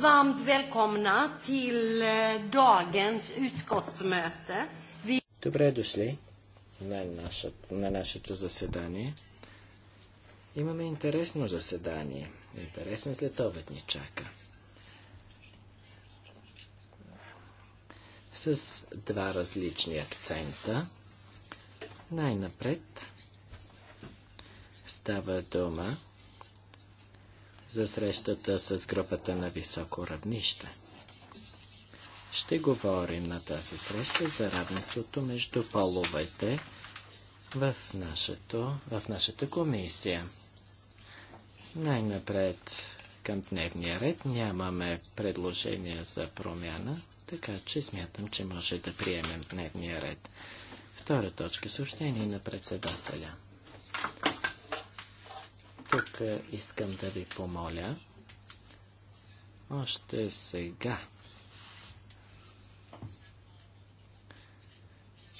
Varmt välkomna till eh, dagens utskottsmöte. Vi... Добре дошли на нашето, на нашето заседание. Имаме интересно заседание. Интересен следобед ни чака. С два различни акцента. Най-напред става дума за срещата с групата на високо равнище. Ще говорим на тази среща за равенството между половете в, нашето, в нашата комисия. Най-напред към дневния ред нямаме предложения за промяна, така че смятам, че може да приемем дневния ред. Втора точка съобщение на председателя тук искам да ви помоля още сега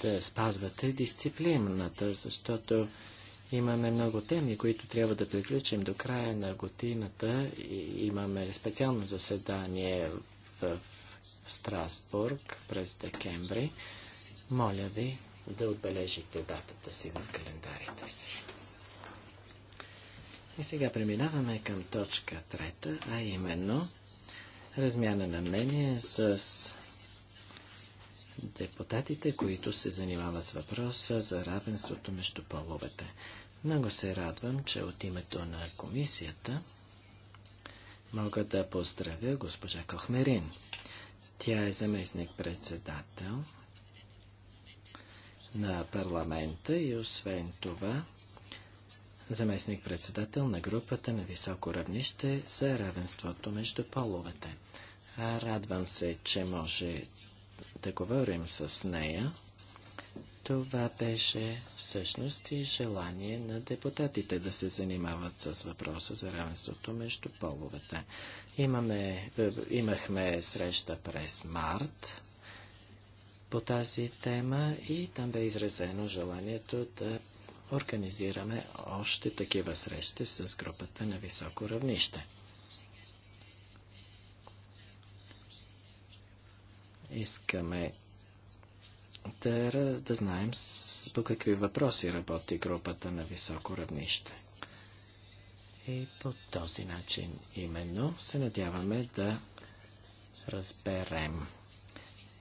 да спазвате дисциплината, защото имаме много теми, които трябва да приключим до края на годината. И имаме специално заседание в Страсбург през декември. Моля ви да отбележите датата си в календарите си. И сега преминаваме към точка трета, а именно размяна на мнение с депутатите, които се занимават с въпроса за равенството между половете. Много се радвам, че от името на комисията мога да поздравя госпожа Кохмерин. Тя е заместник-председател на парламента и освен това заместник-председател на групата на високо равнище за равенството между половете. А радвам се, че може да говорим с нея. Това беше всъщност и желание на депутатите да се занимават с въпроса за равенството между половете. Имаме, е, имахме среща през март по тази тема и там бе изразено желанието да организираме още такива срещи с групата на високо равнище. Искаме да, да знаем с, по какви въпроси работи групата на високо равнище. И по този начин именно се надяваме да разберем.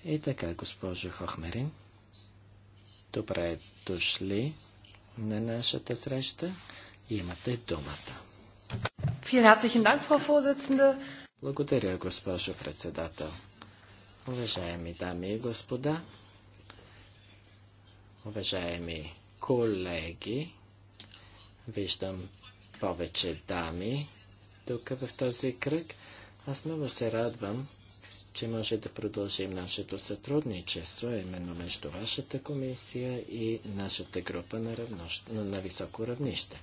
И така, госпожо Хохмерин, добре дошли на нашата среща. Имате думата. Благодаря, госпожо председател. Уважаеми дами и господа, уважаеми колеги, виждам повече дами тук в този кръг. Аз много се радвам, че може да продължим нашето сътрудничество, именно между вашата комисия и нашата група на, равнош... на високо равнище.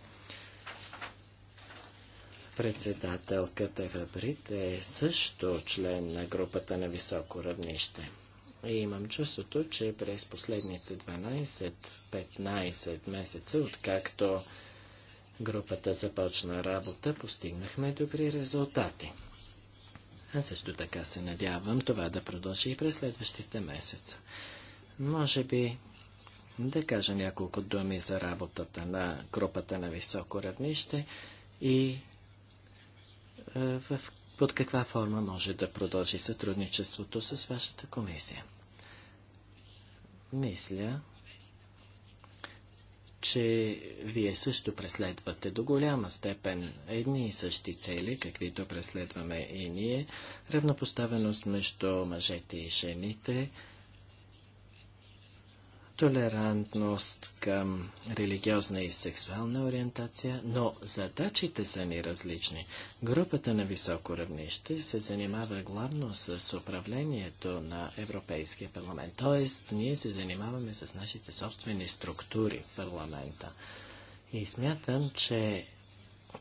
Председателката Ева Брит е също член на групата на високо равнище. И имам чувството, че през последните 12-15 месеца, откакто групата започна работа, постигнахме добри резултати. А също така се надявам това да продължи и през следващите месеца. Може би да кажа няколко думи за работата на групата на високо равнище и е, в, под каква форма може да продължи сътрудничеството с вашата комисия. Мисля, че вие също преследвате до голяма степен едни и същи цели, каквито преследваме и ние, равнопоставеност между мъжете и жените, толерантност към религиозна и сексуална ориентация, но задачите са ни различни. Групата на високо равнище се занимава главно с управлението на Европейския парламент, т.е. ние се занимаваме с нашите собствени структури в парламента. И смятам, че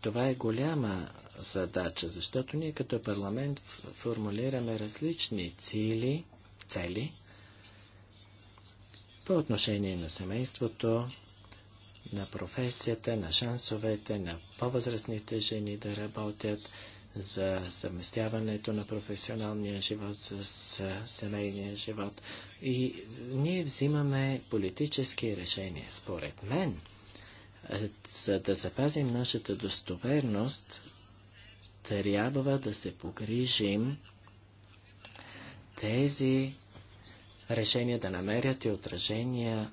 това е голяма задача, защото ние като парламент формулираме различни цели, цели по отношение на семейството, на професията, на шансовете, на по-възрастните жени да работят, за съвместяването на професионалния живот с семейния живот. И ние взимаме политически решения. Според мен, е, за да запазим нашата достоверност, трябва да се погрижим тези решения, да намерят и отражения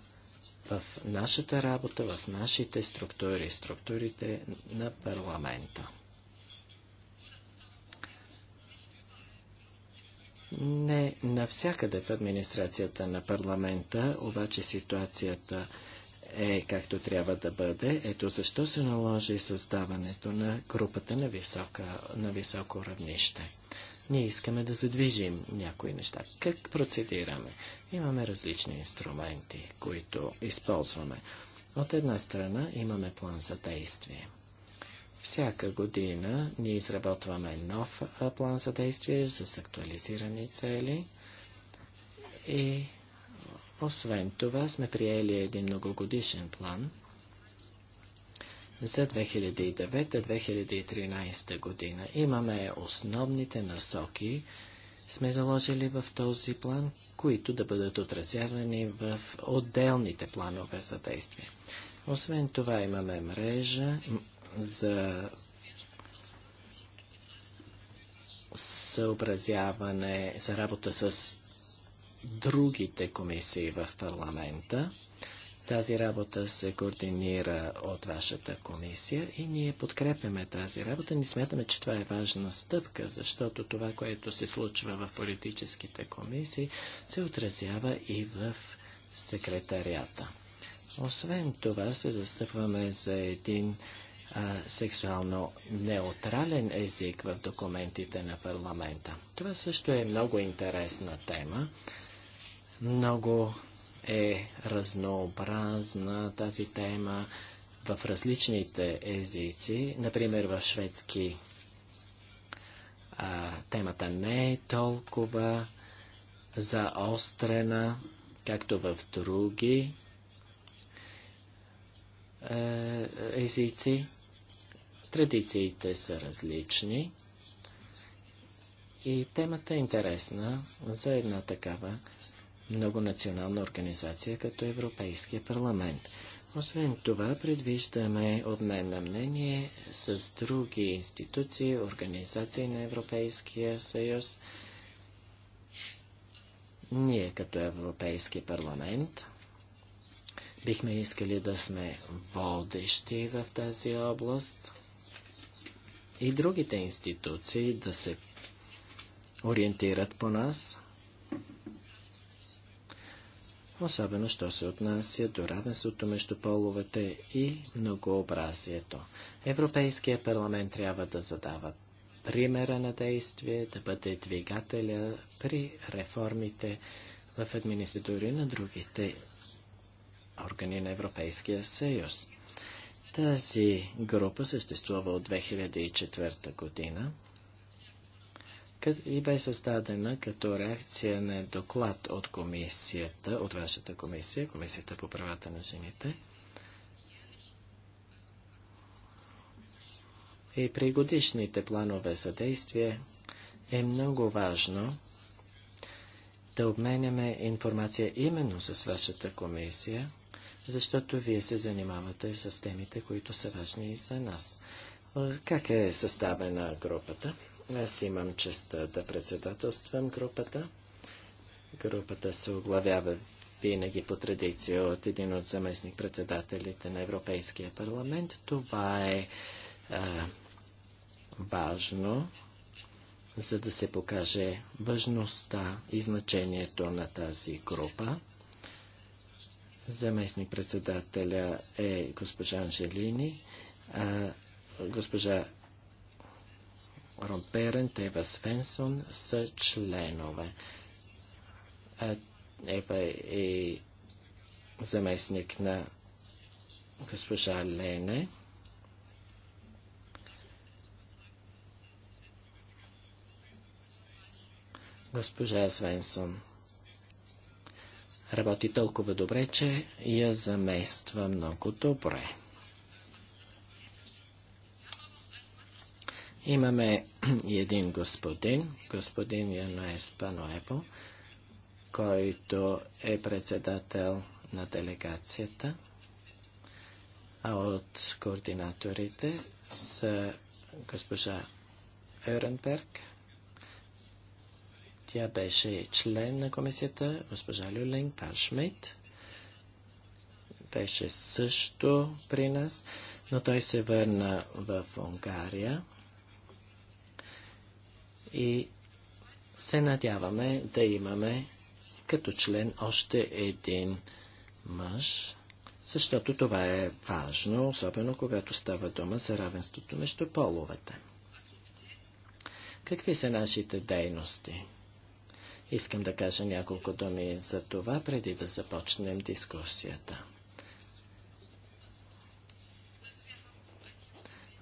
в нашата работа, в нашите структури, структурите на парламента. Не навсякъде в администрацията на парламента, обаче ситуацията е както трябва да бъде. Ето защо се наложи създаването на групата на, високо, на високо равнище. Ние искаме да задвижим някои неща. Как процедираме? Имаме различни инструменти, които използваме. От една страна имаме план за действие. Всяка година ние изработваме нов план за действие с актуализирани цели и освен това сме приели един многогодишен план – за 2009-2013 година. Имаме основните насоки, сме заложили в този план, които да бъдат отразявани в отделните планове за действие. Освен това имаме мрежа за съобразяване, за работа с другите комисии в парламента. Тази работа се координира от вашата комисия и ние подкрепяме тази работа. Ни смятаме, че това е важна стъпка, защото това, което се случва в политическите комисии, се отразява и в секретарията. Освен това се застъпваме за един а, сексуално неутрален език в документите на парламента. Това също е много интересна тема. Много е разнообразна тази тема в различните езици. Например, в шведски а, темата не е толкова заострена, както в други е, езици. Традициите са различни и темата е интересна за една такава многонационална организация като Европейския парламент. Освен това, предвиждаме обмен на мнение с други институции, организации на Европейския съюз. Ние като Европейски парламент бихме искали да сме водещи в тази област и другите институции да се ориентират по нас особено що се отнася до равенството между половете и многообразието. Европейския парламент трябва да задава примера на действие, да бъде двигателя при реформите в администратори на другите органи на Европейския съюз. Тази група съществува от 2004 година и бе създадена като реакция на доклад от комисията, от вашата комисия, Комисията по правата на жените. И при годишните планове за действие е много важно да обменяме информация именно с вашата комисия, защото вие се занимавате с темите, които са важни и за нас. Как е съставена групата? Аз имам честа да председателствам групата. Групата се оглавява винаги по традиция от един от заместник-председателите на Европейския парламент. Това е а, важно, за да се покаже важността и значението на тази група. Заместник-председателя е госпожа Анжелини, а госпожа Роберент, Ева Свенсон са членове. Ева е заместник на госпожа Лене. Госпожа Свенсон работи толкова добре, че я замества много добре. Имаме един господин, господин Януес Паноепо, който е председател на делегацията, а от координаторите са госпожа Еренберг. Тя беше член на комисията, госпожа Люлинг Паншмейт. Беше също при нас, но той се върна в Унгария и се надяваме да имаме като член още един мъж, защото това е важно, особено когато става дума за равенството между половете. Какви са нашите дейности? Искам да кажа няколко думи за това, преди да започнем дискусията.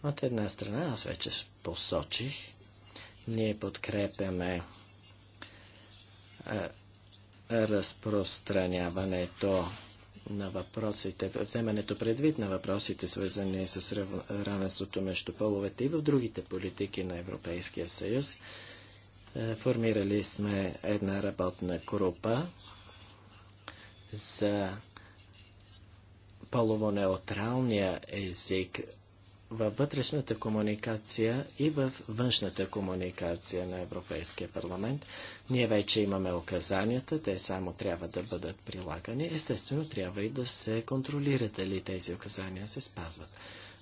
От една страна, аз вече посочих, ние подкрепяме разпространяването на въпросите, вземането предвид на въпросите, свързани с равенството между половете и в другите политики на Европейския съюз. Формирали сме една работна група за полово-неутралния език във вътрешната комуникация и в външната комуникация на Европейския парламент. Ние вече имаме указанията, те само трябва да бъдат прилагани. Естествено, трябва и да се контролира дали тези указания се спазват.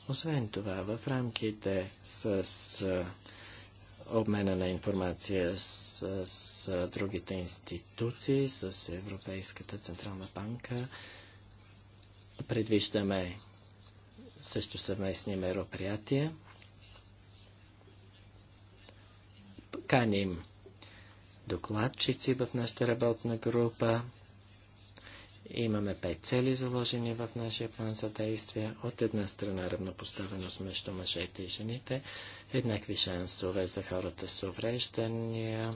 Освен това, в рамките с, с обмена на информация с, с другите институции, с Европейската Централна банка, предвиждаме също съвместни мероприятия. Каним докладчици в нашата работна група. Имаме пет цели заложени в нашия план за действие. От една страна равнопоставеност между мъжете и жените, еднакви шансове за хората с увреждания,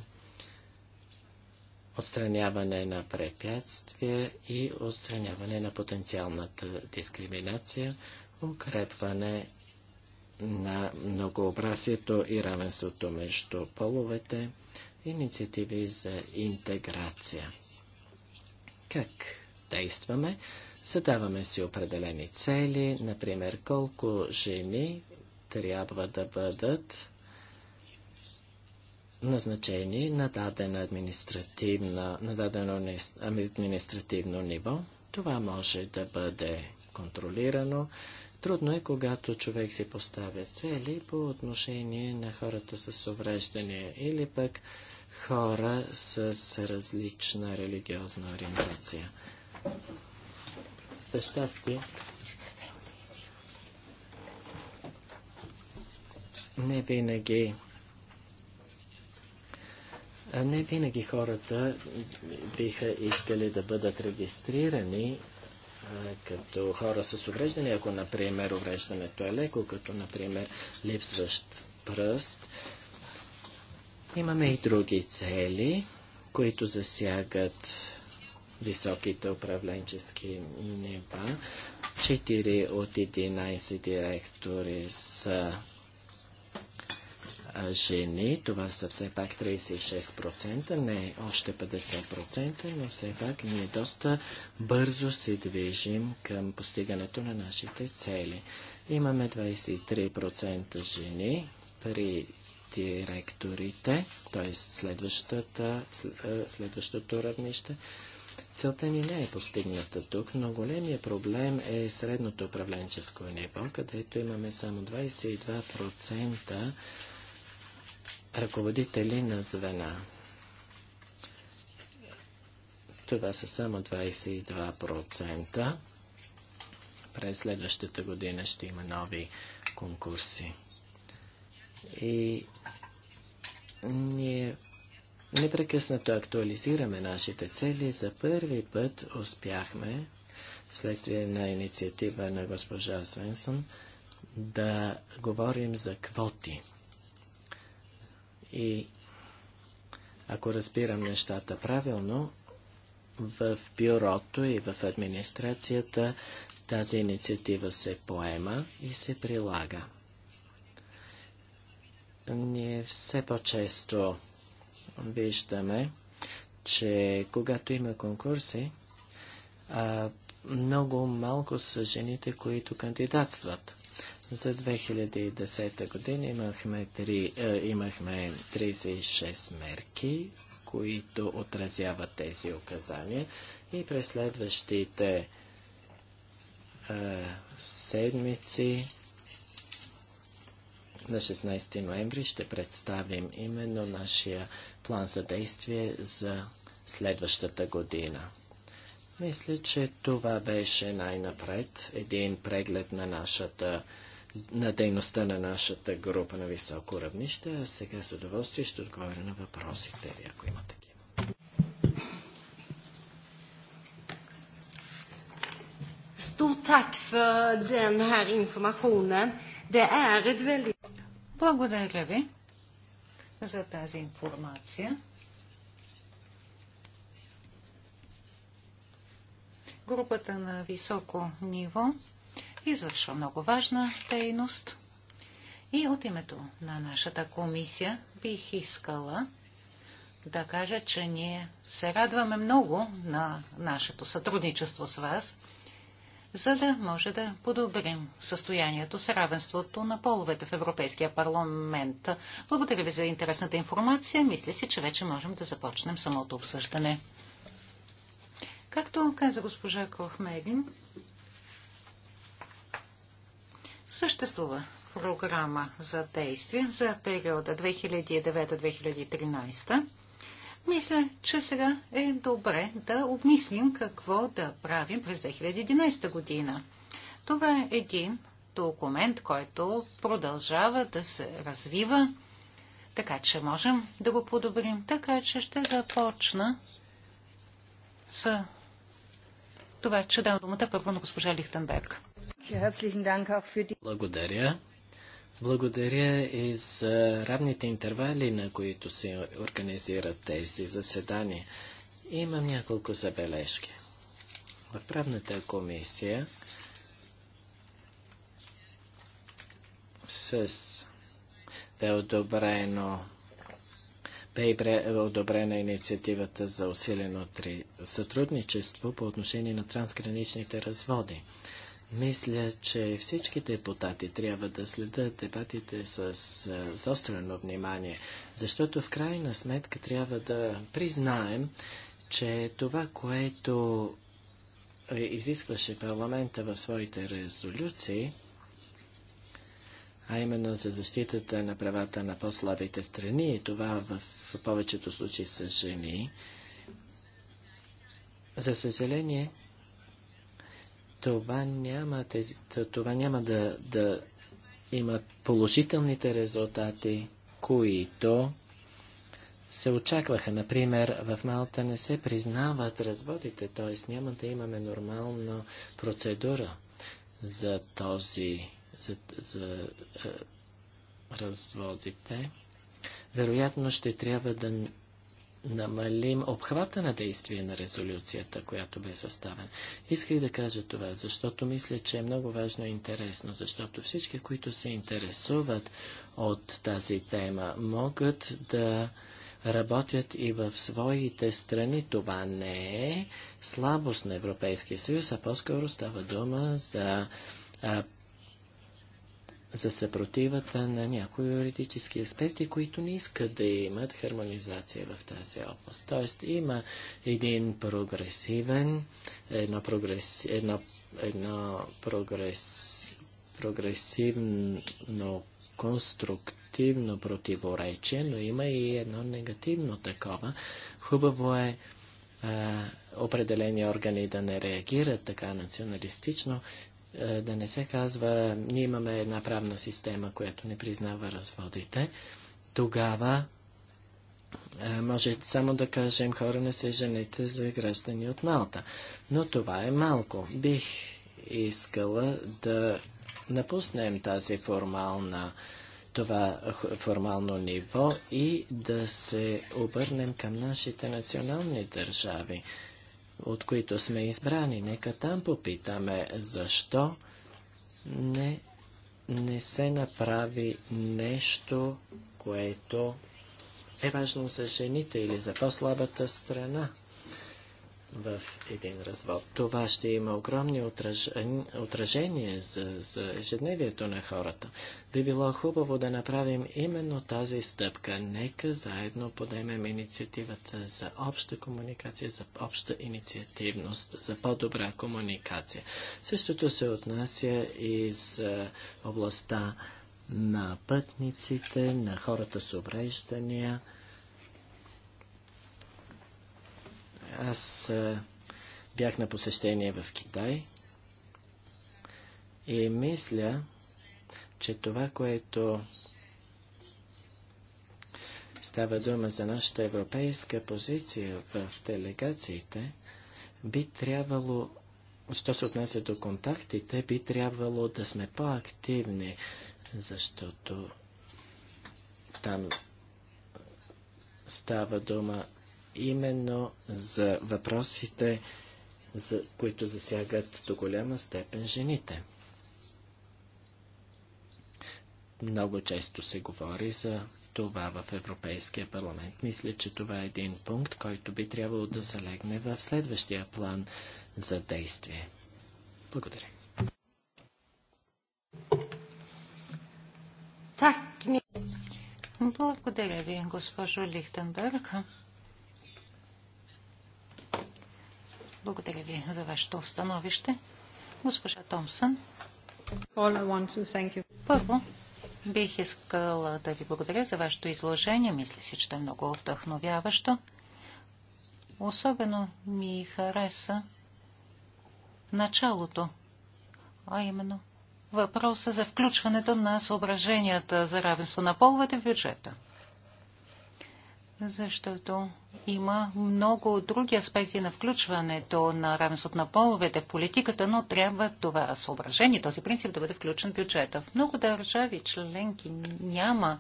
отстраняване на препятствия и отстраняване на потенциалната дискриминация, укрепване на многообразието и равенството между половете, инициативи за интеграция. Как действаме? Задаваме си определени цели, например колко жени трябва да бъдат назначени на, дадено административно, на дадено административно ниво. Това може да бъде контролирано Трудно е, когато човек си поставя цели по отношение на хората с увреждания или пък хора с различна религиозна ориентация. Същастие, не винаги не винаги хората биха искали да бъдат регистрирани като хора с увреждане, ако, например, увреждането е леко, като, например, липсващ пръст. Имаме и други цели, които засягат високите управленчески нива. Четири от 11 директори са жени. Това са все пак 36%, не още 50%, но все пак ние доста бързо се движим към постигането на нашите цели. Имаме 23% жени при директорите, т.е. следващото равнище. Целта ни не е постигната тук, но големия проблем е средното управленческо ниво, където имаме само 22% ръководители на звена. Това са само 22%. През следващата година ще има нови конкурси. И ние непрекъснато актуализираме нашите цели. За първи път успяхме, вследствие на инициатива на госпожа Свенсон, да говорим за квоти – и ако разбирам нещата правилно, в бюрото и в администрацията тази инициатива се поема и се прилага. Ние все по-често виждаме, че когато има конкурси, много малко са жените, които кандидатстват. За 2010 година имахме, 3, е, имахме 36 мерки, които отразяват тези указания и през следващите а, е, седмици на 16 ноември ще представим именно нашия план за действие за следващата година. Мисля, че това беше най-напред един преглед на нашата на дейността на нашата група на високо равнище, а сега с удоволствие ще отговоря на въпросите ви, ако има такива. Благодаря ви за тази информация. Групата на високо ниво извършва много важна дейност. И от името на нашата комисия бих искала да кажа, че ние се радваме много на нашето сътрудничество с вас, за да може да подобрим състоянието с равенството на половете в Европейския парламент. Благодаря ви за интересната информация. Мисля си, че вече можем да започнем самото обсъждане. Както каза госпожа Кохмегин, Съществува програма за действие за периода 2009-2013. Мисля, че сега е добре да обмислим какво да правим през 2011 година. Това е един документ, който продължава да се развива, така че можем да го подобрим. Така че ще започна с това, че дам думата първо на госпожа Лихтенберг. Благодаря. Благодаря и за равните интервали, на които се организират тези заседания. Имам няколко забележки. В правната комисия с бе одобрено бе одобрена инициативата за усилено сътрудничество по отношение на трансграничните разводи. Мисля, че всички депутати трябва да следят дебатите с заострено внимание, защото в крайна сметка трябва да признаем, че това, което изискваше парламента в своите резолюции, а именно за защитата на правата на по-слабите страни, и това в повечето случаи са жени, за съжаление, това няма, тези, това няма да, да има положителните резултати, които се очакваха. Например, в Малта не се признават разводите, т.е. няма да имаме нормална процедура за този, за, за е, разводите. Вероятно ще трябва да намалим обхвата на действие на резолюцията, която бе съставена. Исках да кажа това, защото мисля, че е много важно и интересно, защото всички, които се интересуват от тази тема, могат да работят и в своите страни. Това не е слабост на Европейския съюз, а по-скоро става дума за за съпротивата на някои юридически експерти, които не искат да имат хармонизация в тази област. Тоест има един прогресивен, едно, прогрес, едно, едно прогрес, прогресивно конструктивно противоречие, но има и едно негативно такова. Хубаво е а, определени органи да не реагират така националистично, е, да не се казва, ние имаме една правна система, която не признава разводите, тогава е, може само да кажем, хора не се женете за граждани от Малта. Но това е малко. Бих искала да напуснем тази формална, това формално ниво и да се обърнем към нашите национални държави от които сме избрани. Нека там попитаме защо не, не се направи нещо, което е важно за жените или за по-слабата страна в един развод. Това ще има огромни отражения за, за ежедневието на хората. Би било хубаво да направим именно тази стъпка. Нека заедно подемем инициативата за обща комуникация, за обща инициативност, за по-добра комуникация. Същото се отнася и за областта на пътниците, на хората с обреждания. Аз бях на посещение в Китай и мисля, че това, което става дума за нашата европейска позиция в делегациите, би трябвало, що се отнася до контактите, би трябвало да сме по-активни, защото там става дума именно за въпросите, за, които засягат до голяма степен жените. Много често се говори за това в Европейския парламент. Мисля, че това е един пункт, който би трябвало да залегне в следващия план за действие. Благодаря. Благодаря ви, госпожо Лихтенберг. Благодаря ви за вашето становище. Госпожа Томсън. Първо, бих искала да ви благодаря за вашето изложение. Мисля си, че е много вдъхновяващо. Особено ми хареса началото, а именно въпроса за включването на съображенията за равенство на половете в бюджета. Защото има много други аспекти на включването на равенството на половете в политиката, но трябва това съображение, този принцип да бъде включен в бюджета. В много държави членки няма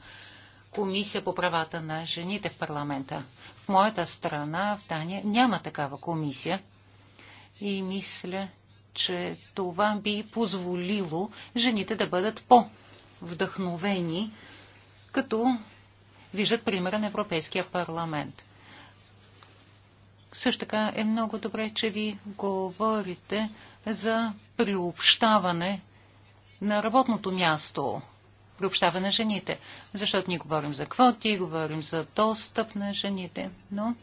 комисия по правата на жените в парламента. В моята страна, в Дания, няма такава комисия. И мисля, че това би позволило жените да бъдат по-вдъхновени, като виждат примера на Европейския парламент. Също така е много добре, че ви говорите за приобщаване на работното място, приобщаване на жените. Защото ние говорим за квоти, говорим за достъп на жените, но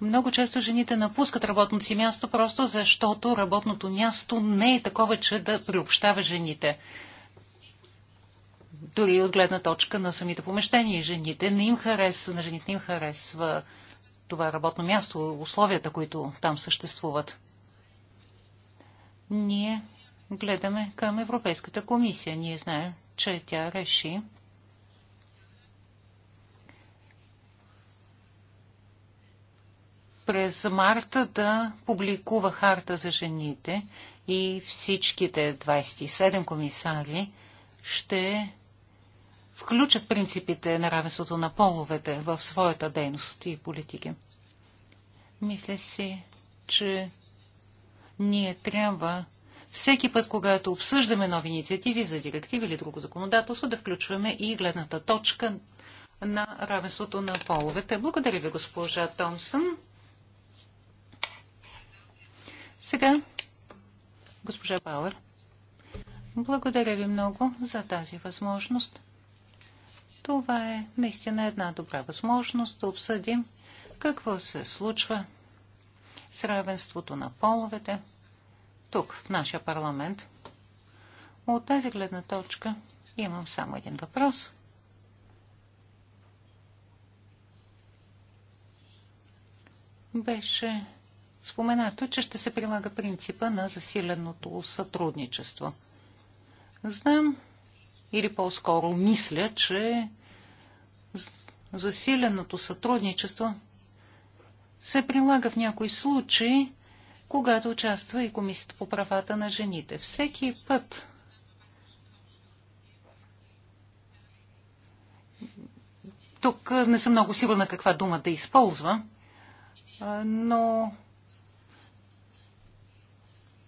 много често жените напускат работното си място просто защото работното място не е такова, че да приобщава жените дори от гледна точка на самите помещения. Жените не им харесва, на жените им харесва това работно място, условията, които там съществуват. Ние гледаме към Европейската комисия. Ние знаем, че тя реши през марта да публикува харта за жените и всичките 27 комисари ще включат принципите на равенството на половете в своята дейност и политики. Мисля си, че ние трябва всеки път, когато обсъждаме нови инициативи за директиви или друго законодателство, да включваме и гледната точка на равенството на половете. Благодаря ви, госпожа Томсън. Сега, госпожа Бауер, благодаря ви много за тази възможност. Това е наистина една добра възможност да обсъдим какво се случва с равенството на половете тук, в нашия парламент. От тази гледна точка имам само един въпрос. Беше споменато, че ще се прилага принципа на засиленото сътрудничество. Знам, или по-скоро мисля, че засиленото сътрудничество се прилага в някои случаи, когато участва и Комисията по правата на жените. Всеки път Тук не съм много сигурна каква дума да използва, но,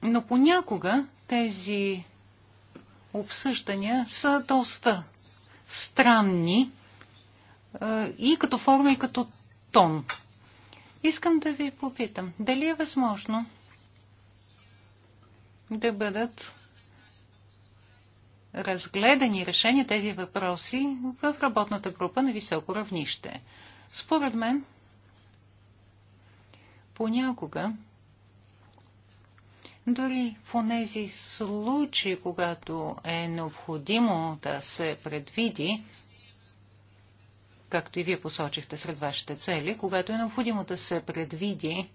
но понякога тези обсъждания са доста странни и като форма, и като тон. Искам да ви попитам, дали е възможно да бъдат разгледани решени тези въпроси в работната група на високо равнище. Според мен, понякога дори в онези случаи, когато е необходимо да се предвиди, както и вие посочихте сред вашите цели, когато е необходимо да се предвиди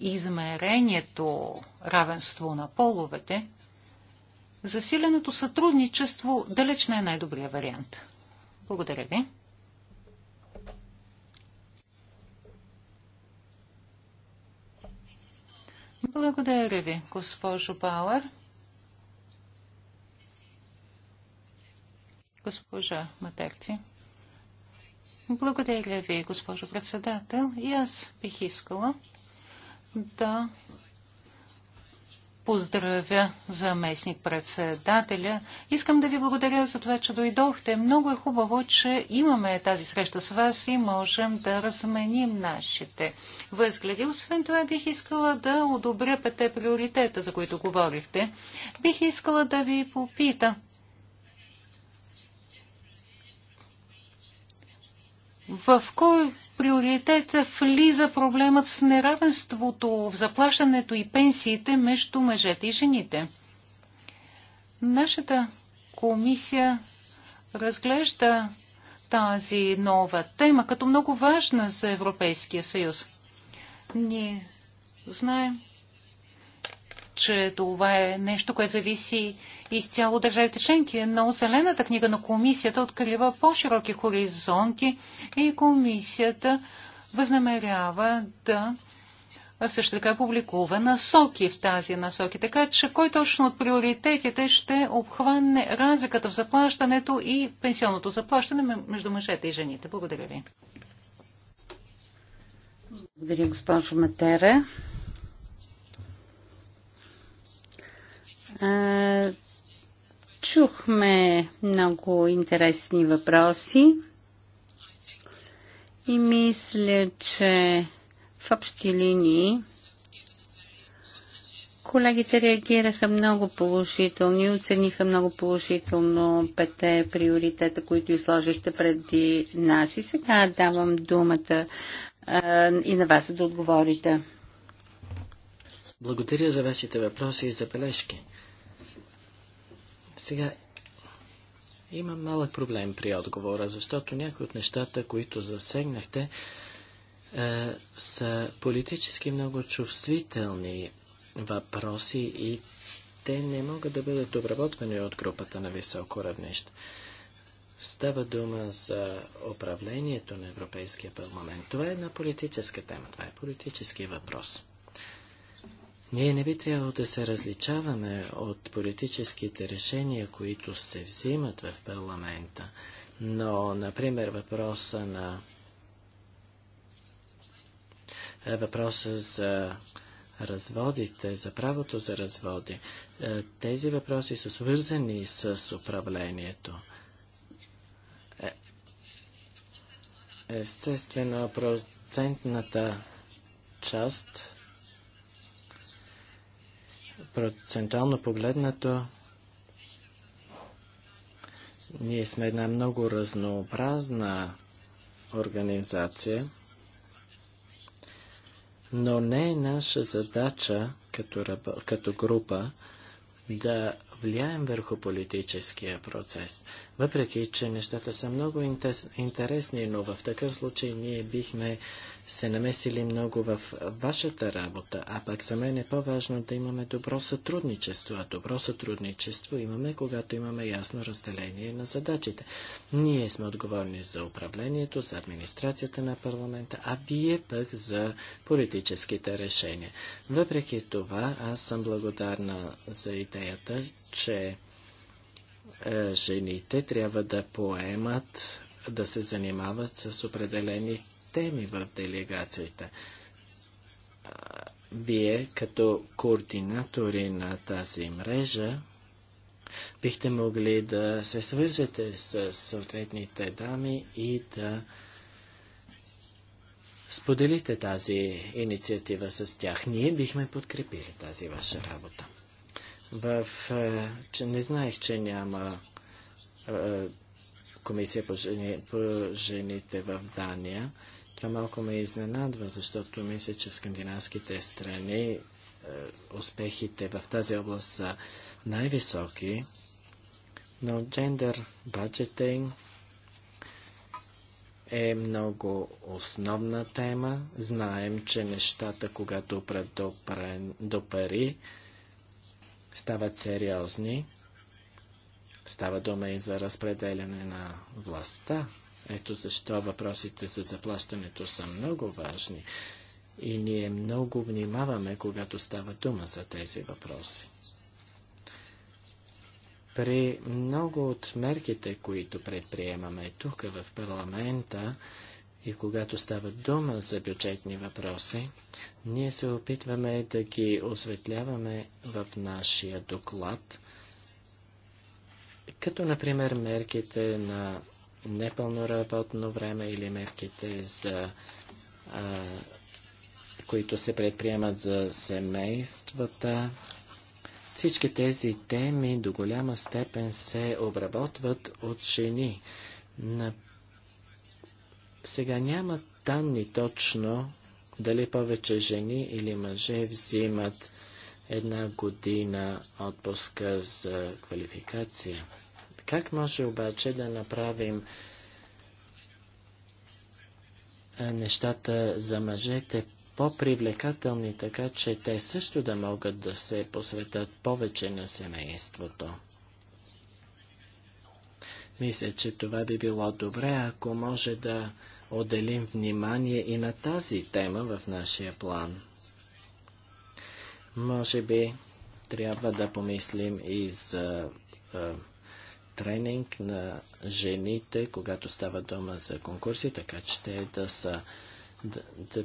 измерението равенство на половете, засиленото сътрудничество далеч не е най-добрият вариант. Благодаря ви. Благодаря ви, госпожо Бауер. Госпожа Матерци. Благодаря ви, госпожо председател. И аз бих искала да поздравя заместник председателя. Искам да ви благодаря за това, че дойдохте. Много е хубаво, че имаме тази среща с вас и можем да разменим нашите възгледи. Освен това, бих искала да одобря пете приоритета, за които говорихте. Бих искала да ви попита. В кой приоритет влиза проблемът с неравенството в заплащането и пенсиите между мъжете и жените. Нашата комисия разглежда тази нова тема като много важна за Европейския съюз. Ние знаем, че това е нещо, което зависи изцяло държавите членки, но Зелената книга на комисията открива по-широки хоризонти и комисията възнамерява да също така публикува насоки в тази насоки. Така че кой точно от приоритетите ще обхване разликата в заплащането и пенсионното заплащане между мъжете и жените? Благодаря ви. Благодаря, госпожо Матере. Чухме много интересни въпроси и мисля, че в общи линии колегите реагираха много положително и оцениха много положително пете приоритета, които изложихте преди нас. И сега давам думата и на вас да отговорите. Благодаря за вашите въпроси и забележки. Сега има малък проблем при отговора, защото някои от нещата, които засегнахте, е, са политически много чувствителни въпроси и те не могат да бъдат обработвани от групата на високо равнище. Става дума за управлението на Европейския парламент. Това е една политическа тема, това е политически въпрос. Ние не би трябвало да се различаваме от политическите решения, които се взимат в парламента. Но, например, въпроса на е, въпроса за разводите, за правото за разводи, е, тези въпроси са свързани с управлението. Е, естествено, процентната част Процентуално погледнато, ние сме една много разнообразна организация, но не е наша задача като, като група да влияем върху политическия процес. Въпреки, че нещата са много интерес, интересни, но в такъв случай ние бихме се намесили много в вашата работа, а пък за мен е по-важно да имаме добро сътрудничество. А добро сътрудничество имаме, когато имаме ясно разделение на задачите. Ние сме отговорни за управлението, за администрацията на парламента, а вие пък за политическите решения. Въпреки това, аз съм благодарна за идеята, че е, жените трябва да поемат да се занимават с определени теми в делегацията. Вие, като координатори на тази мрежа, бихте могли да се свържете с съответните дами и да споделите тази инициатива с тях. Ние бихме подкрепили тази ваша работа. В, че не знаех, че няма комисия по, жени, по жените в Дания това малко ме изненадва, защото мисля, че в скандинавските страни е, успехите в тази област са най-високи, но gender бюджетинг е много основна тема. Знаем, че нещата, когато опрат до пари, стават сериозни. Става дума и за разпределяне на властта ето защо въпросите за заплащането са много важни и ние много внимаваме, когато става дума за тези въпроси. При много от мерките, които предприемаме тук в парламента и когато става дума за бюджетни въпроси, ние се опитваме да ги осветляваме в нашия доклад, като например мерките на непълно работно време или мерките за а, които се предприемат за семействата. Всички тези теми до голяма степен се обработват от жени. На... Сега няма данни точно дали повече жени или мъже взимат една година отпуска за квалификация. Как може обаче да направим нещата за мъжете по-привлекателни, така че те също да могат да се посветят повече на семейството? Мисля, че това би било добре, ако може да отделим внимание и на тази тема в нашия план. Може би трябва да помислим и за тренинг на жените, когато става дома за конкурси, така че те да са да, да,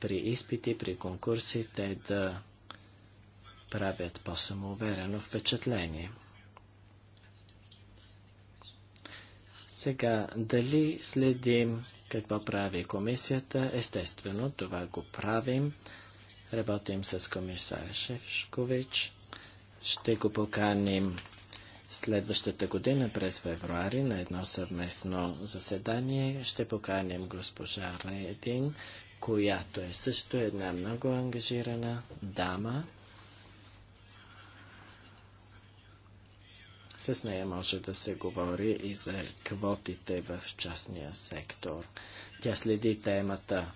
при изпити, при конкурси, те да правят по-самоуверено впечатление. Сега, дали следим какво прави комисията? Естествено, това го правим. Работим с комисар Шевшкович. Ще го поканим Следващата година през февруари на едно съвместно заседание ще поканим госпожа Рейдин, която е също една много ангажирана дама. С нея може да се говори и за квотите в частния сектор. Тя следи темата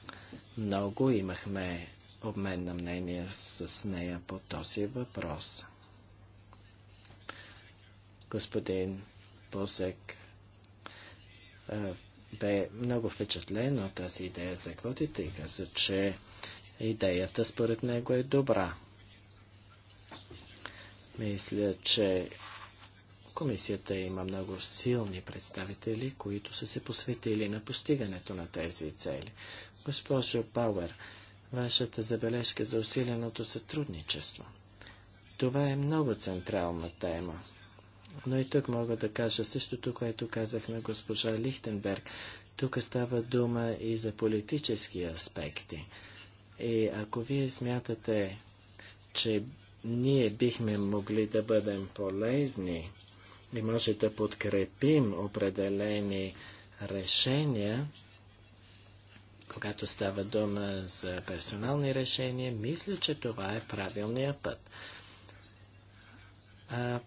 много. Имахме обмен на мнение с нея по този въпрос господин Босек бе много впечатлен от тази идея за квотите и каза, че идеята според него е добра. Мисля, че комисията има много силни представители, които са се посветили на постигането на тези цели. Госпожо Пауер, вашата забележка за усиленото сътрудничество. Това е много централна тема. Но и тук мога да кажа същото, което казах на госпожа Лихтенберг. Тук става дума и за политически аспекти. И ако вие смятате, че ние бихме могли да бъдем полезни и може да подкрепим определени решения, когато става дума за персонални решения, мисля, че това е правилният път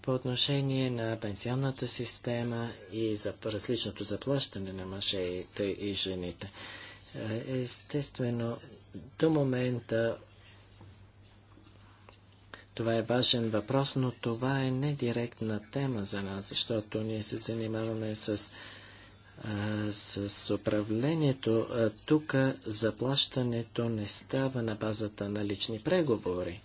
по отношение на пенсионната система и за различното заплащане на мъжете и жените. Естествено, до момента това е важен въпрос, но това е не директна тема за нас, защото ние се занимаваме с, с управлението. Тук заплащането не става на базата на лични преговори.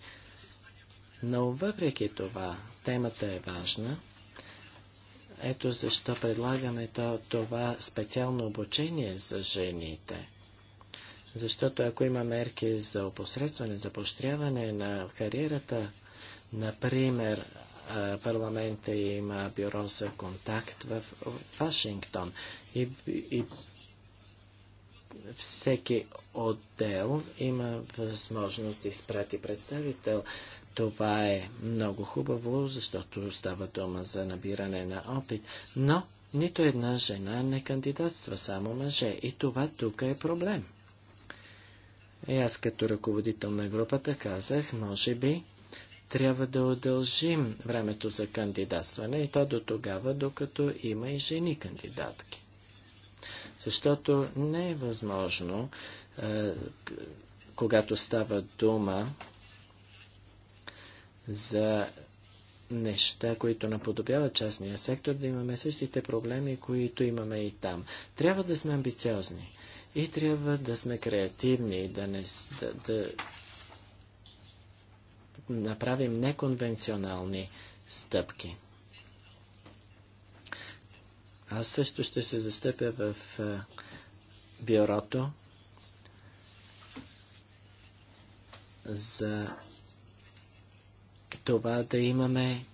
Но въпреки това, темата е важна. Ето защо предлагаме това специално обучение за жените. Защото ако има мерки за опосредстване, за поощряване на кариерата, например, парламента има бюро за контакт в Вашингтон и, и всеки отдел има възможност да изпрати представител това е много хубаво, защото става дума за набиране на опит, но нито една жена не кандидатства, само мъже. И това тук е проблем. И е, аз като ръководител на групата казах, може би трябва да удължим времето за кандидатстване и то до тогава, докато има и жени кандидатки. Защото не е възможно, е, когато става дума за неща, които наподобяват частния сектор, да имаме същите проблеми, които имаме и там. Трябва да сме амбициозни и трябва да сме креативни, да, не, да, да направим неконвенционални стъпки. Аз също ще се застъпя в бюрото за това да имаме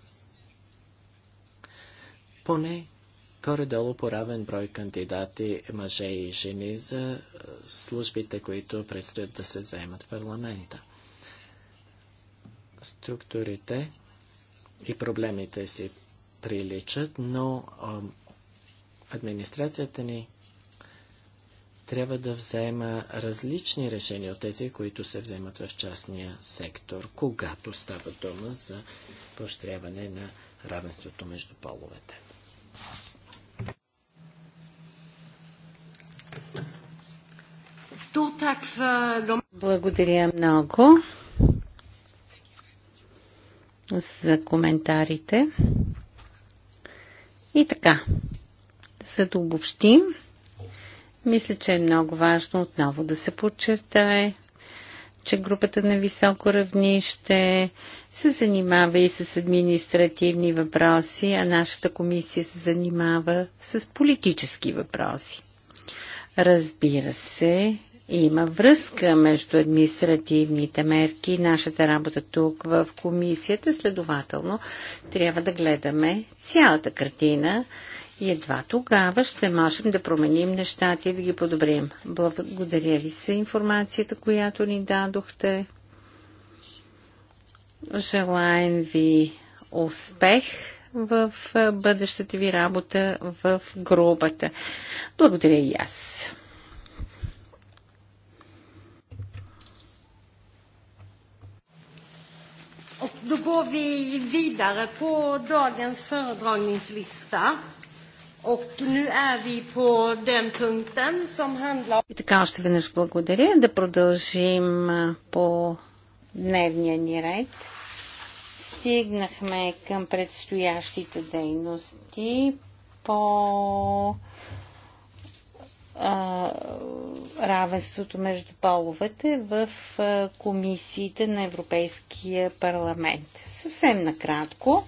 поне горе-долу по равен брой кандидати, мъже и жени, за службите, които предстоят да се заемат в парламента. Структурите и проблемите си приличат, но а, администрацията ни трябва да взема различни решения от тези, които се вземат в частния сектор, когато става дума за поощряване на равенството между половете. Благодаря много за коментарите. И така, за да обобщим, мисля, че е много важно отново да се подчертае, че групата на високо равнище се занимава и с административни въпроси, а нашата комисия се занимава с политически въпроси. Разбира се, има връзка между административните мерки и нашата работа тук в комисията, следователно трябва да гледаме цялата картина, и едва тогава ще можем да променим нещата и да ги подобрим. Благодаря ви за информацията, която ни дадохте. Желаем ви успех в бъдещата ви работа в групата. Благодаря и аз. Då går vi vidare på dagens föredragningslista. И така още веднъж благодаря. Да продължим по дневния ни ред. Стигнахме към предстоящите дейности по а, равенството между половете в а, комисиите на Европейския парламент. Съвсем накратко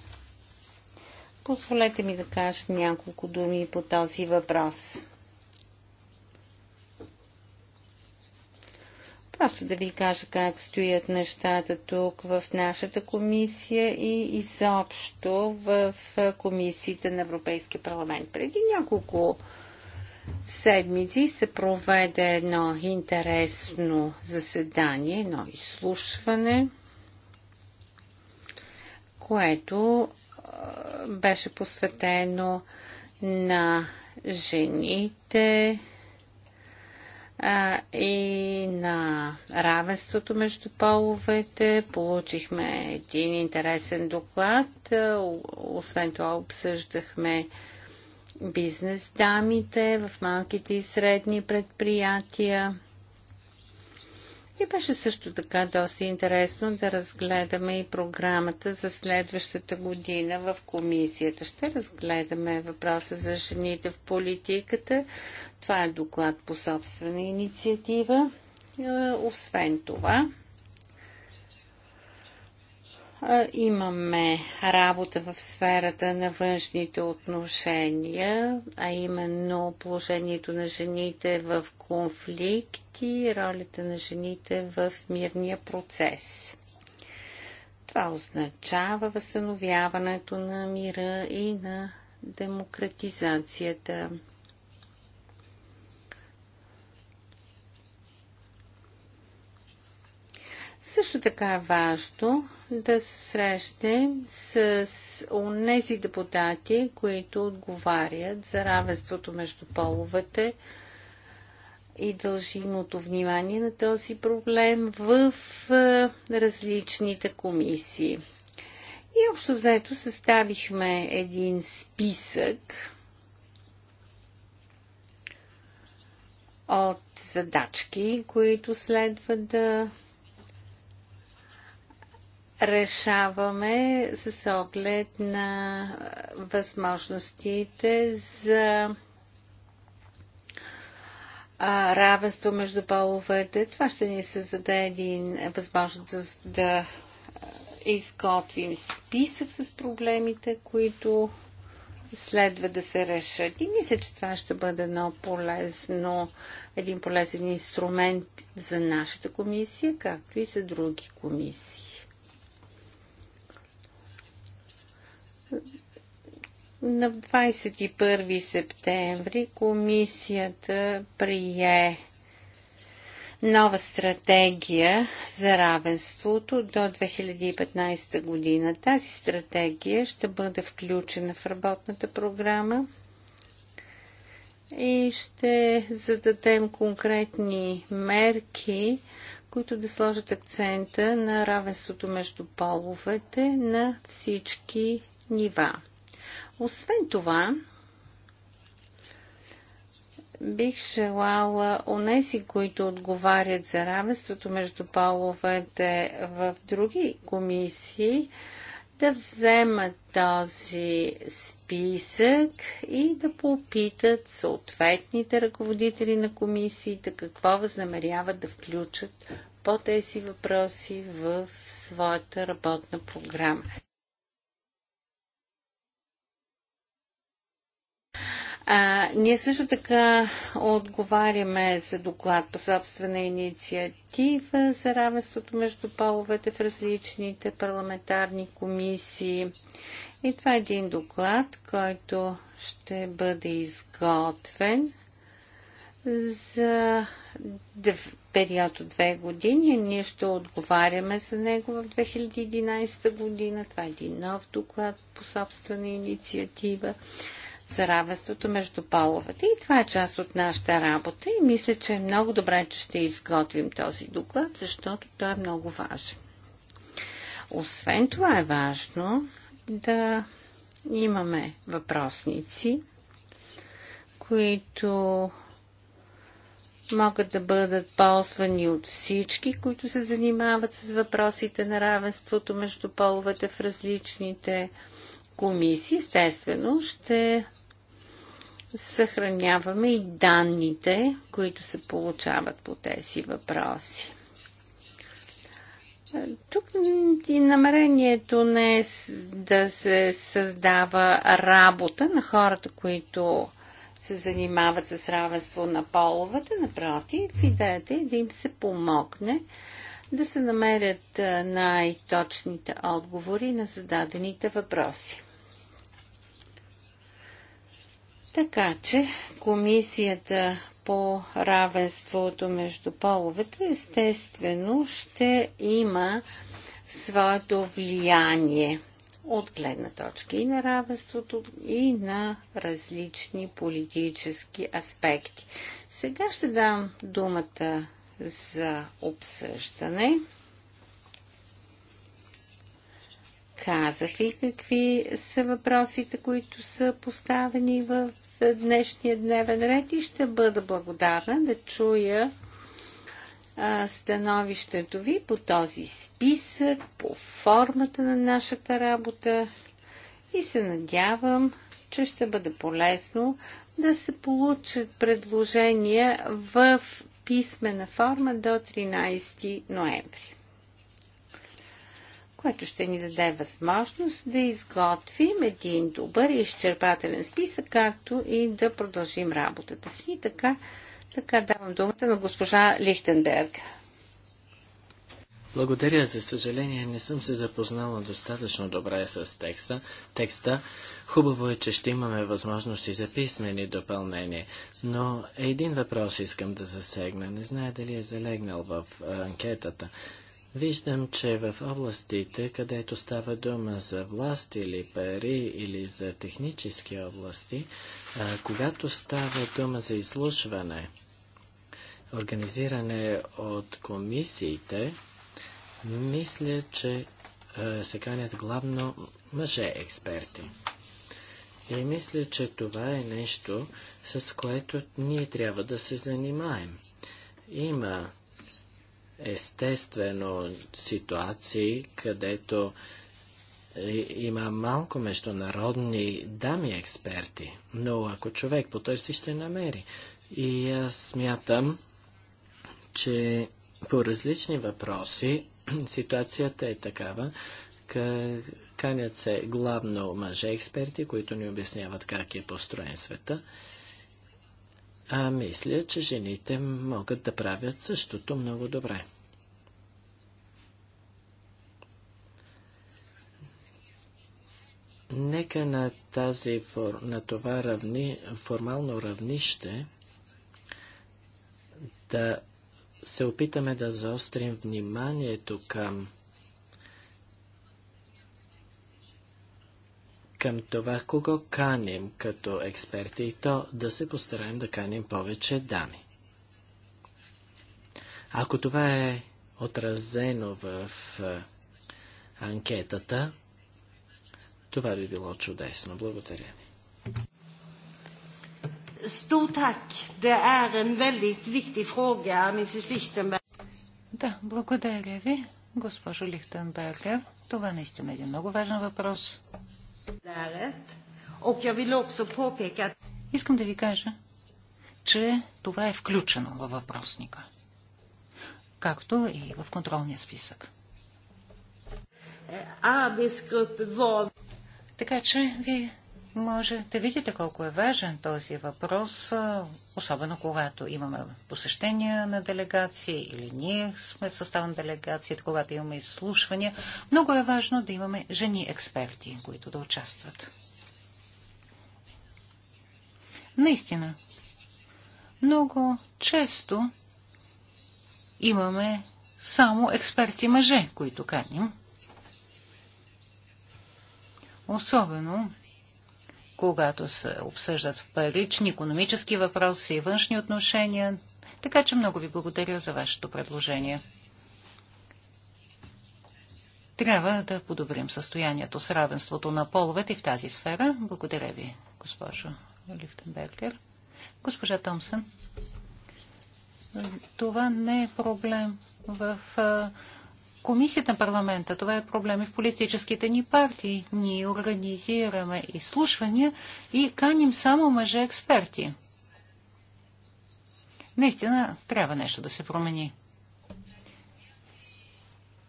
Позволете ми да кажа няколко думи по този въпрос. Просто да ви кажа как стоят нещата тук в нашата комисия и изобщо в комисиите на Европейския парламент. Преди няколко седмици се проведе едно интересно заседание, едно изслушване, което беше посветено на жените а, и на равенството между половете. Получихме един интересен доклад. Освен това обсъждахме бизнес дамите в малките и средни предприятия. И беше също така доста интересно да разгледаме и програмата за следващата година в комисията. Ще разгледаме въпроса за жените в политиката. Това е доклад по собствена инициатива. Е, освен това, имаме работа в сферата на външните отношения, а именно положението на жените в конфликти, ролята на жените в мирния процес. Това означава възстановяването на мира и на демократизацията. Също така е важно да се срещнем с онези депутати, които отговарят за равенството между половете и дължимото внимание на този проблем в е, различните комисии. И общо взето съставихме един списък от задачки, които следва да решаваме с оглед на възможностите за равенство между половете. Това ще ни създаде един възможност да изготвим списък с проблемите, които следва да се решат. И мисля, че това ще бъде едно полезно, един полезен инструмент за нашата комисия, както и за други комисии. На 21 септември комисията прие нова стратегия за равенството до 2015 година. Тази стратегия ще бъде включена в работната програма и ще зададем конкретни мерки, които да сложат акцента на равенството между половете на всички нива. Освен това, бих желала онези, които отговарят за равенството между половете в други комисии, да вземат този списък и да попитат съответните ръководители на комисиите какво възнамеряват да включат по тези въпроси в своята работна програма. А, ние също така отговаряме за доклад по собствена инициатива за равенството между половете в различните парламентарни комисии. И това е един доклад, който ще бъде изготвен за период от две години. Ние ще отговаряме за него в 2011 година. Това е един нов доклад по собствена инициатива за равенството между половете. И това е част от нашата работа и мисля, че е много добре, че ще изготвим този доклад, защото той е много важен. Освен това е важно да имаме въпросници, които могат да бъдат ползвани от всички, които се занимават с въпросите на равенството между половете в различните комисии. Естествено, ще съхраняваме и данните, които се получават по тези въпроси. Тук и намерението не е да се създава работа на хората, които се занимават с равенство на половете. Напротив, идеята е да им се помогне да се намерят най-точните отговори на зададените въпроси. Така че комисията по равенството между половете естествено ще има своето влияние от гледна точка и на равенството, и на различни политически аспекти. Сега ще дам думата за обсъждане. казах и какви са въпросите, които са поставени в днешния дневен ред и ще бъда благодарна да чуя а, становището ви по този списък, по формата на нашата работа и се надявам, че ще бъде полезно да се получат предложения в писмена форма до 13 ноември което ще ни даде възможност да изготвим един добър и изчерпателен списък, както и да продължим работата си. Така, така давам думата на госпожа Лихтенберг. Благодаря. За съжаление не съм се запознала достатъчно добре с текста. текста. Хубаво е, че ще имаме възможности за писмени допълнения, но един въпрос искам да засегна. Не зная дали е залегнал в анкетата. Виждам, че в областите, където става дума за власт или пари или за технически области, а, когато става дума за изслушване, организиране от комисиите, мисля, че а, се канят главно мъже експерти. И мисля, че това е нещо, с което ние трябва да се занимаем. Има естествено ситуации, където има малко международни дами експерти, но ако човек потърси, ще намери. И аз смятам, че по различни въпроси ситуацията е такава, канят се главно мъже експерти, които ни обясняват как е построен света. А мисля, че жените могат да правят същото много добре. Нека на, тази, на това равни, формално равнище да се опитаме да заострим вниманието към към това, кого каним като експерти и то да се постараем да каним повече дами. Ако това е отразено в анкетата, това би било чудесно. Благодаря ви. Stor tack. Det är er en väldigt viktig fråga, Mrs. Lichtenberg. Да, благодаря ви, госпожо Лихтенбергер. Това наистина е един много важен въпрос. Искам да ви кажа, че това е включено във въпросника, както и в контролния списък. Е, така че вие може да видите колко е важен този въпрос, особено когато имаме посещения на делегации или ние сме в състава на делегацията, когато имаме изслушвания. Много е важно да имаме жени експерти, които да участват. Наистина, много често имаме само експерти мъже, които каним особено когато се обсъждат парични, економически въпроси и външни отношения. Така че много ви благодаря за вашето предложение. Трябва да подобрим състоянието с равенството на половете и в тази сфера. Благодаря ви, госпожо Лихтенбергер. Госпожа Томсън, това не е проблем в комисията на парламента. Това е проблем и в политическите ни партии. Ние организираме изслушвания и каним само мъже експерти. Наистина трябва нещо да се промени.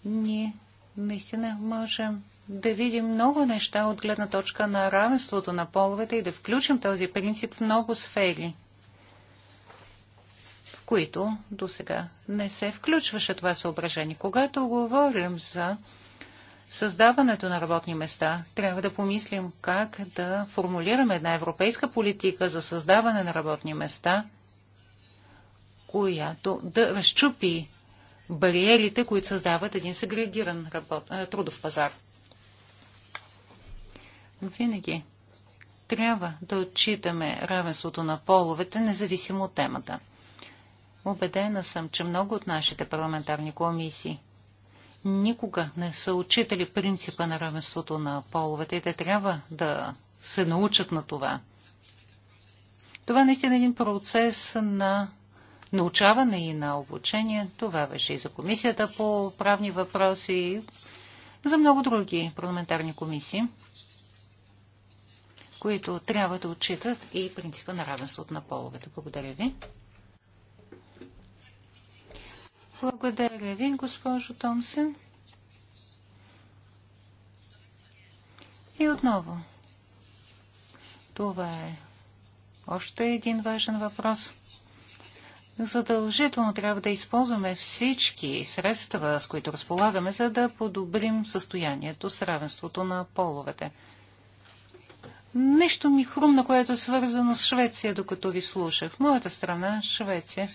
Ние наистина можем да видим много неща от гледна точка на равенството на половете и да включим този принцип в много сфери които до сега не се включваше това съображение. Когато говорим за създаването на работни места, трябва да помислим как да формулираме една европейска политика за създаване на работни места, която да разчупи бариерите, които създават един сегрегиран работ... Е, трудов пазар. Винаги трябва да отчитаме равенството на половете, независимо от темата. Обедена съм, че много от нашите парламентарни комисии никога не са учители принципа на равенството на половете и те трябва да се научат на това. Това е наистина е един процес на научаване и на обучение. Това беше и за комисията по правни въпроси, и за много други парламентарни комисии, които трябва да отчитат и принципа на равенството на половете. Благодаря ви. Благодаря ви, госпожо Томсен. И отново. Това е още един важен въпрос. Задължително трябва да използваме всички средства, с които разполагаме, за да подобрим състоянието с равенството на половете. Нещо ми хрумна, което е свързано с Швеция, докато ви слушах. В моята страна, Швеция,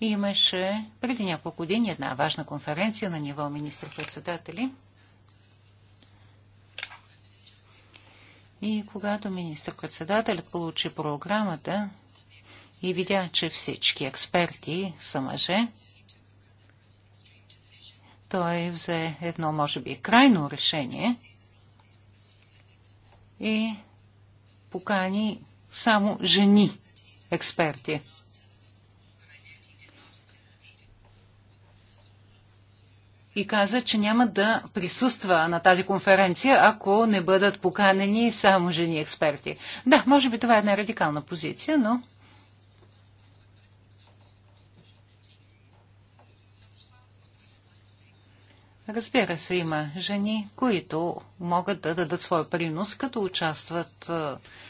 Имаше преди няколко години една важна конференция на ниво министр-председатели. И когато министр-председателят получи програмата и видя, че всички експерти са мъже, той взе едно, може би, крайно решение и покани само жени експерти. и каза, че няма да присъства на тази конференция, ако не бъдат поканени само жени експерти. Да, може би това е една радикална позиция, но. Разбира се, има жени, които могат да дадат своя принос, като участват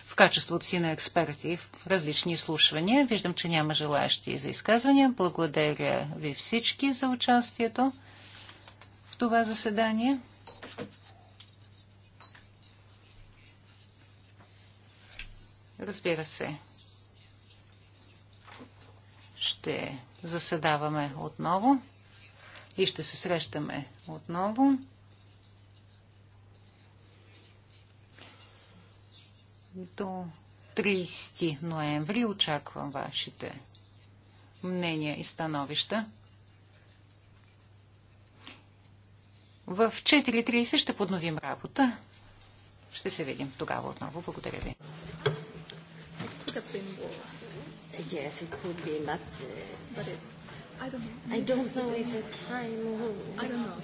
в качеството си на експерти в различни изслушвания. Виждам, че няма желаящи за изказвания. Благодаря ви всички за участието това заседание. Разбира се, ще заседаваме отново и ще се срещаме отново. До 30 ноември очаквам вашите мнения и становища. В 4.30 ще подновим работа. Ще се видим тогава отново. Благодаря ви. Yes, it could be, but, uh, but it, I don't know. I don't know if the time. I don't know.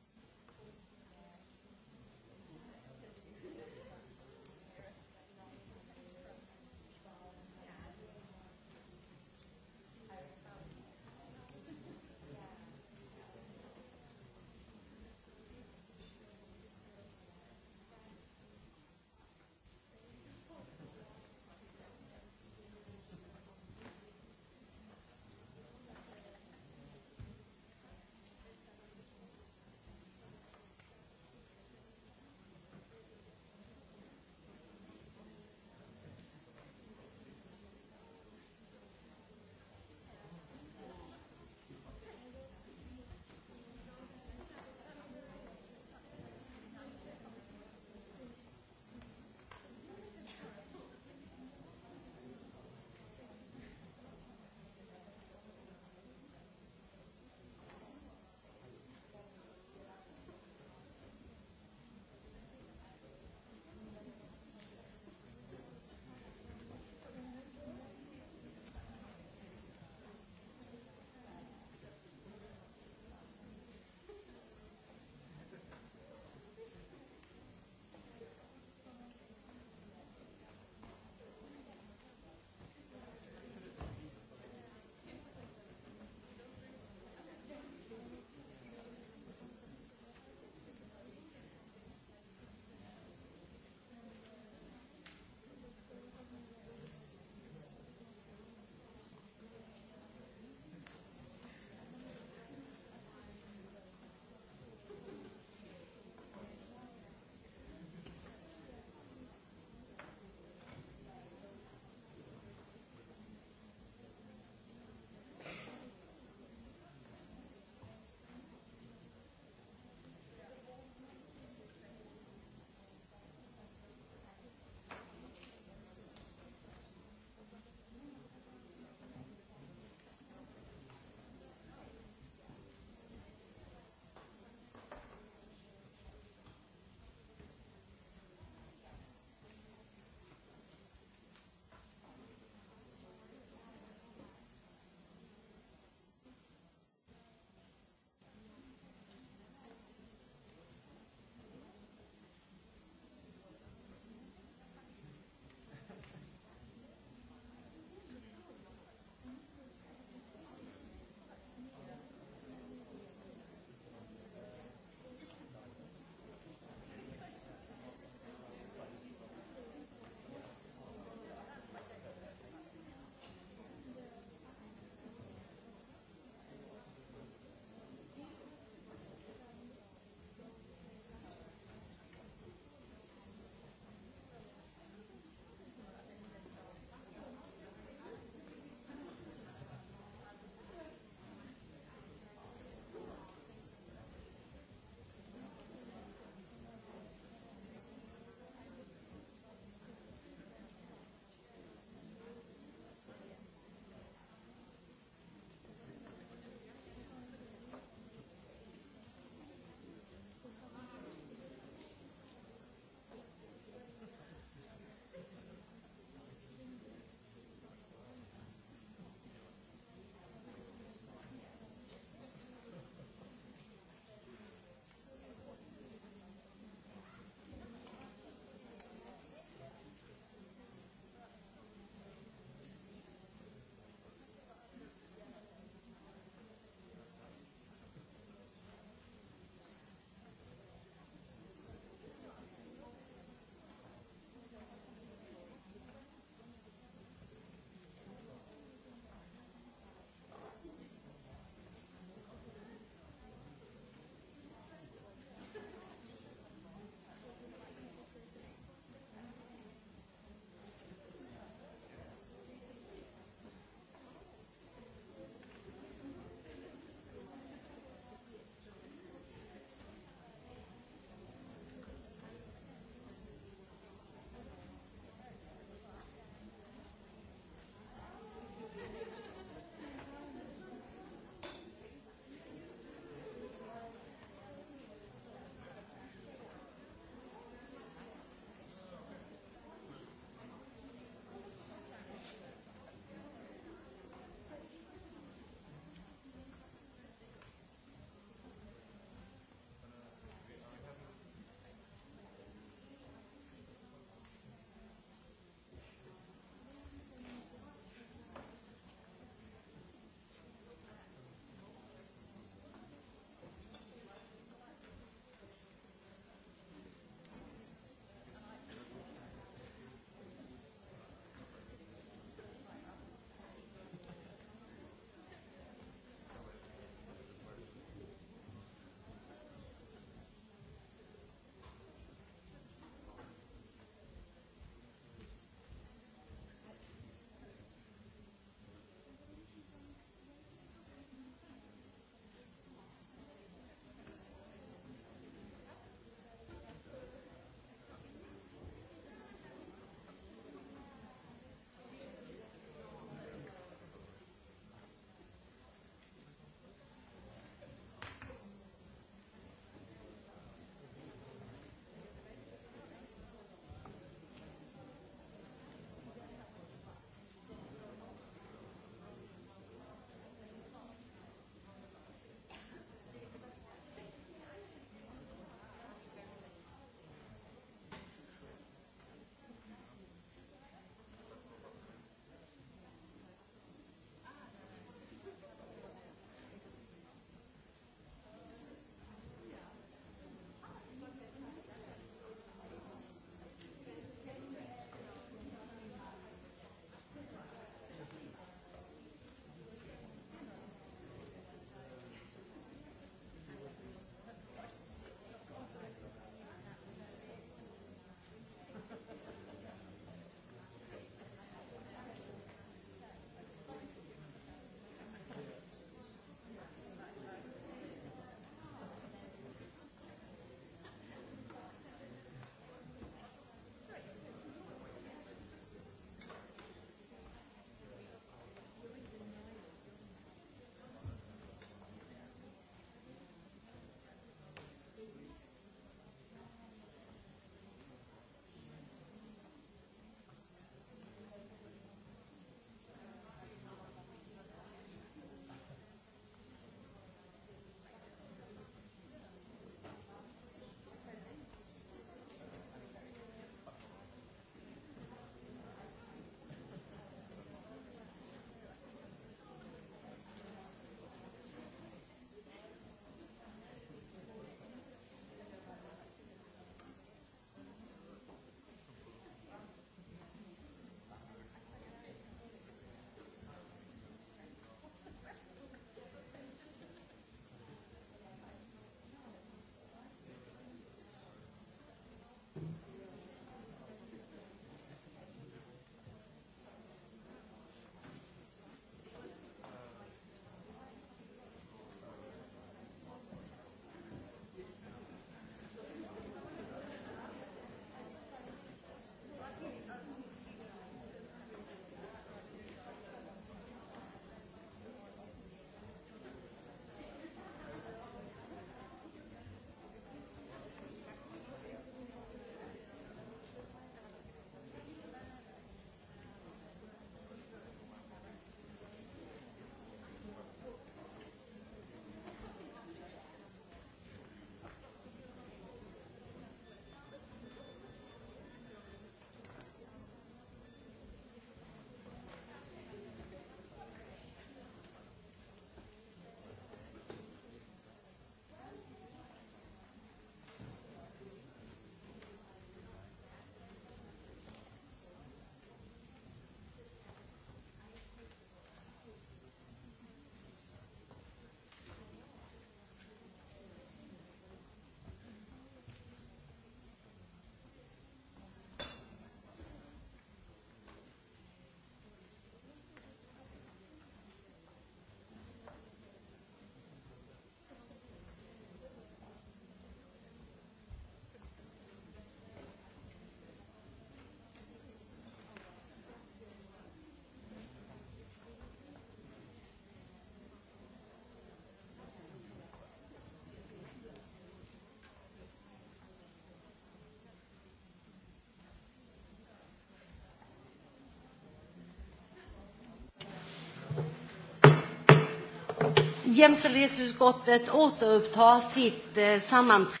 Jämställdhetsutskottet återuppta sitt eh, sammanträde.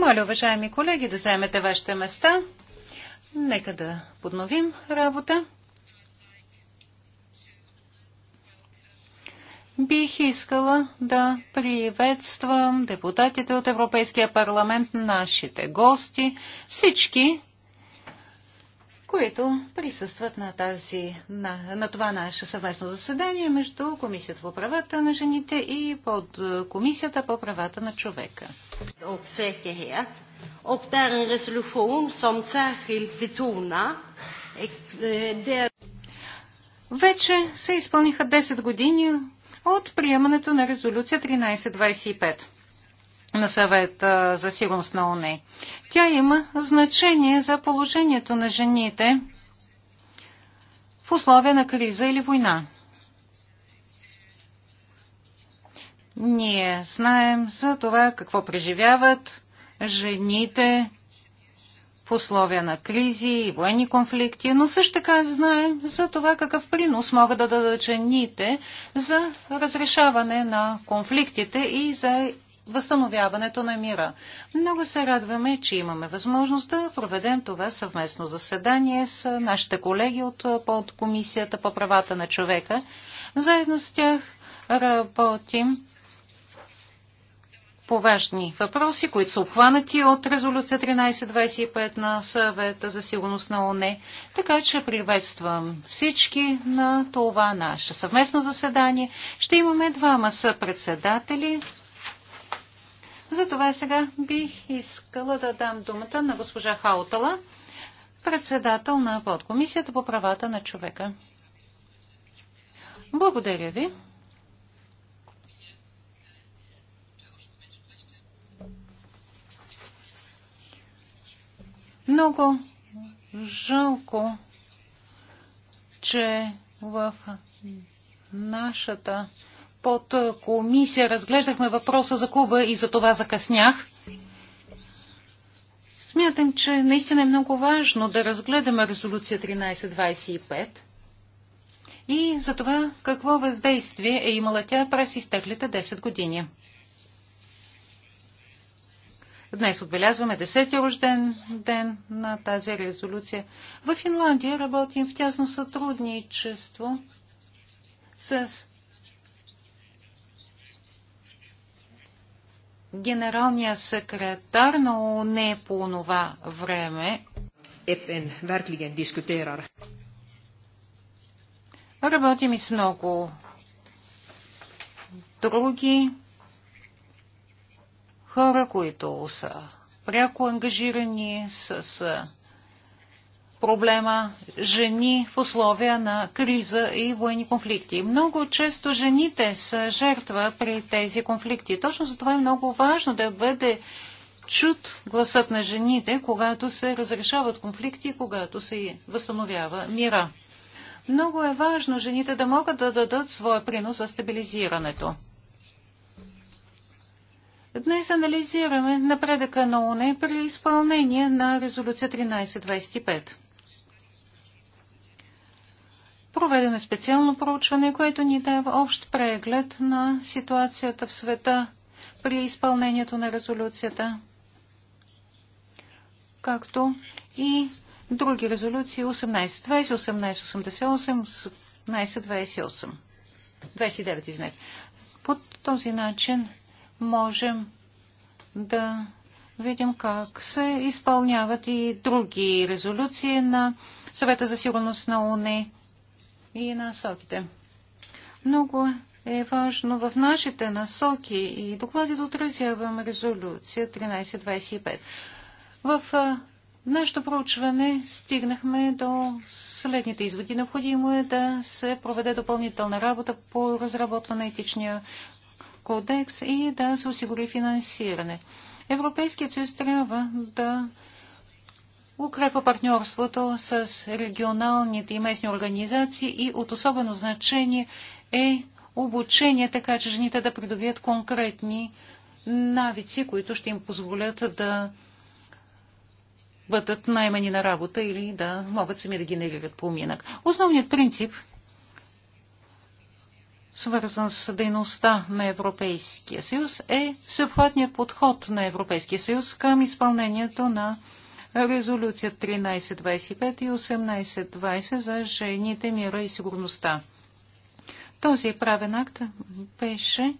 Моля, уважаеми колеги, да заемете вашите места. Нека да подновим работа. Бих искала да приветствам депутатите от Европейския парламент, нашите гости, всички които присъстват на, тази, на, на това наше съвместно заседание между Комисията по правата на жените и под е, Комисията по правата на човека. Eh, Вече се изпълниха 10 години от приемането на резолюция 1325 на съвета за сигурност на ОНЕ. Тя има значение за положението на жените в условия на криза или война. Ние знаем за това какво преживяват жените в условия на кризи и военни конфликти, но също така знаем за това какъв принос могат да дадат жените за разрешаване на конфликтите и за възстановяването на мира. Много се радваме, че имаме възможност да проведем това съвместно заседание с нашите колеги от подкомисията по правата на човека. Заедно с тях работим по важни въпроси, които са обхванати от резолюция 1325 на съвета за сигурност на ОНЕ. Така че приветствам всички на това наше съвместно заседание. Ще имаме двама съпредседатели. Затова сега бих искала да дам думата на госпожа Хаутала, председател на подкомисията по правата на човека. Благодаря ви. Много жалко, че в нашата под комисия разглеждахме въпроса за Куба и за това закъснях. Смятам, че наистина е много важно да разгледаме резолюция 1325 и за това какво въздействие е имала тя през изтеклите 10 години. Днес отбелязваме 10-ти рожден ден на тази резолюция. В Финландия работим в тясно сътрудничество с генералния секретар, но не е по това време. FN diskuterar. Работим и с много други хора, които са пряко ангажирани с проблема жени в условия на криза и военни конфликти. Много често жените са жертва при тези конфликти. Точно за това е много важно да бъде чут гласът на жените, когато се разрешават конфликти и когато се възстановява мира. Много е важно жените да могат да дадат своя принос за стабилизирането. Днес анализираме напредъка на ОНЕ при изпълнение на резолюция 1325. Проведено е специално проучване, което ни дава общ преглед на ситуацията в света при изпълнението на резолюцията, както и други резолюции 1820, 1888, 1828, 29, извинете. По този начин можем да видим как се изпълняват и други резолюции на Съвета за сигурност на ОНЕ и насоките. Много е важно в нашите насоки и доклади да отразявам резолюция 1325. В нашето проучване стигнахме до следните изводи. Необходимо е да се проведе допълнителна работа по разработване на етичния кодекс и да се осигури финансиране. Европейският съюз трябва да укрепва партньорството с регионалните и местни организации и от особено значение е обучение, така че жените да придобият конкретни навици, които ще им позволят да бъдат наймани на работа или да могат сами да генерират поминък. Основният принцип, свързан с дейността на Европейския съюз, е всеобхватният подход на Европейския съюз към изпълнението на резолюция 1325 и 1820 за жените, мира и сигурността. Този правен акт беше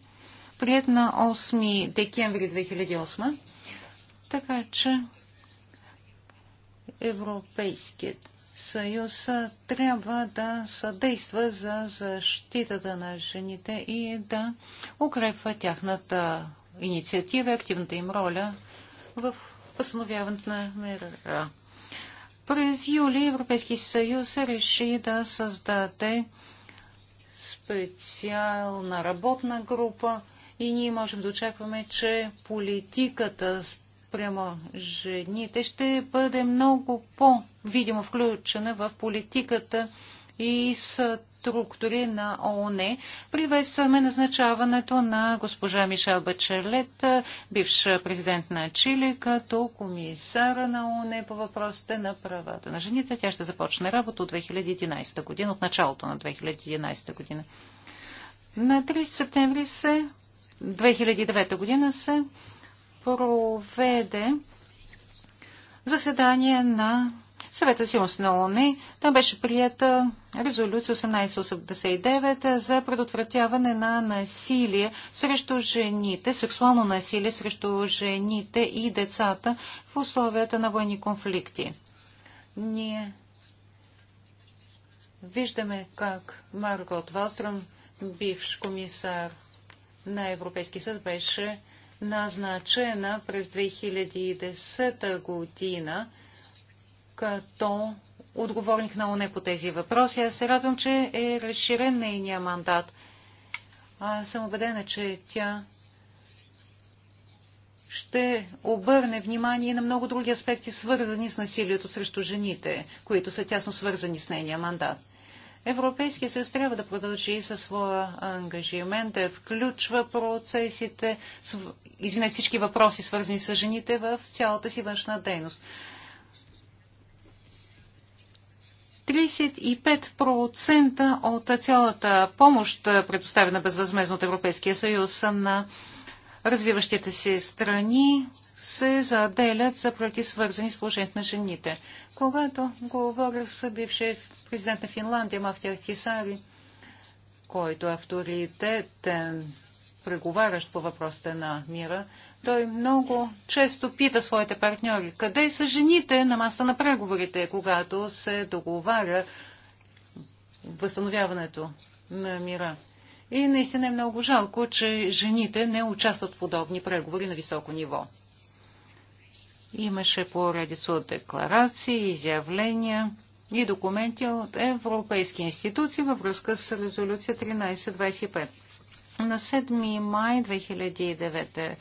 прият на 8 декември 2008, така че Европейският съюз трябва да съдейства за защитата на жените и да укрепва тяхната инициатива, активната им роля в възстановяването на мира. През юли Европейски съюз реши да създаде специална работна група и ние можем да очакваме, че политиката прямо жените ще бъде много по-видимо включена в политиката и с структури на ООН. Приветстваме назначаването на госпожа Мишел Бачерлет, бивш президент на Чили, като комисара на ООН по въпросите на правата на жените. Тя ще започне работа от 2011 година, от началото на 2011 година. На 30 септември се 2009 година се проведе заседание на съвета си на ООН. Там беше прията резолюция 1889 за предотвратяване на насилие срещу жените, сексуално насилие срещу жените и децата в условията на военни конфликти. Ние виждаме как Маргот Валстром, бивш комисар на Европейски съд, беше назначена през 2010 година като отговорник на ОНЕ по тези въпроси. Аз се радвам, че е разширен нейния мандат. Аз съм убедена, че тя ще обърне внимание на много други аспекти, свързани с насилието срещу жените, които са тясно свързани с нейния мандат. Европейския съюз трябва да продължи със своя ангажимент, да включва процесите, извине, всички въпроси, свързани с жените в цялата си външна дейност. 35% от цялата помощ, предоставена безвъзмезно от Европейския съюз на развиващите се страни, се заделят за проекти, свързани с положението на жените. Когато говоря с бившия президент на Финландия Махтия Хисари, който е авторитетен преговарящ по въпросите на мира, той много често пита своите партньори, къде са жените на маса на преговорите, когато се договаря възстановяването на мира. И наистина е много жалко, че жените не участват в подобни преговори на високо ниво. Имаше поредица от декларации, изявления и документи от европейски институции във връзка с резолюция 1325. На 7 май 2009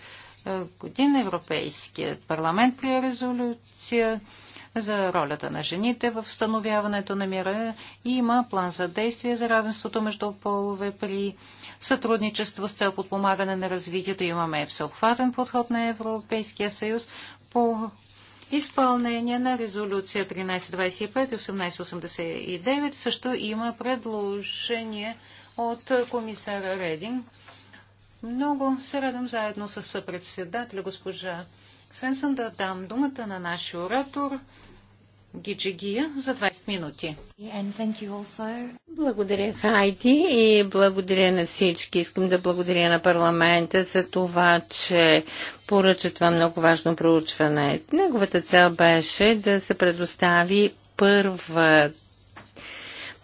година Европейският парламент прие резолюция за ролята на жените в становяването на мира и има план за действие за равенството между полове при сътрудничество с цел подпомагане на развитието. Имаме всеобхватен подход на Европейския съюз по изпълнение на резолюция 1325 и 1889. Също има предложение от комисара Редин много се радвам заедно с съпредседателя госпожа Сенсън да дам думата на нашия оратор Гиджигия за 20 минути. Благодаря, Хайди, и благодаря на всички. Искам да благодаря на парламента за това, че поръча това много важно проучване. Неговата цел беше да се предостави първата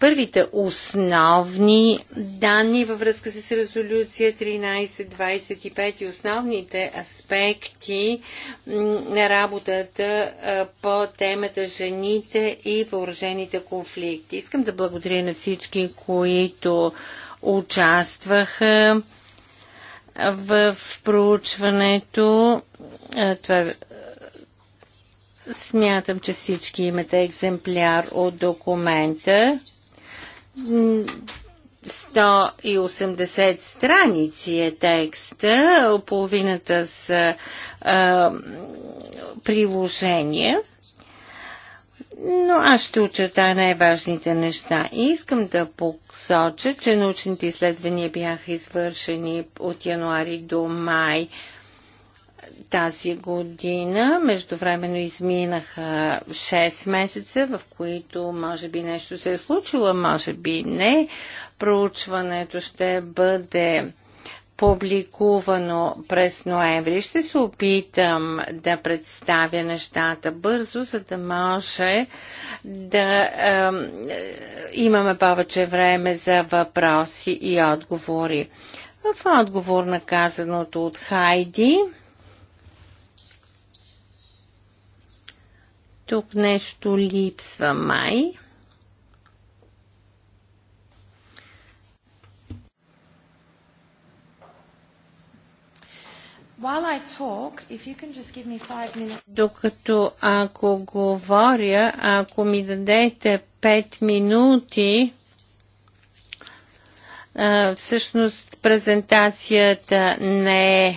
първите основни данни във връзка с резолюция 1325 и основните аспекти на работата по темата жените и въоръжените конфликти. Искам да благодаря на всички, които участваха в проучването. Това Смятам, че всички имате екземпляр от документа. 180 страници е текста, половината са а, приложения. Но аз ще очертая най-важните неща. И искам да посоча, че научните изследвания бяха извършени от януари до май тази година. Междувременно изминаха 6 месеца, в които може би нещо се е случило, може би не. Проучването ще бъде публикувано през ноември. Ще се опитам да представя нещата бързо, за да може да е, имаме повече време за въпроси и отговори. В отговор на казаното от Хайди, Тук нещо липсва май. Докато ако говоря, ако ми дадете 5 минути, всъщност презентацията не е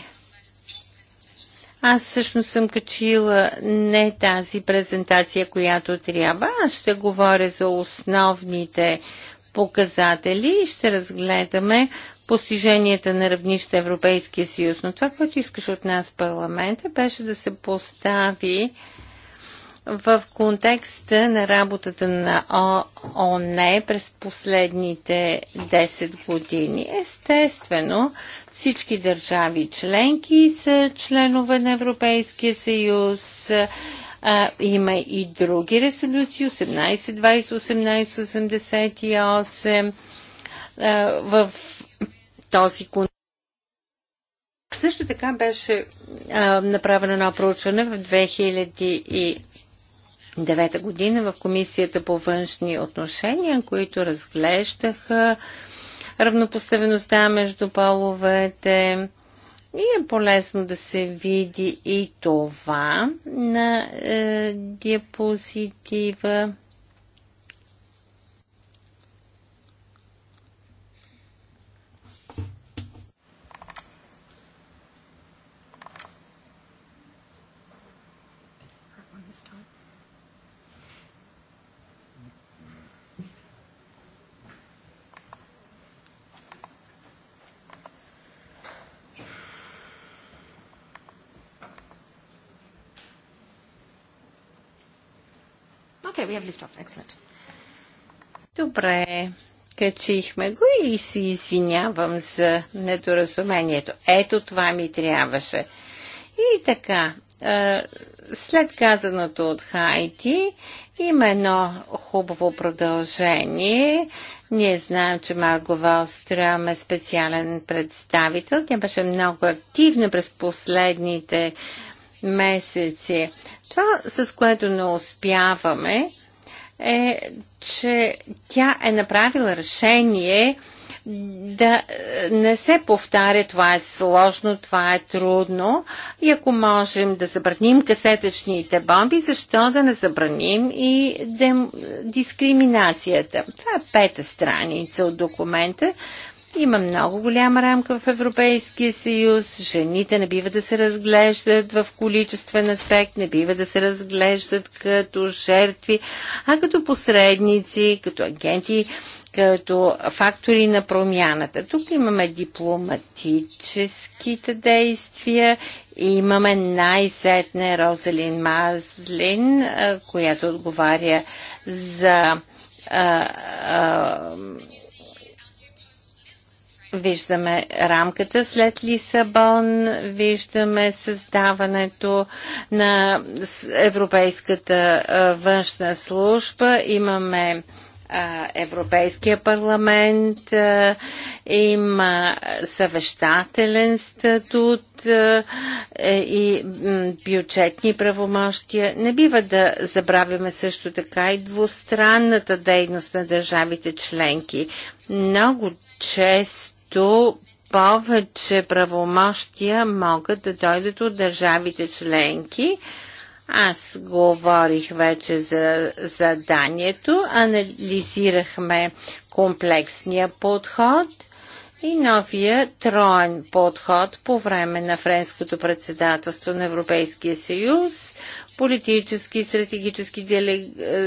аз всъщност съм качила не тази презентация, която трябва. Аз ще говоря за основните показатели и ще разгледаме постиженията на равнище Европейския съюз. Но това, което искаш от нас парламента, беше да се постави в контекста на работата на ООН през последните 10 години. Естествено, всички държави членки са членове на Европейския съюз. А, има и други резолюции 18-20-18-88 в този контекст. Също така беше а, направено едно проучване в 2009 година в Комисията по външни отношения, които разглеждаха равнопоставеността между половете. И е полезно да се види и това на е, диапозитива Okay, we have lift off. Excellent. Добре, качихме го и си извинявам за недоразумението. Ето това ми трябваше. И така, след казаното от Хайти, има едно хубаво продължение. Ние знаем, че Марго Валстрам е специален представител. Тя беше много активна през последните месеци. Това, с което не успяваме, е, че тя е направила решение да е, не се повтаря, това е сложно, това е трудно и ако можем да забраним касетъчните бомби, защо да не забраним и дем... дискриминацията? Това е пета страница от документа, има много голяма рамка в Европейския съюз. Жените не бива да се разглеждат в количествен аспект, не бива да се разглеждат като жертви, а като посредници, като агенти, като фактори на промяната. Тук имаме дипломатическите действия имаме най-сетне Розалин Мазлин, която отговаря за а, а, виждаме рамката след Лисабон, виждаме създаването на Европейската външна служба, имаме Европейския парламент, има съвещателен статут е, и бюджетни правомощия. Не бива да забравяме също така и двустранната дейност на държавите членки. Много често които повече правомощия могат да дойдат от държавите членки. Аз говорих вече за заданието, анализирахме комплексния подход и новия троен подход по време на френското председателство на Европейския съюз, политически и стратегически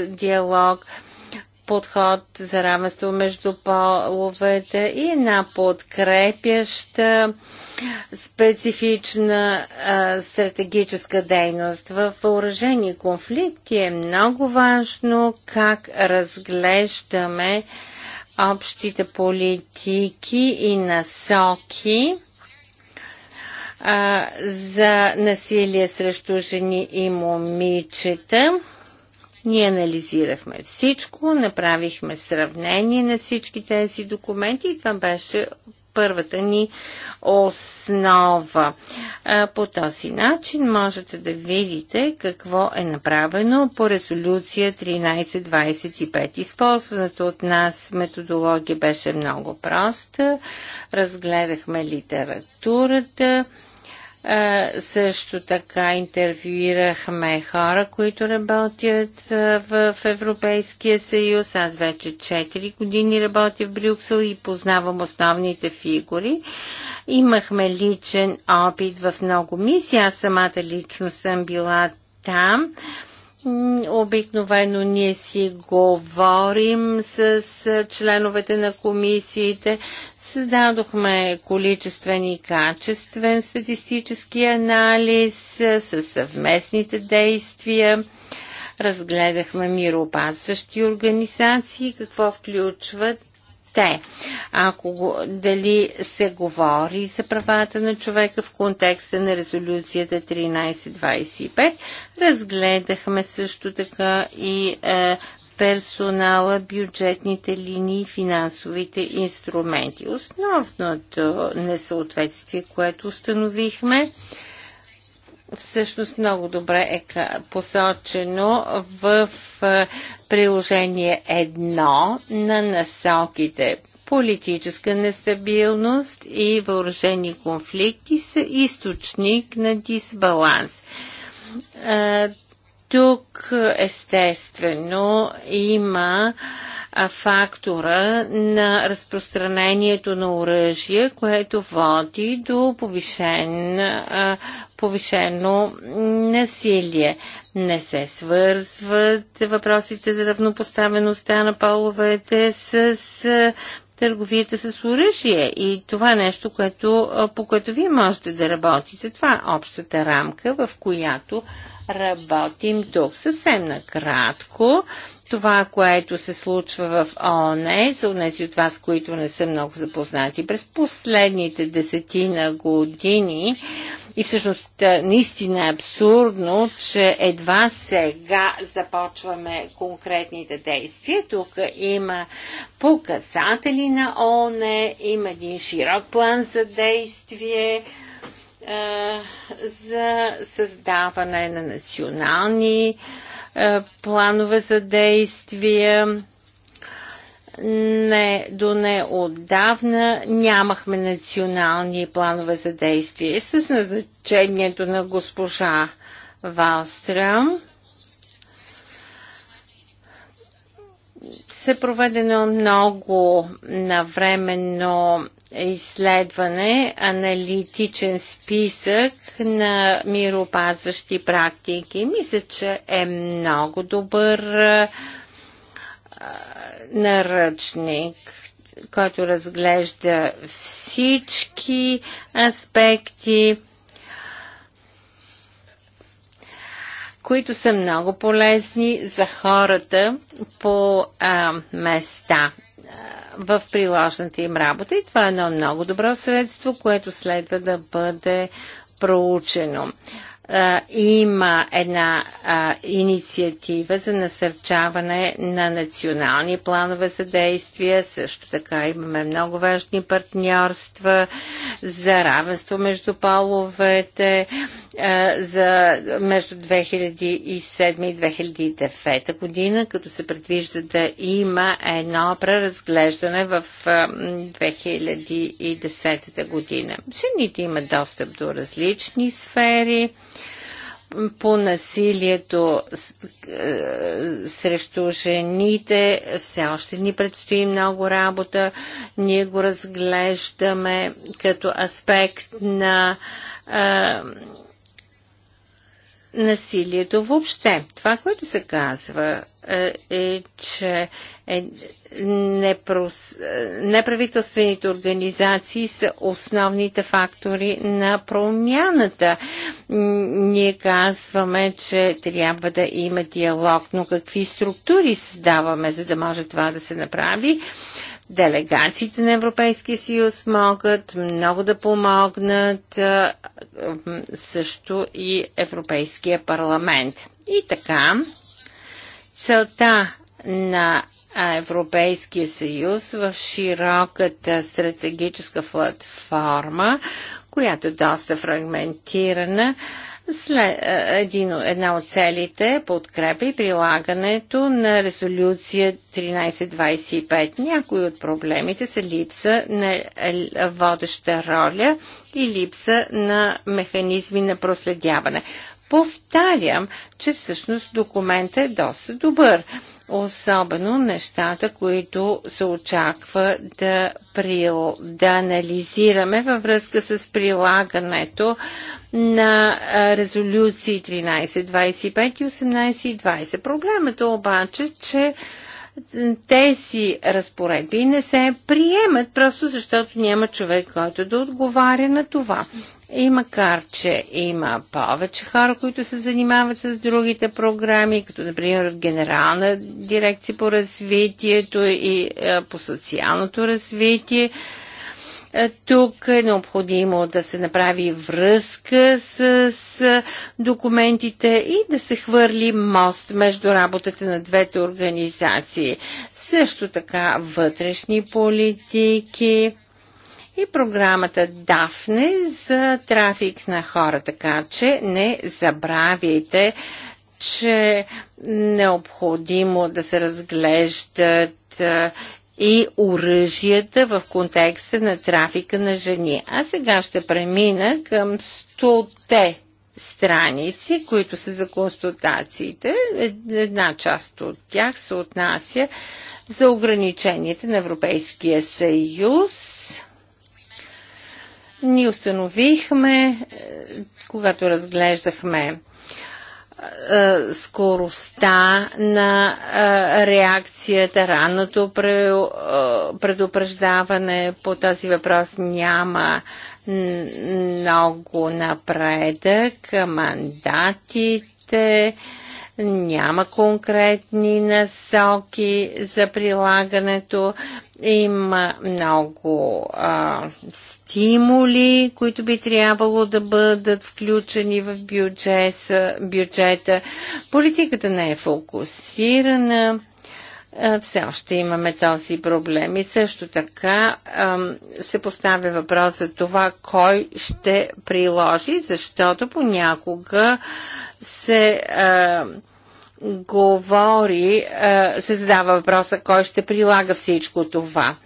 диалог – подход за равенство между половете и една подкрепяща специфична а, стратегическа дейност. В въоръжени конфликти е много важно как разглеждаме общите политики и насоки а, за насилие срещу жени и момичета. Ние анализирахме всичко, направихме сравнение на всички тези документи и това беше първата ни основа. По този начин можете да видите какво е направено по резолюция 1325. Използването от нас методология беше много проста. Разгледахме литературата, също така интервюирахме хора, които работят в Европейския съюз. Аз вече 4 години работя в Брюксел и познавам основните фигури. Имахме личен опит в много мисии. Аз самата лично съм била там. Обикновено ние си говорим с членовете на комисиите, създадохме количествен и качествен статистически анализ с съвместните действия, разгледахме мироопазващи организации, какво включват те. Ако го, дали се говори за правата на човека в контекста на резолюцията 1325, разгледахме също така и е, персонала, бюджетните линии, финансовите инструменти. Основното несъответствие, което установихме, е, всъщност много добре е посочено в е, приложение 1 на насоките. Политическа нестабилност и въоръжени конфликти са източник на дисбаланс. Е, тук естествено има а, фактора на разпространението на оръжие, което води до повишен, повишено насилие. Не се свързват въпросите за равнопоставеността на половете с търговията с оръжие и това е нещо, което, по което вие можете да работите. Това е общата рамка, в която работим тук. Съвсем накратко това, което се случва в ООН, е за унеси от вас, които не са много запознати. През последните десетина години и всъщност наистина е абсурдно, че едва сега започваме конкретните действия. Тук има показатели на ООН, има един широк план за действие за създаване на национални е, планове за действия. Не, до отдавна нямахме национални планове за действие. С назначението на госпожа Валстрам се проведено много навременно изследване, аналитичен списък на миропазващи практики. Мисля, че е много добър а, наръчник, който разглежда всички аспекти, които са много полезни за хората по а, места в приложната им работа. И това е едно много добро средство, което следва да бъде проучено а, има една а, инициатива за насърчаване на национални планове за действие. Също така имаме много важни партньорства за равенство между половете а, за между 2007 и 2009 година, като се предвижда да има едно преразглеждане в а, 2010 година. Жените имат достъп до различни сфери по насилието е, срещу жените. Все още ни предстои много работа. Ние го разглеждаме като аспект на е, насилието въобще. Това, което се казва е, е че е, непрос... Е, неправителствените организации са основните фактори на промяната. Ние казваме, че трябва да има диалог, но какви структури създаваме, за да може това да се направи? Делегациите на Европейския съюз могат много да помогнат, също и Европейския парламент. И така, целта на Европейския съюз в широката стратегическа платформа, която е доста фрагментирана, след, е, един, една от целите е подкрепа и прилагането на резолюция 1325. Някои от проблемите са липса на е, водеща роля и липса на механизми на проследяване. Повтарям, че всъщност документът е доста добър особено нещата, които се очаква да, прил, да анализираме във връзка с прилагането на резолюции 13, 25 и 18 и 20. Проблемът е обаче, че тези разпоредби не се приемат, просто защото няма човек, който да отговаря на това. И макар, че има повече хора, които се занимават с другите програми, като например Генерална дирекция по развитието и е, по социалното развитие, е, тук е необходимо да се направи връзка с, с документите и да се хвърли мост между работата на двете организации. Също така вътрешни политики и програмата Дафне за трафик на хора. Така че не забравяйте, че необходимо да се разглеждат и оръжията в контекста на трафика на жени. А сега ще премина към 100 страници, които са за консултациите, Една част от тях се отнася за ограниченията на Европейския съюз ние установихме, е, когато разглеждахме е, скоростта на е, реакцията, ранното предупреждаване по този въпрос няма много напредък, мандатите, няма конкретни насоки за прилагането. Има много а, стимули, които би трябвало да бъдат включени в бюджета. бюджета. Политиката не е фокусирана все още имаме този проблем. И също така се поставя въпрос за това кой ще приложи, защото понякога се говори, е, се задава въпроса кой ще прилага всичко това.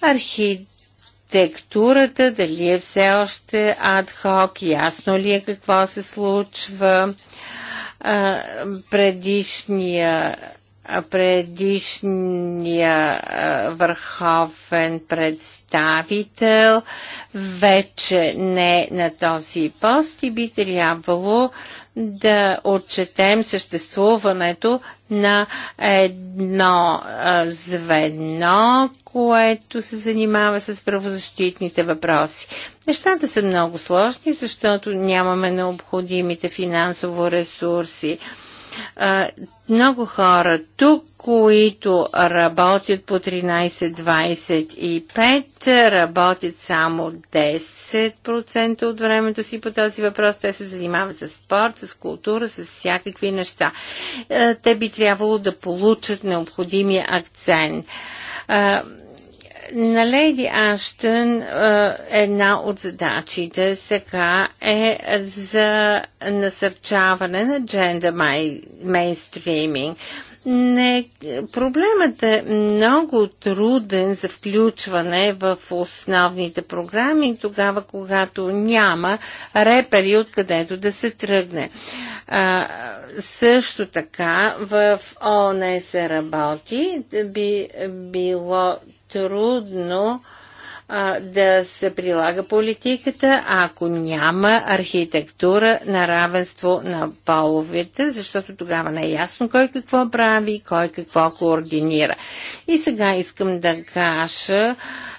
Архитектурата дали е все още адхок, ясно ли е какво се случва. Е, предишния предишния е, върховен представител вече не на този пост и би трябвало да отчетем съществуването на едно звено, което се занимава с правозащитните въпроси. Нещата са много сложни, защото нямаме необходимите финансово ресурси много хора тук, които работят по 13.25, работят само 10% от времето си по този въпрос. Те се занимават с спорт, с култура, с всякакви неща. те би трябвало да получат необходимия акцент на Лейди Аштън една от задачите сега е за насърчаване на джендър мейнстриминг. Не, проблемът е много труден за включване в основните програми, тогава когато няма репери откъдето да се тръгне. А, също така в ООН се работи, би било трудно а, да се прилага политиката, ако няма архитектура на равенство на половете, защото тогава не е ясно кой какво прави, кой какво координира. И сега искам да кажа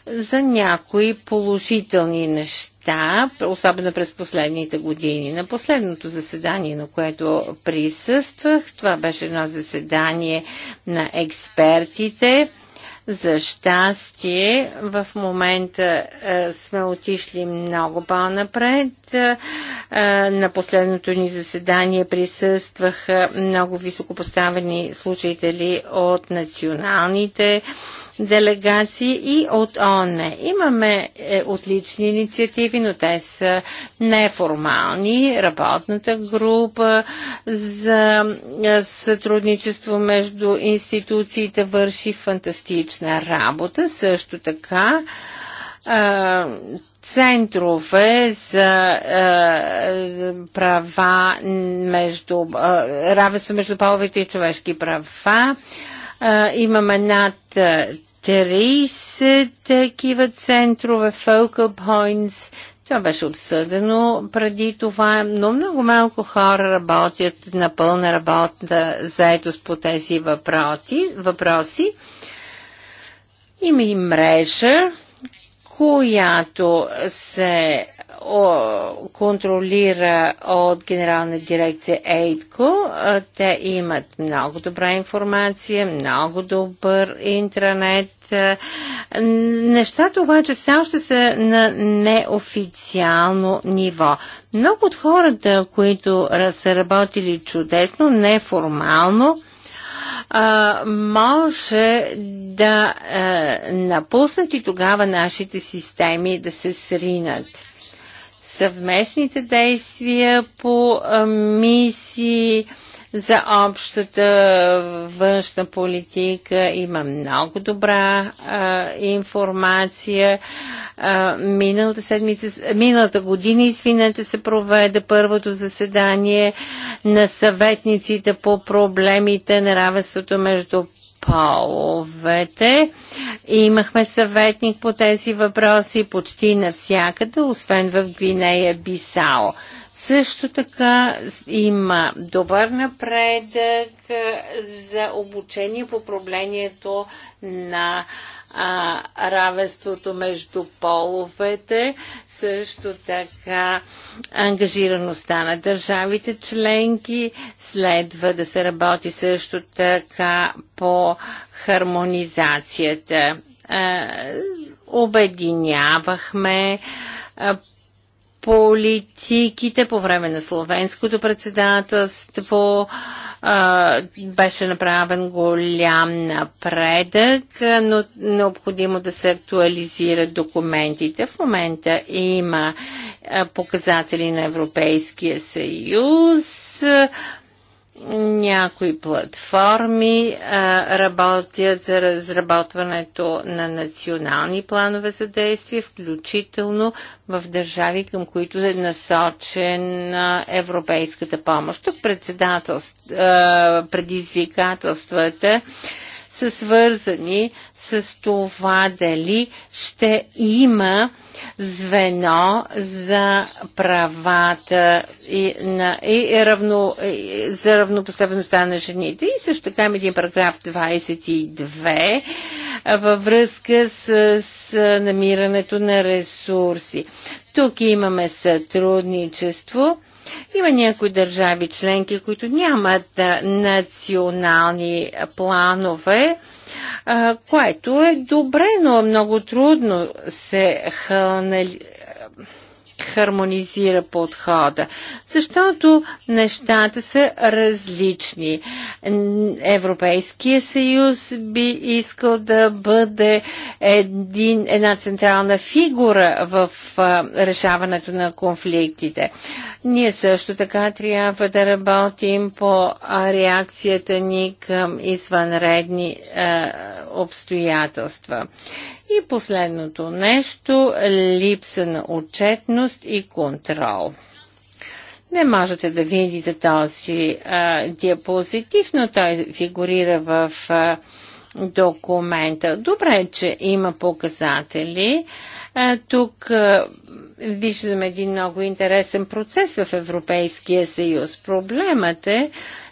за някои положителни неща, особено през последните години. На последното заседание, на което присъствах, това беше едно заседание на експертите, за щастие, в момента е, сме отишли много по-напред на последното ни заседание присъстваха много високопоставени служители от националните делегации и от ООН. Имаме е, отлични инициативи, но те са неформални. Работната група за е, сътрудничество между институциите върши фантастична работа. Също така центрове за е, права между, е, равенство между половите и човешки права. Е, имаме над 30 е, такива центрове, focal points. Това беше обсъдено преди това, но много малко хора работят на пълна работа заедост по тези въпроси. въпроси. Има и мрежа, която се контролира от генерална дирекция Ейтко. Те имат много добра информация, много добър интернет. Нещата обаче все още са на неофициално ниво. Много от хората, които са работили чудесно, неформално, а, може да а, напуснат и тогава нашите системи да се сринат. Съвместните действия по а, мисии, а, за общата външна политика. Има много добра а, информация. А, миналата, седмица, миналата година, извинете, се проведе първото заседание на съветниците по проблемите на равенството между половете. Имахме съветник по тези въпроси почти навсякъде, освен в Гвинея Бисао. Също така има добър напредък за обучение по проблението на а, равенството между половете, също така ангажираността на държавите членки, следва да се работи също така по хармонизацията. А, обединявахме политиките по време на словенското председателство беше направен голям напредък, но необходимо да се актуализират документите. В момента има показатели на Европейския съюз. Някои платформи а, работят за разработването на национални планове за действие, включително в държави, към които е насочена европейската помощ. Тук председателств, а, предизвикателствата са свързани с това дали ще има звено за правата и, на, и, равно, и за равнопоставеността на жените. И също така има един параграф 22 във връзка с, с намирането на ресурси. Тук имаме сътрудничество има някои държави членки, които нямат национални планове, което е добре, но е много трудно се хармонизира подхода, защото нещата са различни. Европейския съюз би искал да бъде един, една централна фигура в а, решаването на конфликтите. Ние също така трябва да работим по реакцията ни към извънредни а, обстоятелства. И последното нещо – липса на отчетност и контрол. Не можете да видите този а, диапозитив, но той фигурира в а, документа. Добре, е, че има показатели. А, тук а, виждаме един много интересен процес в Европейския съюз. Проблемът е,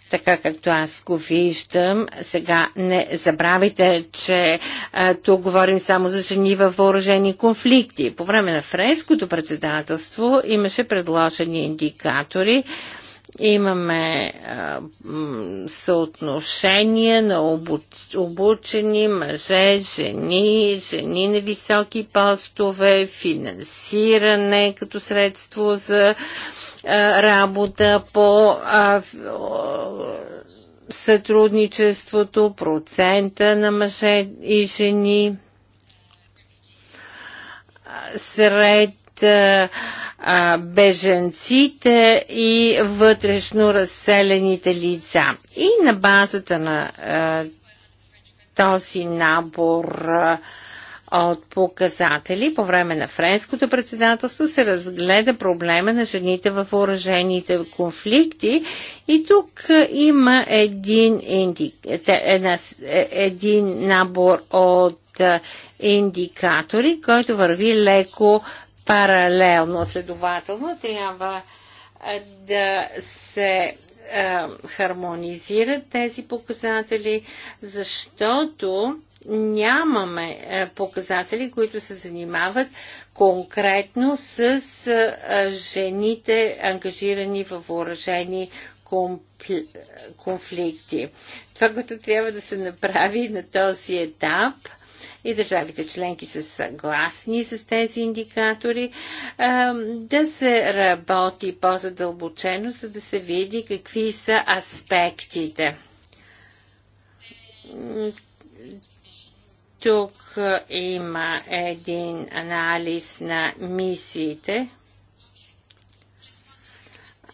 така както аз го виждам. Сега не забравяйте, че а, тук говорим само за жени във въоръжени конфликти. По време на френското председателство имаше предложени индикатори имаме а, съотношение на обуч, обучени мъже, жени, жени на високи постове, финансиране като средство за работа по сътрудничеството, процента на мъже и жени сред беженците и вътрешно разселените лица. И на базата на този набор от показатели. По време на френското председателство се разгледа проблема на жените в въоръжените конфликти и тук има един, инди... една... Е, един набор от индикатори, който върви леко паралелно. Следователно трябва да се хармонизират тези показатели, защото нямаме е, показатели, които се занимават конкретно с е, жените, ангажирани във въоръжени конфликти. Това, което трябва да се направи на този етап и държавите членки са съгласни с тези индикатори, е, да се работи по-задълбочено, за да се види какви са аспектите тук е, има един анализ на мисиите.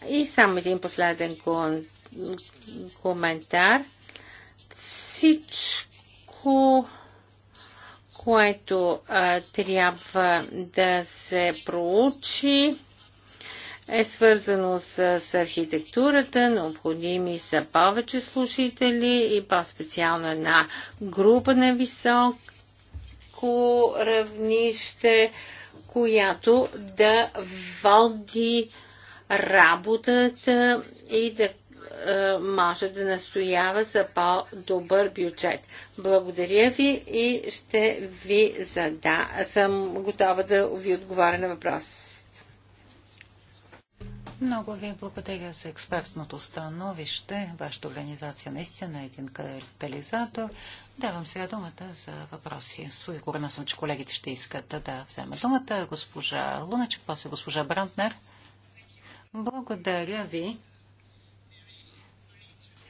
И само един последен коментар. Всичко, което а, трябва да се проучи, е свързано с, с архитектурата, необходими са повече слушатели и по-специално една група на високо равнище, която да води работата и да е, може да настоява за по-добър бюджет. Благодаря ви и ще ви зада. Съм готова да ви отговоря на въпрос. Много ви благодаря за експертното становище. Вашата организация наистина е един катализатор. Давам сега думата за въпроси. Сигурна съм, че колегите ще искат да, да вземат думата. Госпожа Луначек, после госпожа Брантнер. Благодаря ви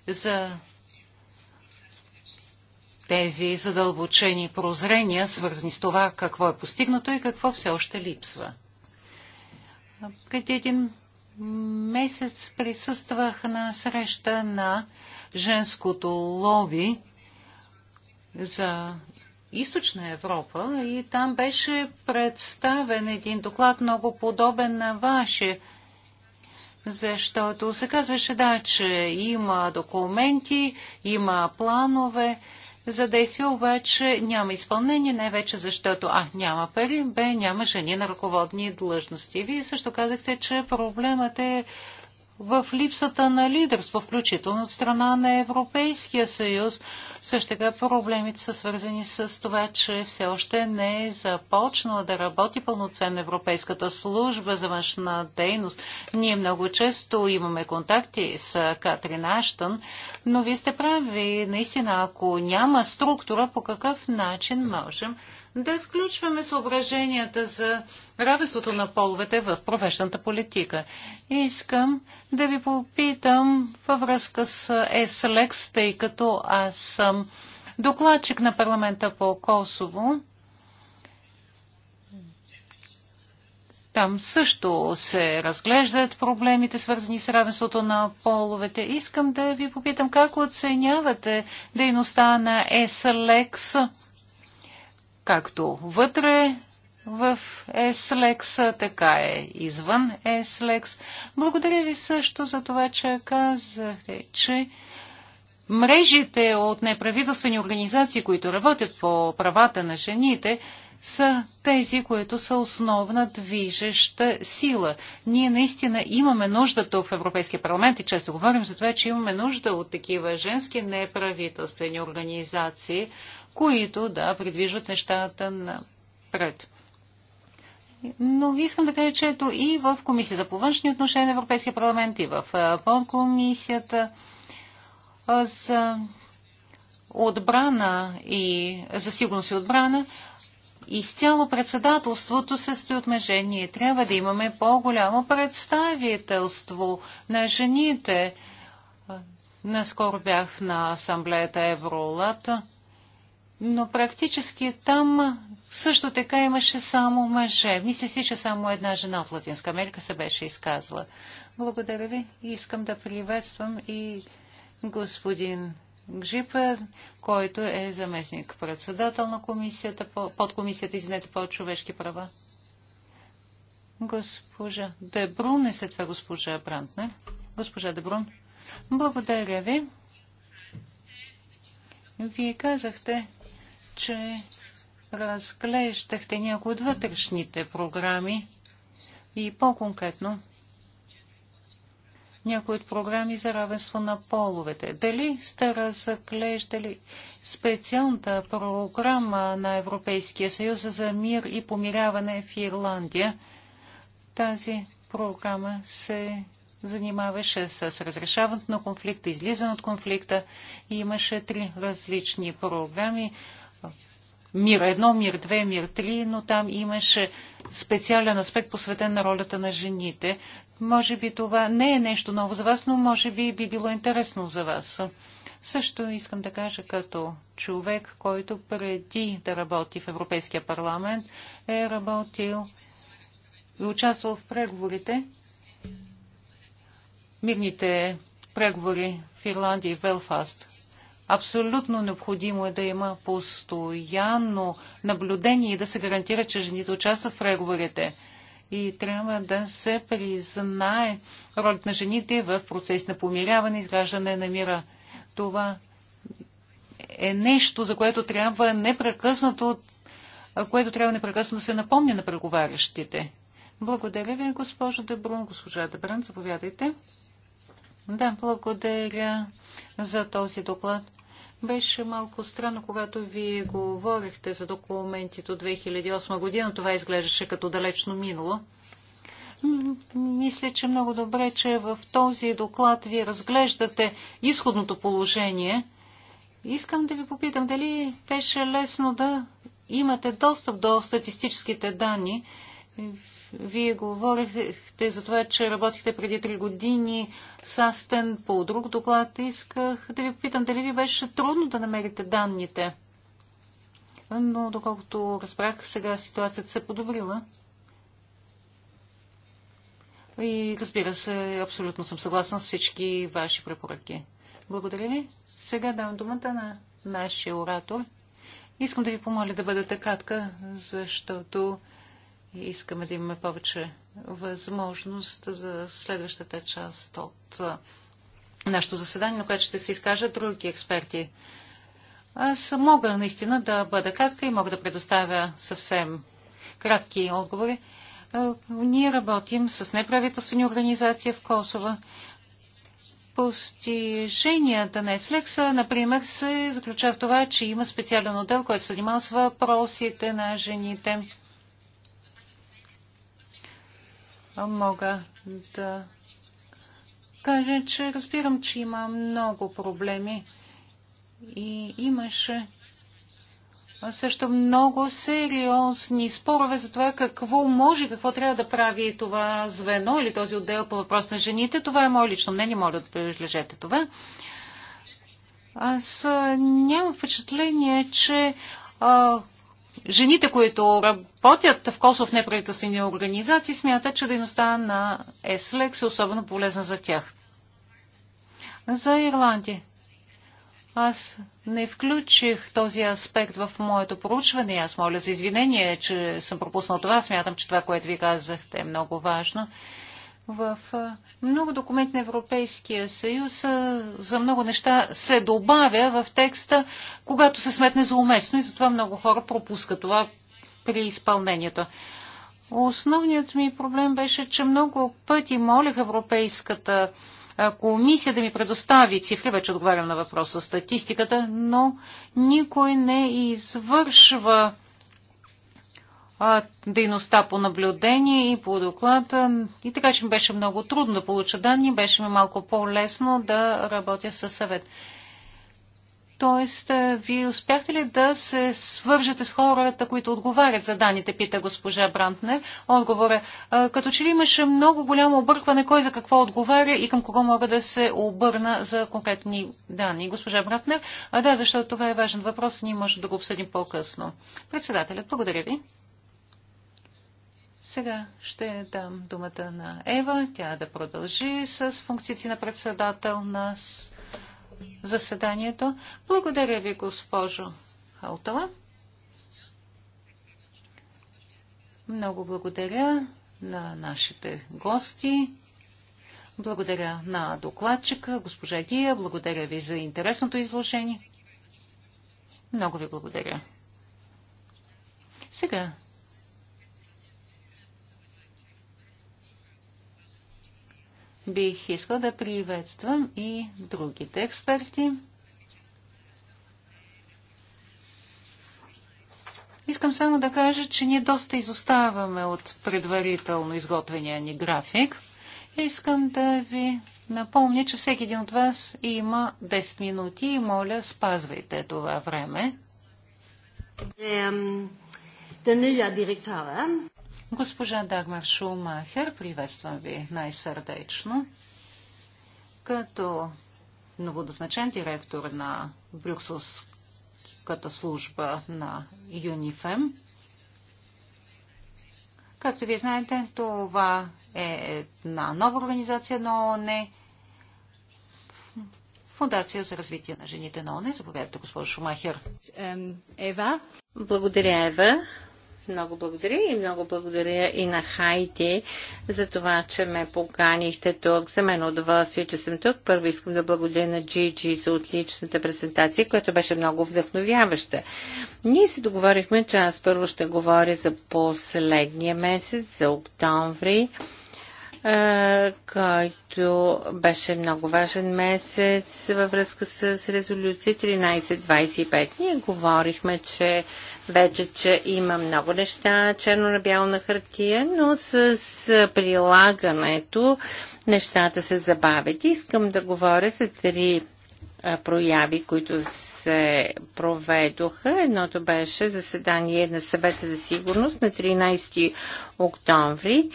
за тези задълбочени прозрения, свързани с това какво е постигнато и какво все още липсва. Преди един месец присъствах на среща на женското лоби за източна Европа и там беше представен един доклад много подобен на ваше, защото се казваше да, че има документи, има планове, за действие, обаче няма изпълнение, не вече защото А. Няма пари, Б. Няма жени на ръководни длъжности. Вие също казахте, че проблемът е в липсата на лидерство, включително от страна на Европейския съюз. Също така проблемите са свързани с това, че все още не е започнала да работи пълноценно Европейската служба за външна дейност. Ние много често имаме контакти с Катрин Аштън, но вие сте прави, наистина, ако няма структура, по какъв начин можем да включваме съображенията за равенството на половете в провежданата политика. Искам да ви попитам във връзка с ЕСЛЕКС, е тъй като аз съм докладчик на парламента по Косово. Там също се разглеждат проблемите, свързани с равенството на половете. Искам да ви попитам как оценявате дейността на ЕСЛЕКС както вътре в SLEX, така е извън SLEX. Благодаря ви също за това, че казахте, че мрежите от неправителствени организации, които работят по правата на жените, са тези, които са основна движеща сила. Ние наистина имаме нужда тук в Европейския парламент и често говорим за това, че имаме нужда от такива женски неправителствени организации, които да придвижват нещата напред. Но искам да кажа, че ето и в Комисията по външни отношения на Европейския парламент, и в подкомисията за отбрана и за сигурност и отбрана, изцяло председателството се стои от мъже. Ние трябва да имаме по-голямо представителство на жените. Наскоро бях на асамблеята Евролата но практически там също така имаше само мъже. Мисля си, че само една жена от Латинска Америка се беше изказала. Благодаря ви. Искам да приветствам и господин Гжипа, който е заместник председател на комисията, под комисията, извинете, по човешки права. Госпожа Дебрун, не след това госпожа Брант, не? Госпожа Дебрун, благодаря ви. Вие казахте, че разглеждахте някои от вътрешните програми и по-конкретно някои от програми за равенство на половете. Дали сте разглеждали специалната програма на Европейския съюз за мир и помиряване в Ирландия? Тази програма се занимаваше с разрешаването на конфликта, излизане от конфликта и имаше три различни програми мир едно, мир две, мир три, но там имаше специален аспект посветен на ролята на жените. Може би това не е нещо ново за вас, но може би би било интересно за вас. Също искам да кажа като човек, който преди да работи в Европейския парламент е работил и участвал в преговорите, мирните преговори в Ирландия и в Белфаст. Абсолютно необходимо е да има постоянно наблюдение и да се гарантира, че жените участват в преговорите. И трябва да се признае ролята на жените в процес на помиряване, изграждане на мира. Това е нещо, за което трябва непрекъснато, което трябва непрекъснато да се напомня на преговарящите. Благодаря ви, госпожо Дебрун. Госпожа Дебран, заповядайте. Да, благодаря за този доклад. Беше малко странно, когато вие говорихте за документите от 2008 година. Това изглеждаше като далечно минало. Мисля, че много добре, че в този доклад вие разглеждате изходното положение. Искам да ви попитам дали беше лесно да имате достъп до статистическите данни. Вие говорихте за това, че работихте преди три години Састен по друг доклад. Исках да ви попитам дали ви беше трудно да намерите данните. Но доколкото разбрах, сега ситуацията се подобрила. И разбира се, абсолютно съм съгласна с всички ваши препоръки. Благодаря ви. Сега давам думата на нашия оратор. Искам да ви помоля да бъдете кратка, защото искаме да имаме повече възможност за следващата част от нашето заседание, на което ще се изкажат други експерти. Аз мога наистина да бъда кратка и мога да предоставя съвсем кратки отговори. Ние работим с неправителствени организации в Косово. Постиженията на Еслекса, например, се заключава в това, че има специален отдел, който се занимава с въпросите на жените. мога да кажа, че разбирам, че има много проблеми и имаше също много сериозни спорове за това какво може, какво трябва да прави това звено или този отдел по въпрос на жените. Това е мое лично мнение, моля да прилежете това. Аз нямам впечатление, че а, жените, които работят в Косов неправителствени организации, смятат, че дейността на ЕСЛЕКС е особено полезна за тях. За Ирландия. Аз не включих този аспект в моето проучване. Аз моля за извинение, че съм пропуснал това. Смятам, че това, което ви казахте е много важно. В много документи на Европейския съюз за много неща се добавя в текста, когато се сметне за уместно и затова много хора пропускат това при изпълнението. Основният ми проблем беше, че много пъти молих Европейската комисия да ми предостави цифри, вече отговарям на въпроса статистиката, но никой не извършва дейността по наблюдение и по доклада. И така, че ми беше много трудно да получа данни, беше ми малко по-лесно да работя със съвет. Тоест, вие успяхте ли да се свържете с хората, които отговарят за данните, пита госпожа Брантнер. отговоря: като че ли имаше много голямо объркване, кой за какво отговаря и към кого мога да се обърна за конкретни данни. Госпожа Брантнер, а да, защото това е важен въпрос, ние можем да го обсъдим по-късно. Председателят, благодаря ви. Сега ще дам думата на Ева, тя да продължи с функциите на председател на заседанието. Благодаря ви, госпожо Халтала. Много благодаря на нашите гости. Благодаря на докладчика, госпожа Гия. Благодаря ви за интересното изложение. Много ви благодаря. Сега Бих искал да приветствам и другите експерти. Искам само да кажа, че ние доста изоставаме от предварително изготвения ни график. Искам да ви напомня, че всеки един от вас има 10 минути и моля, спазвайте това време. Den nya Госпожа Дагмар Шулмахер, приветствам ви най-сърдечно. Като новодозначен директор на Брюкселската служба на ЮНИФЕМ, както вие знаете, това е една нова организация на ООН, Фундация за развитие на жените на ОНЕ. Заповядайте, госпожо Шумахер. Ева. Благодаря, Ева. Много благодаря и много благодаря и на Хайти за това, че ме поканихте тук. За мен е удоволствие, че съм тук. Първо искам да благодаря на Джиджи за отличната презентация, която беше много вдъхновяваща. Ние се договорихме, че аз първо ще говоря за последния месец, за октомври който беше много важен месец във връзка с резолюция 1325. Ние говорихме, че вече, че има много неща черно на бяло на хартия, но с прилагането нещата се забавят. Искам да говоря за три прояви, които се проведоха. Едното беше заседание на съвета за сигурност на 13 октомври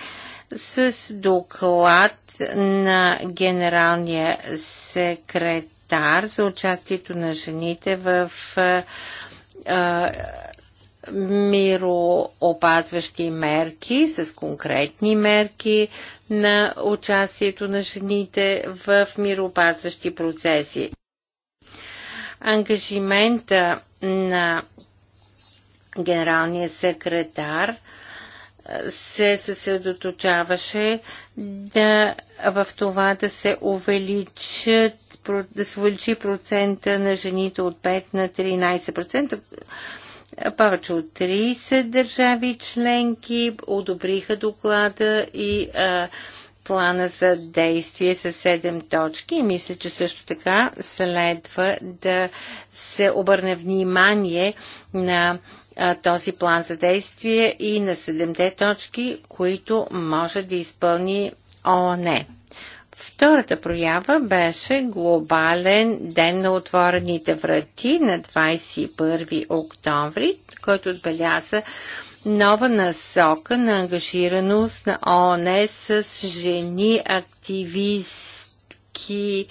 с доклад на генералния секретар за участието на жените в мироопазващи мерки, с конкретни мерки на участието на жените в мироопазващи процеси. Ангажимента на генералния секретар се съсредоточаваше да, в това да се увеличат да се увеличи процента на жените от 5 на 13%. Повече от 30 държави членки одобриха доклада и а, плана за действие с 7 точки и мисля, че също така следва да се обърне внимание на а, този план за действие и на 7 точки, които може да изпълни ООН. Втората проява беше глобален ден на отворените врати на 21 октомври, който отбеляза нова насока на ангажираност на ООН с жени активистки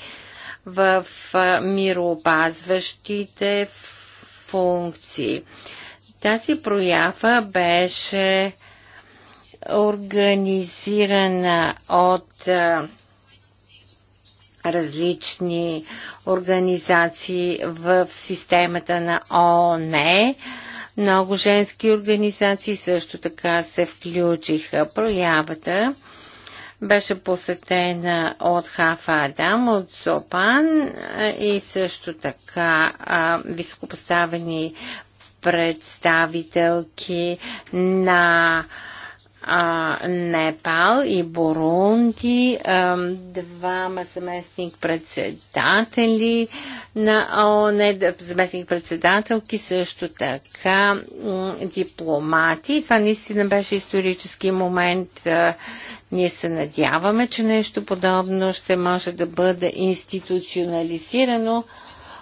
в мироопазващите функции. Тази проява беше организирана от различни организации в системата на ООН. Много женски организации също така се включиха. Проявата беше посетена от Хафа Адам, от Сопан и също така високопоставени представителки на а, а, Непал и Бурунди, двама заместник-председатели на ООН, заместник-председателки също така дипломати. Това наистина беше исторически момент. ние се надяваме, че нещо подобно ще може да бъде институционализирано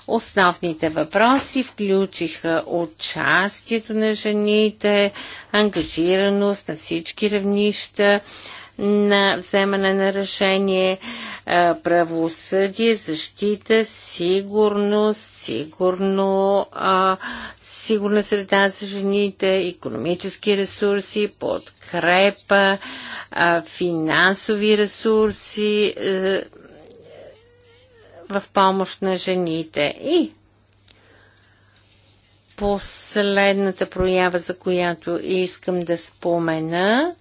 Основните въпроси включиха участието на жените, ангажираност на всички равнища, на вземане на решение, е, правосъдие, защита, сигурност, сигурно, сигурна среда за жените, економически ресурси, подкрепа, финансови ресурси, е, в помощ на жените. И последната проява, за която искам да спомена,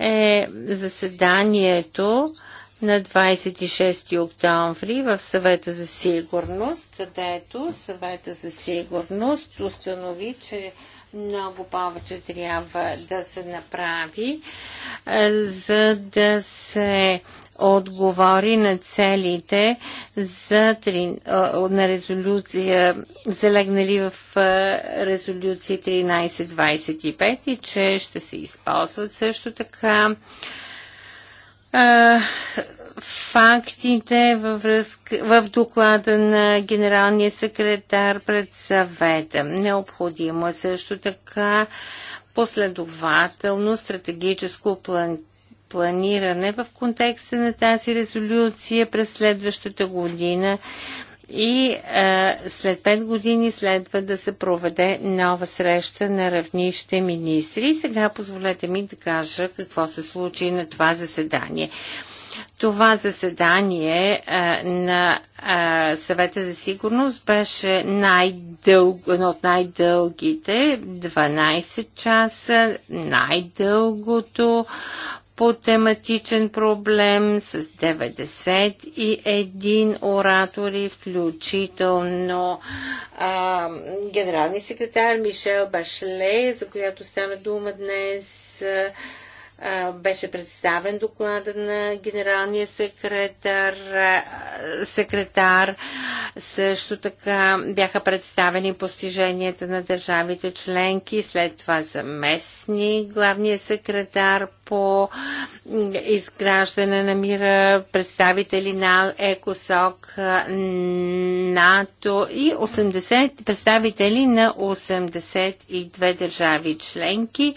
е заседанието на 26 октомври в съвета за сигурност, където съвета за сигурност установи, че много повече трябва да се направи, е, за да се отговори на целите за, на резолюция, залегнали в резолюции 1325 и че ще се използват също така фактите във връзка, в доклада на генералния секретар пред съвета. Необходимо е също така последователно стратегическо план, планиране в контекста на тази резолюция през следващата година и а, след 5 години следва да се проведе нова среща на равнище министри. И сега позволете ми да кажа какво се случи на това заседание. Това заседание а, на а, съвета за сигурност беше най едно от най-дългите, 12 часа, най-дългото по тематичен проблем с 91 оратори, включително а, генералния секретар Мишел Башле, за която стана дума днес. А, беше представен доклада на генералния секретар, секретар. Също така бяха представени постиженията на държавите членки, след това заместни главния секретар по изграждане на мира, представители на ЕКОСОК, НАТО и 80, представители на 82 държави членки,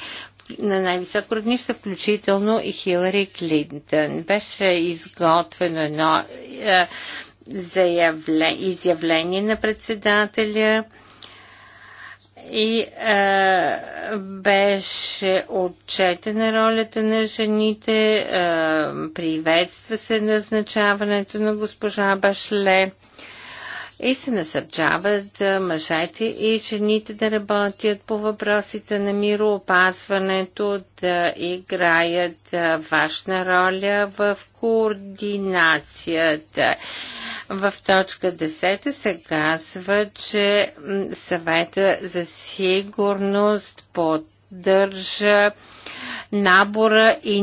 на най-високо равнище, включително и Хилари Клинтън. Беше изготвено едно е, изявление на председателя и е, беше отчетена ролята на жените, е, приветства се назначаването на госпожа Башле и се насърчават мъжете и жените да работят по въпросите на мироопазването, да играят важна роля в координацията. В точка 10 се казва, че съвета за сигурност поддържа набора и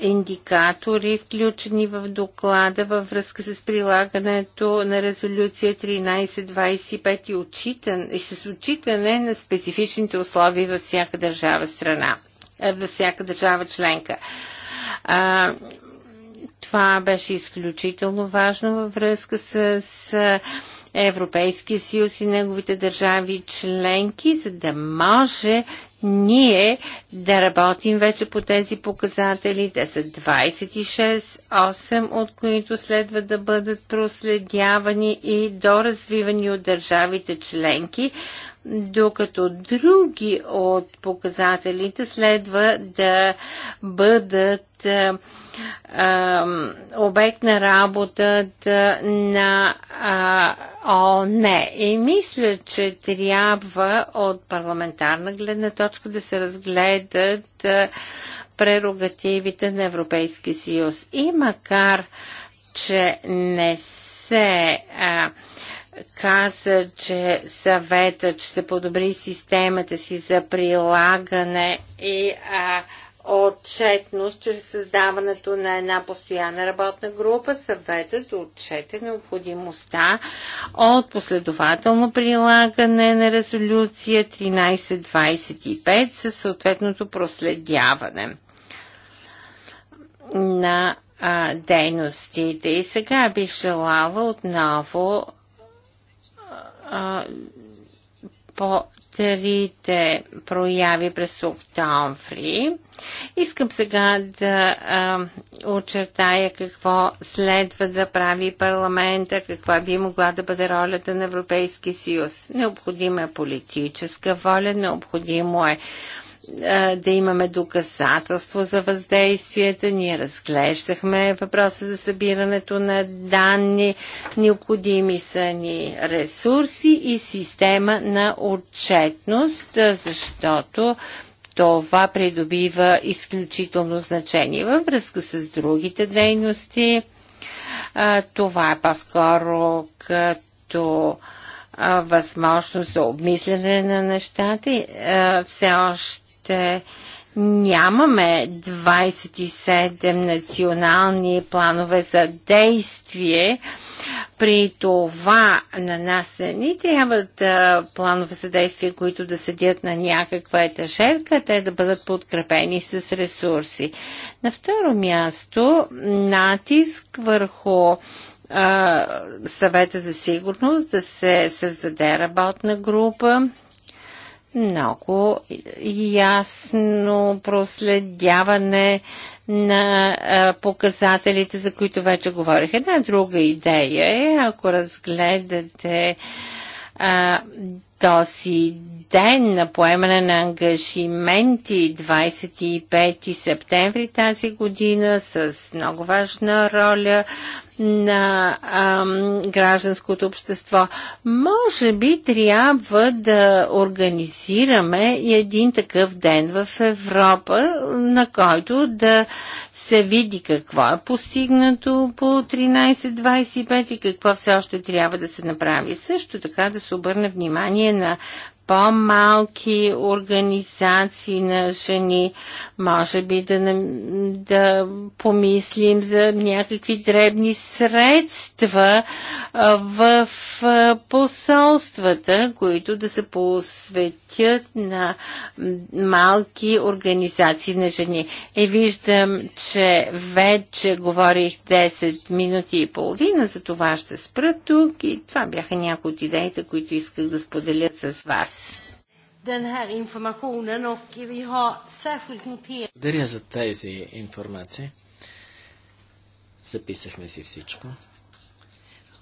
индикатори, включени в доклада във връзка с прилагането на резолюция 1325 и, отчитан, и с отчитане на специфичните условия във всяка държава страна, е, във всяка държава членка. А, това беше изключително важно във връзка с, с Европейския съюз и неговите държави членки, за да може ние да работим вече по тези показатели. Те са 26, 8 от които следва да бъдат проследявани и доразвивани от държавите членки, докато други от показателите следва да бъдат обект на работата на ООН. И мисля, че трябва от парламентарна гледна точка да се разгледат прерогативите на Европейския съюз. И макар, че не се а, каза, че съветът ще подобри системата си за прилагане и а, отчетност чрез създаването на една постоянна работна група, съветът отчете необходимостта от последователно прилагане на резолюция 1325 със съответното проследяване на а, дейностите. И сега бих желала отново а, по трите прояви през октомври. Искам сега да а, очертая какво следва да прави парламента, каква би могла да бъде ролята на Европейски съюз. Необходима е политическа воля, необходимо е да имаме доказателство за въздействията. Ние разглеждахме въпроса за събирането на данни. Необходими са ни ресурси и система на отчетност, защото това придобива изключително значение във връзка с другите дейности. Това е по-скоро като възможност за обмислене на нещата. Все още ще нямаме 27 национални планове за действие. При това на нас ни трябват планове за действие, които да седят на някаква етажерка, те да бъдат подкрепени с ресурси. На второ място натиск върху а, съвета за сигурност да се създаде работна група, много ясно проследяване на показателите, за които вече говорих. Една друга идея е, ако разгледате а, този ден на поемане на ангажименти 25 септември тази година с много важна роля на ам, гражданското общество. Може би трябва да организираме един такъв ден в Европа, на който да се види какво е постигнато по 13.25 и какво все още трябва да се направи. Също така да се обърне внимание на по-малки организации на жени, може би да, да помислим за някакви дребни средства в посолствата, които да се посветят пътят на малки организации на жени. И виждам, че вече говорих 10 минути и половина, за това ще спра тук и това бяха някои от идеите, които исках да споделя с вас. Благодаря за тези информации. Записахме си всичко.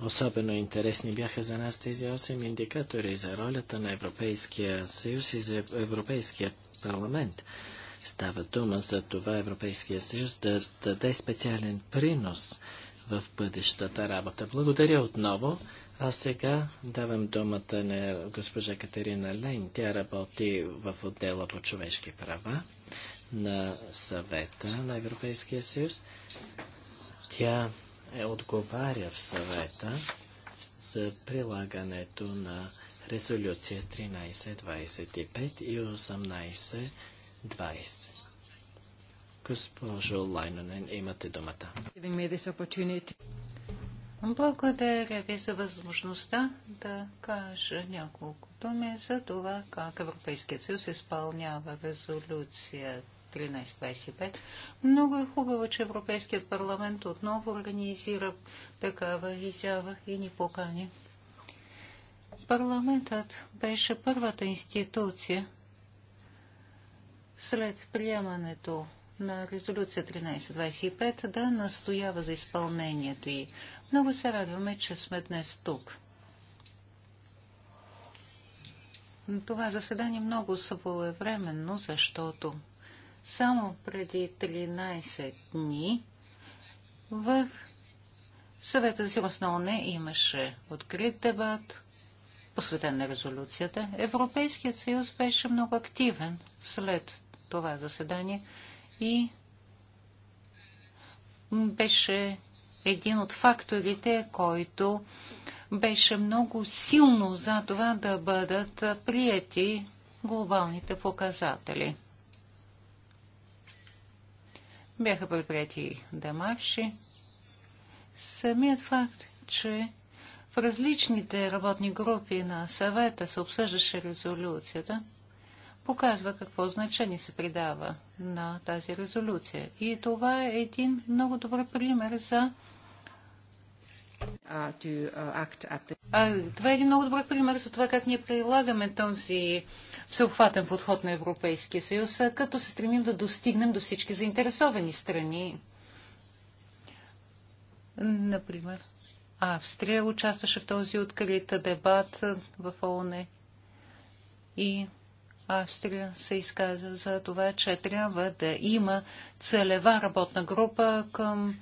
Особено интересни бяха за нас тези 8 индикатори за ролята на Европейския съюз и за Европейския парламент. Става дума за това Европейския съюз да даде специален принос в бъдещата работа. Благодаря отново. А сега давам думата на госпожа Катерина Лейн. Тя работи в отдела по човешки права на съвета на Европейския съюз. Тя е отговаря в съвета за прилагането на резолюция 1325 и 1820. Госпожо Лайнонен, имате думата. Благодаря ви за възможността да кажа няколко думи за това как Европейският съюз изпълнява резолюцията 1325. Много е хубаво, че Европейският парламент отново организира такава изява и ни покани. Парламентът беше първата институция след приемането на резолюция 1325 да настоява за изпълнението и много се радваме, че сме днес тук. Това заседание много своевременно, защото само преди 13 дни в съвета за сигурност на ОНЕ имаше открит дебат, посветен на резолюцията. Европейският съюз беше много активен след това заседание и беше един от факторите, който беше много силно за това да бъдат прияти глобалните показатели бяха предприяти демарши. Самият факт, че в различните работни групи на съвета се обсъждаше резолюцията, показва какво значение се придава на тази резолюция. И това е един много добър пример за това е един много добър пример за това как ние прилагаме този всеобхватен подход на Европейския съюз, като се стремим да достигнем до всички заинтересовани страни. Например, Австрия участваше в този открит дебат в ООН и Австрия се изказа за това, че трябва да има целева работна група към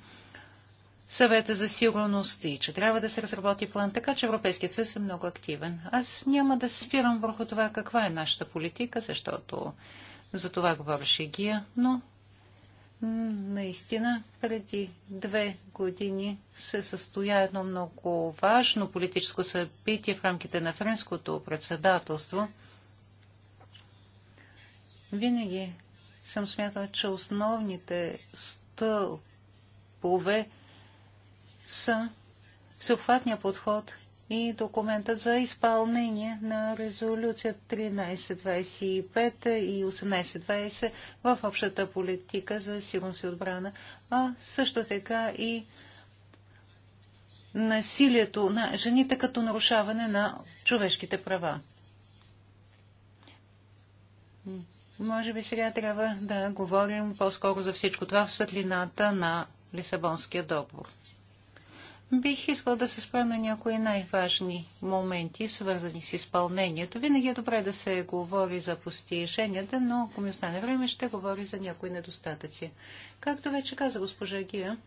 съвета за сигурност и че трябва да се разработи план, така че Европейският съюз е много активен. Аз няма да се спирам върху това каква е нашата политика, защото за това говореше Гия, но наистина преди две години се състоя едно много важно политическо събитие в рамките на френското председателство. Винаги съм смятала, че основните стълбове с всеобхватния подход и документът за изпълнение на резолюция 1325 и 1820 в общата политика за сигурност и отбрана, а също така и насилието на жените като нарушаване на човешките права. Може би сега трябва да говорим по-скоро за всичко това в светлината на Лисабонския договор. Бих искал да се спра на някои най-важни моменти, свързани с изпълнението. Винаги е добре да се говори за постиженията, но ако ми остане време, ще говори за някои недостатъци. Както вече каза госпожа Гия,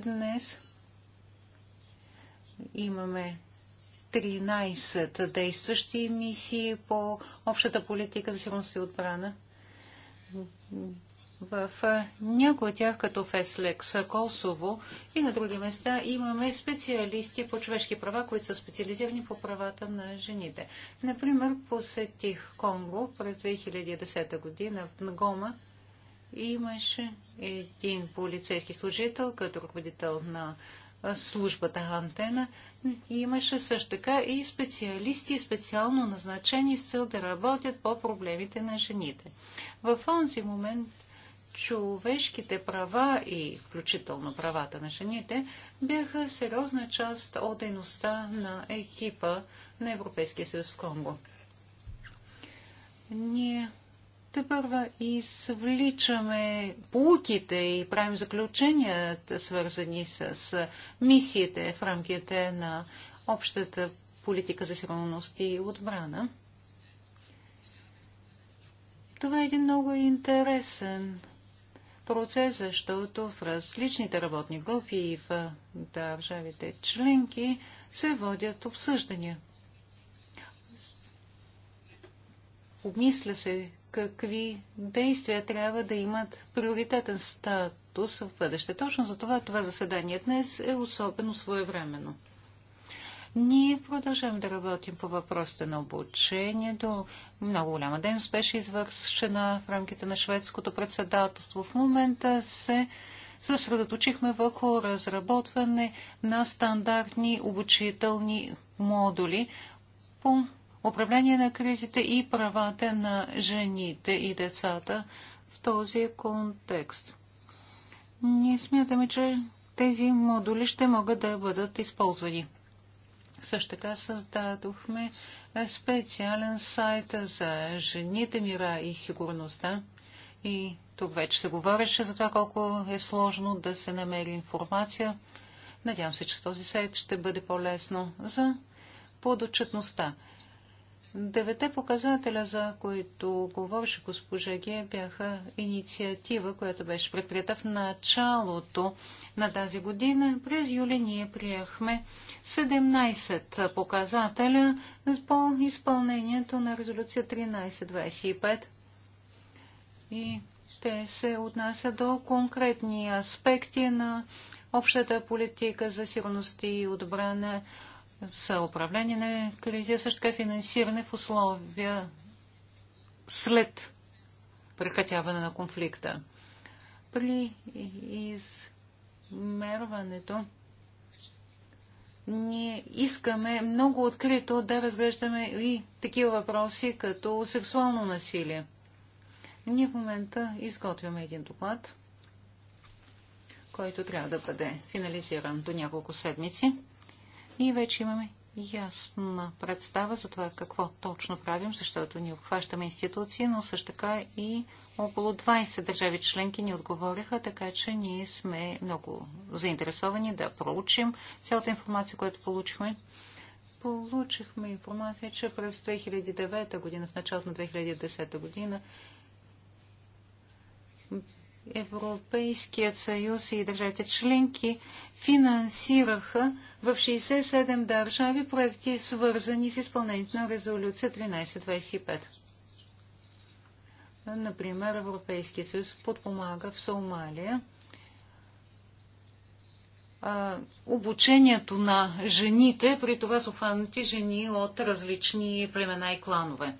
днес имаме 13 действащи мисии по общата политика за сигурност и отбрана. В някои от тях, като в Косово и на други места, имаме специалисти по човешки права, които са специализирани по правата на жените. Например, посетих Конго през 2010 година в Нгома. Имаше един полицейски служител, като ръководител на службата Антена. Имаше също така и специалисти, специално назначени с цел да работят по проблемите на жените. В този момент човешките права и включително правата на жените бяха сериозна част от дейността на екипа на Европейския съюз в Конго. Ние те първа извличаме полуките и правим заключенията, свързани с мисиите в рамките на общата политика за сигурност и отбрана. Това е един много интересен процес, защото в различните работни групи и в държавите членки се водят обсъждания. Обмисля се какви действия трябва да имат приоритетен статус в бъдеще. Точно за това това заседание днес е особено своевременно. Ние продължаваме да работим по въпросите на обучението. Много голяма дейност беше извършена в рамките на шведското председателство. В момента се съсредоточихме върху разработване на стандартни обучителни модули по управление на кризите и правата на жените и децата в този контекст. Ние смятаме, че тези модули ще могат да бъдат използвани. Също така създадохме е, специален сайт за жените, мира и сигурността. И тук вече се говореше за това колко е сложно да се намери информация. Надявам се, че с този сайт ще бъде по-лесно за подотчетността. Девете показателя, за които говореше госпожа Ге, бяха инициатива, която беше предприята в началото на тази година. През юли ние приехме 17 показателя по изпълнението на резолюция 1325. И те се отнасят до конкретни аспекти на общата политика за сигурност и отбрана, за управление на кризи, също така финансиране в условия след прекратяване на конфликта. При измерването ние искаме много открито да разглеждаме и такива въпроси като сексуално насилие. Ние в момента изготвяме един доклад, който трябва да бъде финализиран до няколко седмици и вече имаме ясна представа за това какво точно правим, защото ни обхващаме институции, но също така и около 20 държави членки ни отговориха, така че ние сме много заинтересовани да проучим цялата информация, която получихме. Получихме информация, че през 2009 година, в началото на 2010 година, Европейският съюз и държавите членки финансираха в 67 държави проекти, свързани с изпълнението на резолюция 1325. Например, Европейския съюз подпомага в Сомалия обучението на жените, при това са обхванати жени от различни племена и кланове.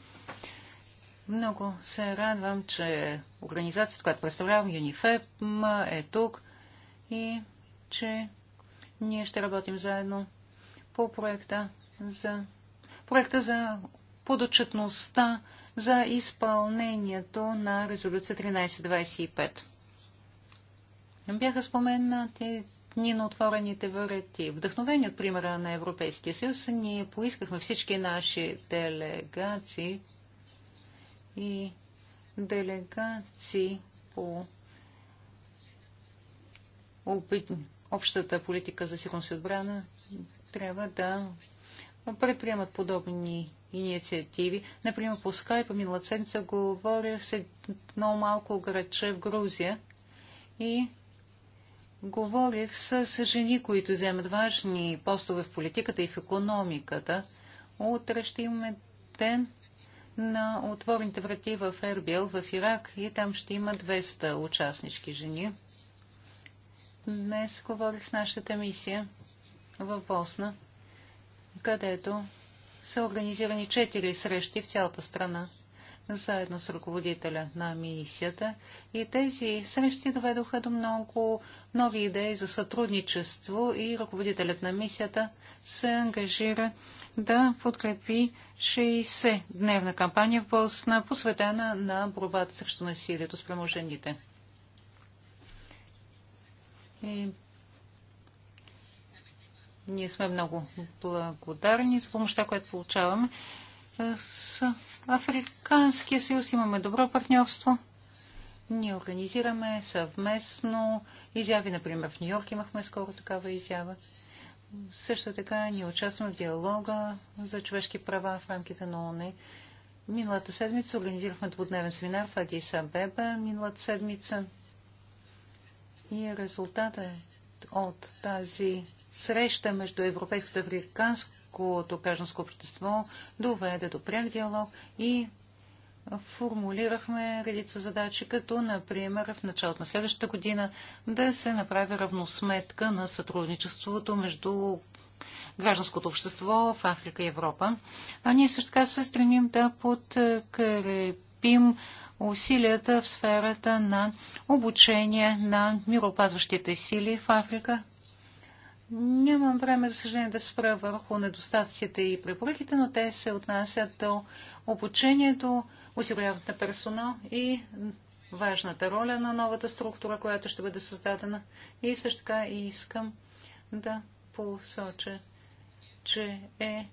Много се радвам, че организацията, която представлявам, ЮНИФЕП, е тук и че ние ще работим заедно по проекта за, проекта за подочетността за изпълнението на резолюция 1325. Бяха споменати дни на отворените врати. Вдъхновени от примера на Европейския съюз, ние поискахме всички наши делегации и делегации по общата политика за сигурност и отбрана трябва да предприемат подобни инициативи. Например, по скайпа миналата седмица говорих с едно малко градче в Грузия и говорих с жени, които вземат важни постове в политиката и в економиката. Утре ще имаме ден на отворените врати в Ербил в Ирак и там ще има 200 участнички жени. Днес говорих с нашата мисия в Босна, където са организирани 4 срещи в цялата страна, заедно с ръководителя на мисията. И тези срещи доведоха до много нови идеи за сътрудничество и ръководителят на мисията се ангажира да подкрепи 60-дневна кампания в Босна, посветена на борбата срещу насилието спрямо жените. И ние сме много благодарни за помощта, която получаваме. С Африканския съюз имаме добро партньорство. Ние организираме съвместно изяви, например, в Нью-Йорк имахме скоро такава изява. Също така ние участваме в диалога за човешки права в рамките на ОНЕ. Миналата седмица организирахме двудневен семинар в Адис Абеба миналата седмица. И резултатът от тази среща между европейското и африканското гражданско общество доведе до пряк диалог и формулирахме редица задачи, като, например, в началото на следващата година да се направи равносметка на сътрудничеството между гражданското общество в Африка и Европа. А ние също така се стремим да подкрепим усилията в сферата на обучение на мироопазващите сили в Африка. Нямам време, за съжаление, да спра върху недостатъците и препоръките, но те се отнасят до обучението, осигуряват на персонал и важната роля на новата структура, която ще бъде създадена. И също така искам да посоча, че е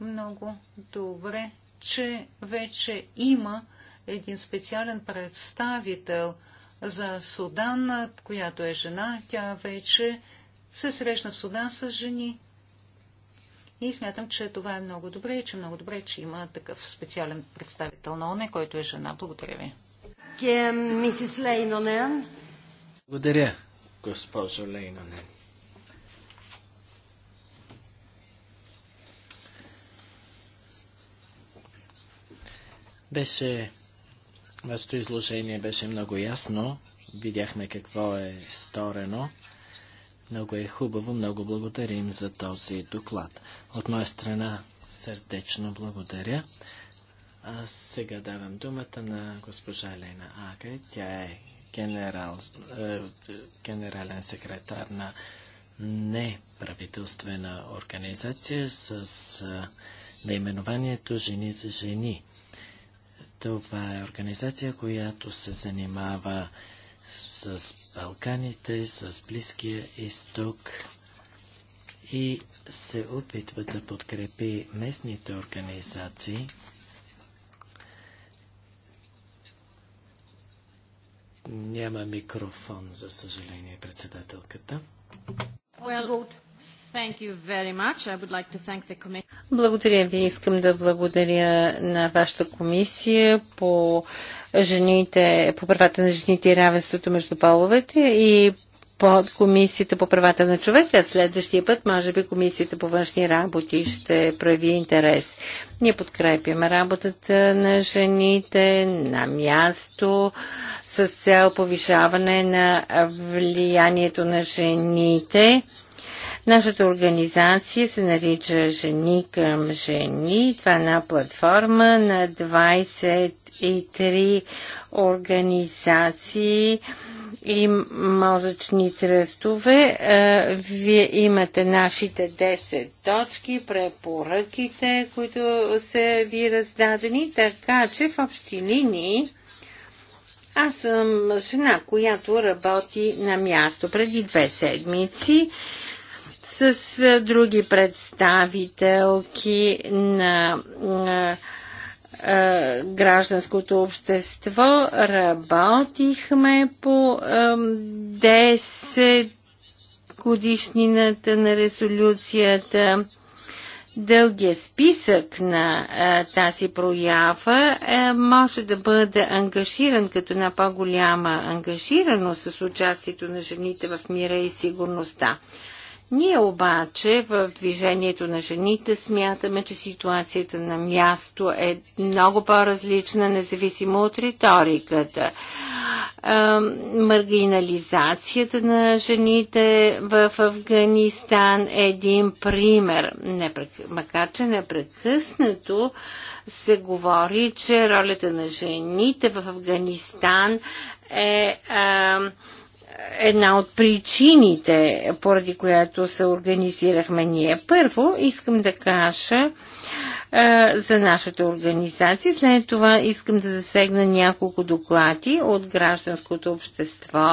много добре, че вече има един специален представител за Судан, която е жена. Тя вече се срещна в Судан с жени и смятам, че това е много добре и че е много добре, че има такъв специален представител на ОНЕ, който е жена. Благодаря ви. Благодаря, госпожо Лейнонен. Беше Вашето изложение беше много ясно. Видяхме какво е сторено. Много е хубаво, много благодарим за този доклад. От моя страна сърдечно благодаря. А сега давам думата на госпожа Лена Аге. Тя е генерал, э, генерален секретар на неправителствена организация с е, наименованието Жени за жени. Това е организация, която се занимава с Балканите, с Близкия изток и се опитва да подкрепи местните организации. Няма микрофон, за съжаление, председателката. благодаря ви. Искам да благодаря на вашата комисия по жените, по правата на жените и равенството между половете и под Комисията по правата на човека. Следващия път, може би, Комисията по външни работи ще прояви интерес. Ние подкрепяме работата на жените на място с цел повишаване на влиянието на жените. Нашата организация се нарича Жени към жени. Това е една платформа на 20 23 организации и мозъчни тръстове. Е, вие имате нашите 10 точки, препоръките, които са ви раздадени, така че в общи линии аз съм жена, която работи на място. Преди две седмици с е, други представителки на, на е, е, гражданското общество. Работихме по 10 е, годишнината на резолюцията. Дългия списък на а, е, тази проява а, може да бъде ангажиран като на по-голяма ангажираност с участието на жените в мира и сигурността. Ние обаче в движението на жените смятаме, че ситуацията на място е много по-различна, независимо от риториката. Маргинализацията на жените в Афганистан е един пример, макар че непрекъснато се говори, че ролята на жените в Афганистан е а, една от причините, поради която се организирахме ние. Първо искам да кажа е, за нашата организация. След това искам да засегна няколко доклади от гражданското общество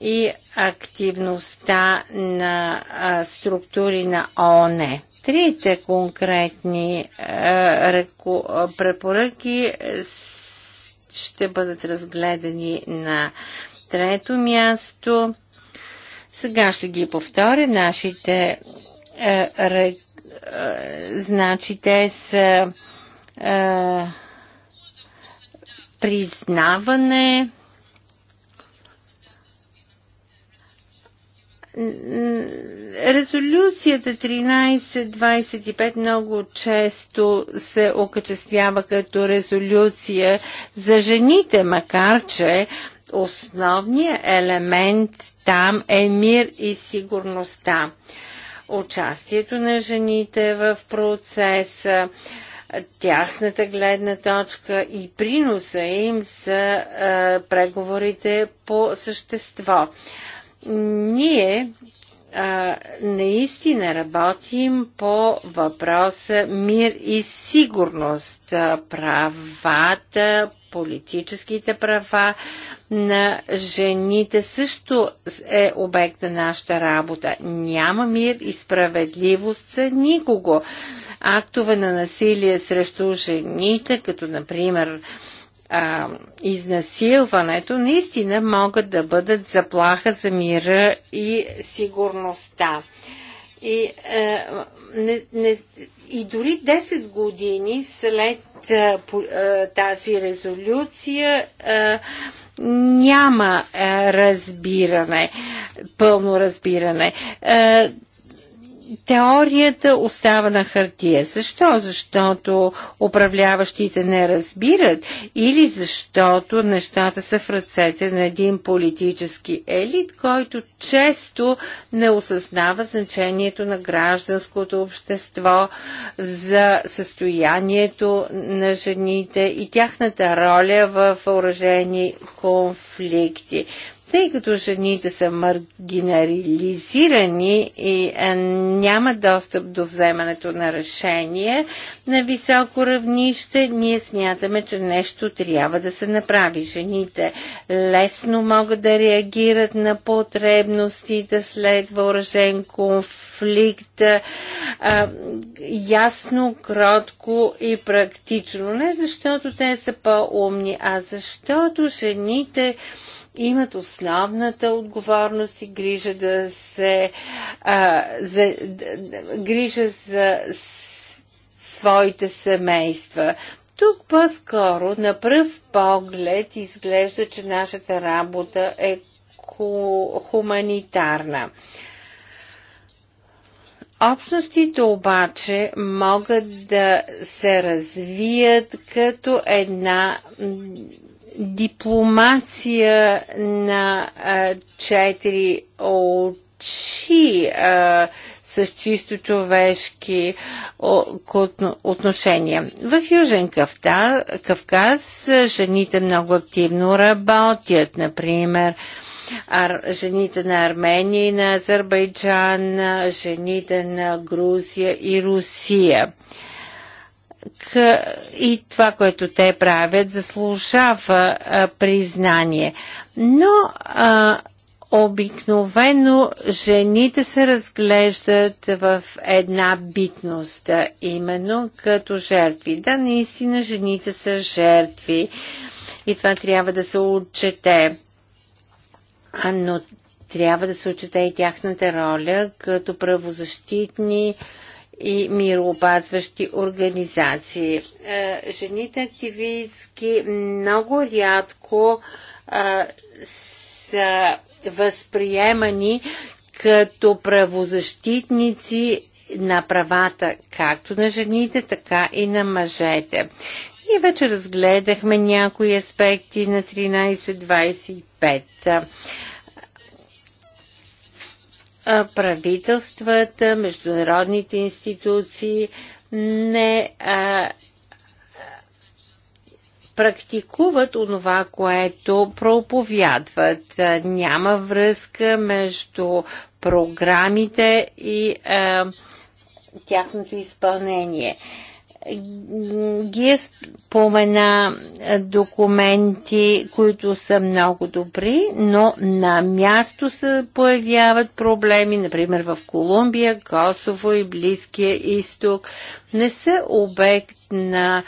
и активността на е, структури на ООН. Трите конкретни е, препоръки ще бъдат разгледани на трето място, сега ще ги повторя, нашите е, ре, е, значи те са е, признаване Резолюцията 1325 много често се окачествява като резолюция за жените, макар че а, основният елемент там е мир и сигурността. Участието на жените в процеса, тяхната гледна точка и приноса им за е, преговорите по същество. Ние а, наистина работим по въпроса мир и сигурност, правата, политическите права на жените също е обект на нашата работа. Няма мир и справедливост за никого. Актове на насилие срещу жените, като например а, изнасилването наистина могат да бъдат заплаха за мира и сигурността. И, а, е, не, не, и дори 10 години след тази резолюция няма разбиране, пълно разбиране теорията остава на хартия. Защо? Защото управляващите не разбират или защото нещата са в ръцете на един политически елит, който често не осъзнава значението на гражданското общество за състоянието на жените и тяхната роля в въоръжени конфликти. Тъй като жените са маргинализирани и е, няма достъп до вземането на решение на високо равнище, ние смятаме, че нещо трябва да се направи. Жените лесно могат да реагират на потребностите след въоръжен конфликт, а, е, ясно, кротко и практично. Не защото те са по-умни, а защото жените имат основната отговорност и грижа да се а, за, да, грижа за своите семейства. Тук по-скоро на пръв поглед изглежда, че нашата работа е хуманитарна. Общностите обаче могат да се развият като една дипломация на а, четири очи а, с чисто човешки отношения. В Южен Кавказ жените много активно работят, например, ар, жените на Армения и на Азербайджан, жените на Грузия и Русия и това, което те правят, заслужава признание. Но а, обикновено жените се разглеждат в една битност, именно като жертви. Да, наистина жените са жертви и това трябва да се отчете. Но трябва да се отчете и тяхната роля като правозащитни а, и мироопазващи организации. Е, жените активистки много рядко е, са възприемани като правозащитници на правата както на жените, така и на мъжете. Ние вече разгледахме някои аспекти на 1325 правителствата, международните институции не а, практикуват онова, което проповядват. Няма връзка между програмите и а, тяхното изпълнение. А, ги спомена документи, които са много добри, но на място се появяват проблеми, например в Колумбия, Косово и Близкия изток. Не са обект на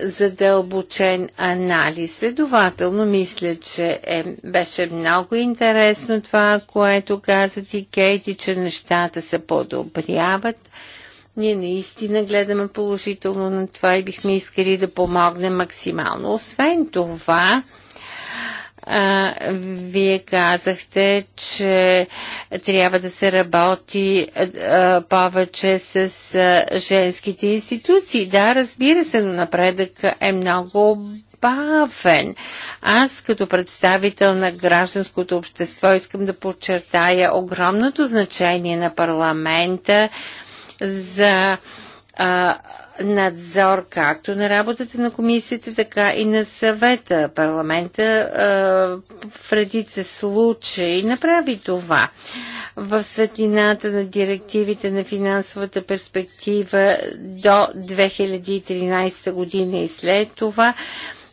задълбочен анализ. Следователно, мисля, че е, беше много интересно това, което каза ти, Кейти, че нещата се подобряват. Ние наистина гледаме положително на това и бихме искали да помогнем максимално. Освен това, а, вие казахте, че трябва да се работи а, повече с а, женските институции. Да, разбира се, но напредък е много бавен. Аз като представител на гражданското общество искам да подчертая огромното значение на парламента за а, надзор както на работата на комисията, така и на съвета. Парламента а, в редица случаи направи това. В светлината на директивите на финансовата перспектива до 2013 година и след това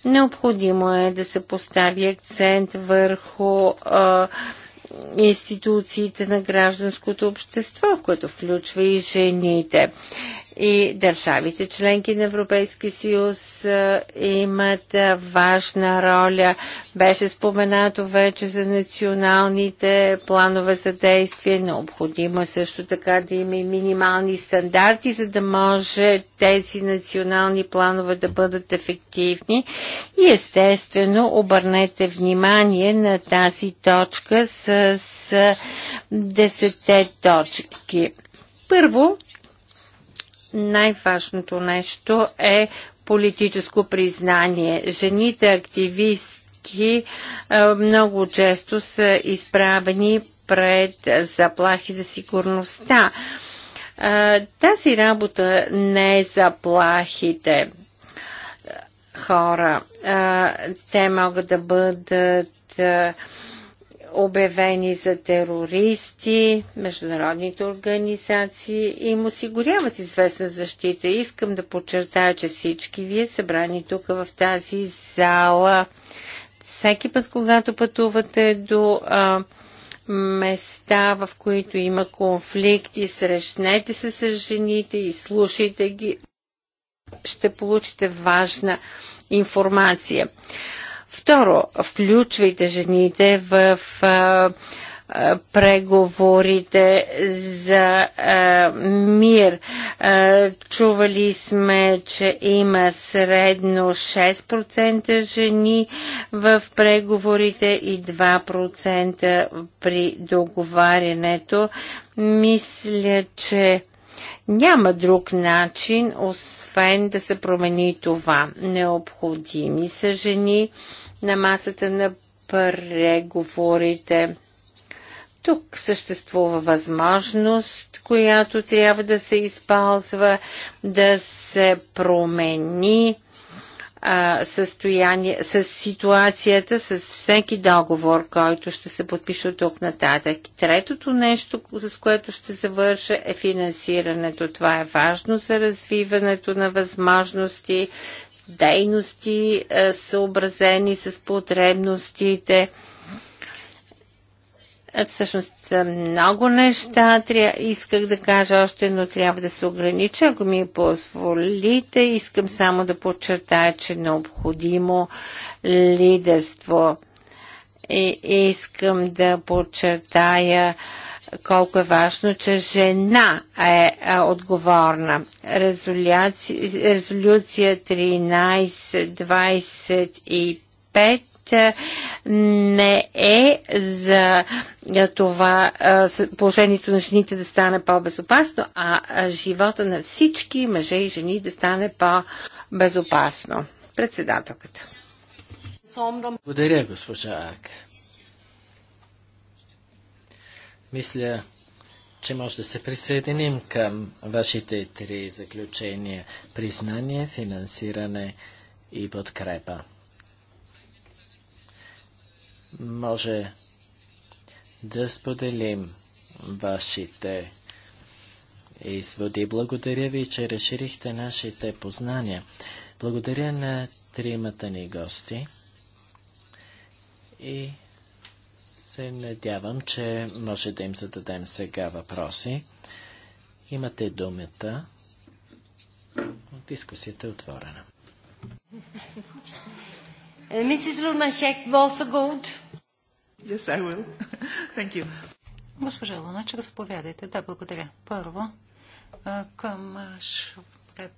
необходимо е да се постави акцент върху а, институциите на гражданското общество, което включва и жените и държавите членки на Европейски съюз имат важна роля. Беше споменато вече за националните планове за действие. Необходимо е също така да има и минимални стандарти, за да може тези национални планове да бъдат ефективни. И естествено, обърнете внимание на тази точка с десете точки. Първо, най-важното нещо е политическо признание. Жените активистки е, много често са изправени пред заплахи за сигурността. Е, тази работа не е заплахите е, хора. Те могат да бъдат обявени за терористи, международните организации им осигуряват известна защита. Искам да подчертая, че всички вие събрани тук в тази зала, всеки път, когато пътувате до а, места, в които има конфликти, срещнете се с жените и слушайте ги. Ще получите важна информация. Второ, включвайте жените в а, преговорите за а, мир. А, чували сме, че има средно 6% жени в преговорите и 2% при договарянето. Мисля, че няма друг начин, освен да се промени това. Необходими са жени на масата на преговорите. Тук съществува възможност, която трябва да се използва, да се промени състояние, с ситуацията, с всеки договор, който ще се подпише от тук нататък. Третото нещо, с което ще завърша, е финансирането. Това е важно за развиването на възможности, дейности, съобразени с потребностите. Всъщност много неща тря... исках да кажа още, но трябва да се огранича. Ако ми позволите, искам само да подчертая, че е необходимо лидерство. И искам да подчертая колко е важно, че жена е, е отговорна. Резолюция, резолюция 1325 не е за е, това е, положението на жените да стане по-безопасно, а живота на всички мъже и жени да стане по-безопасно. Председателката. Благодаря, госпожа Ак. Мисля, че може да се присъединим към вашите три заключения – признание, финансиране и подкрепа може да споделим вашите изводи. Благодаря ви, че разширихте нашите познания. Благодаря на тримата ни гости и се надявам, че може да им зададем сега въпроси. Имате думата. Дискусията е отворена. Мисис also Волсогод. Yes, I will. Thank you. Госпожа Луначек, заповядайте. Да, благодаря. Първо, към е,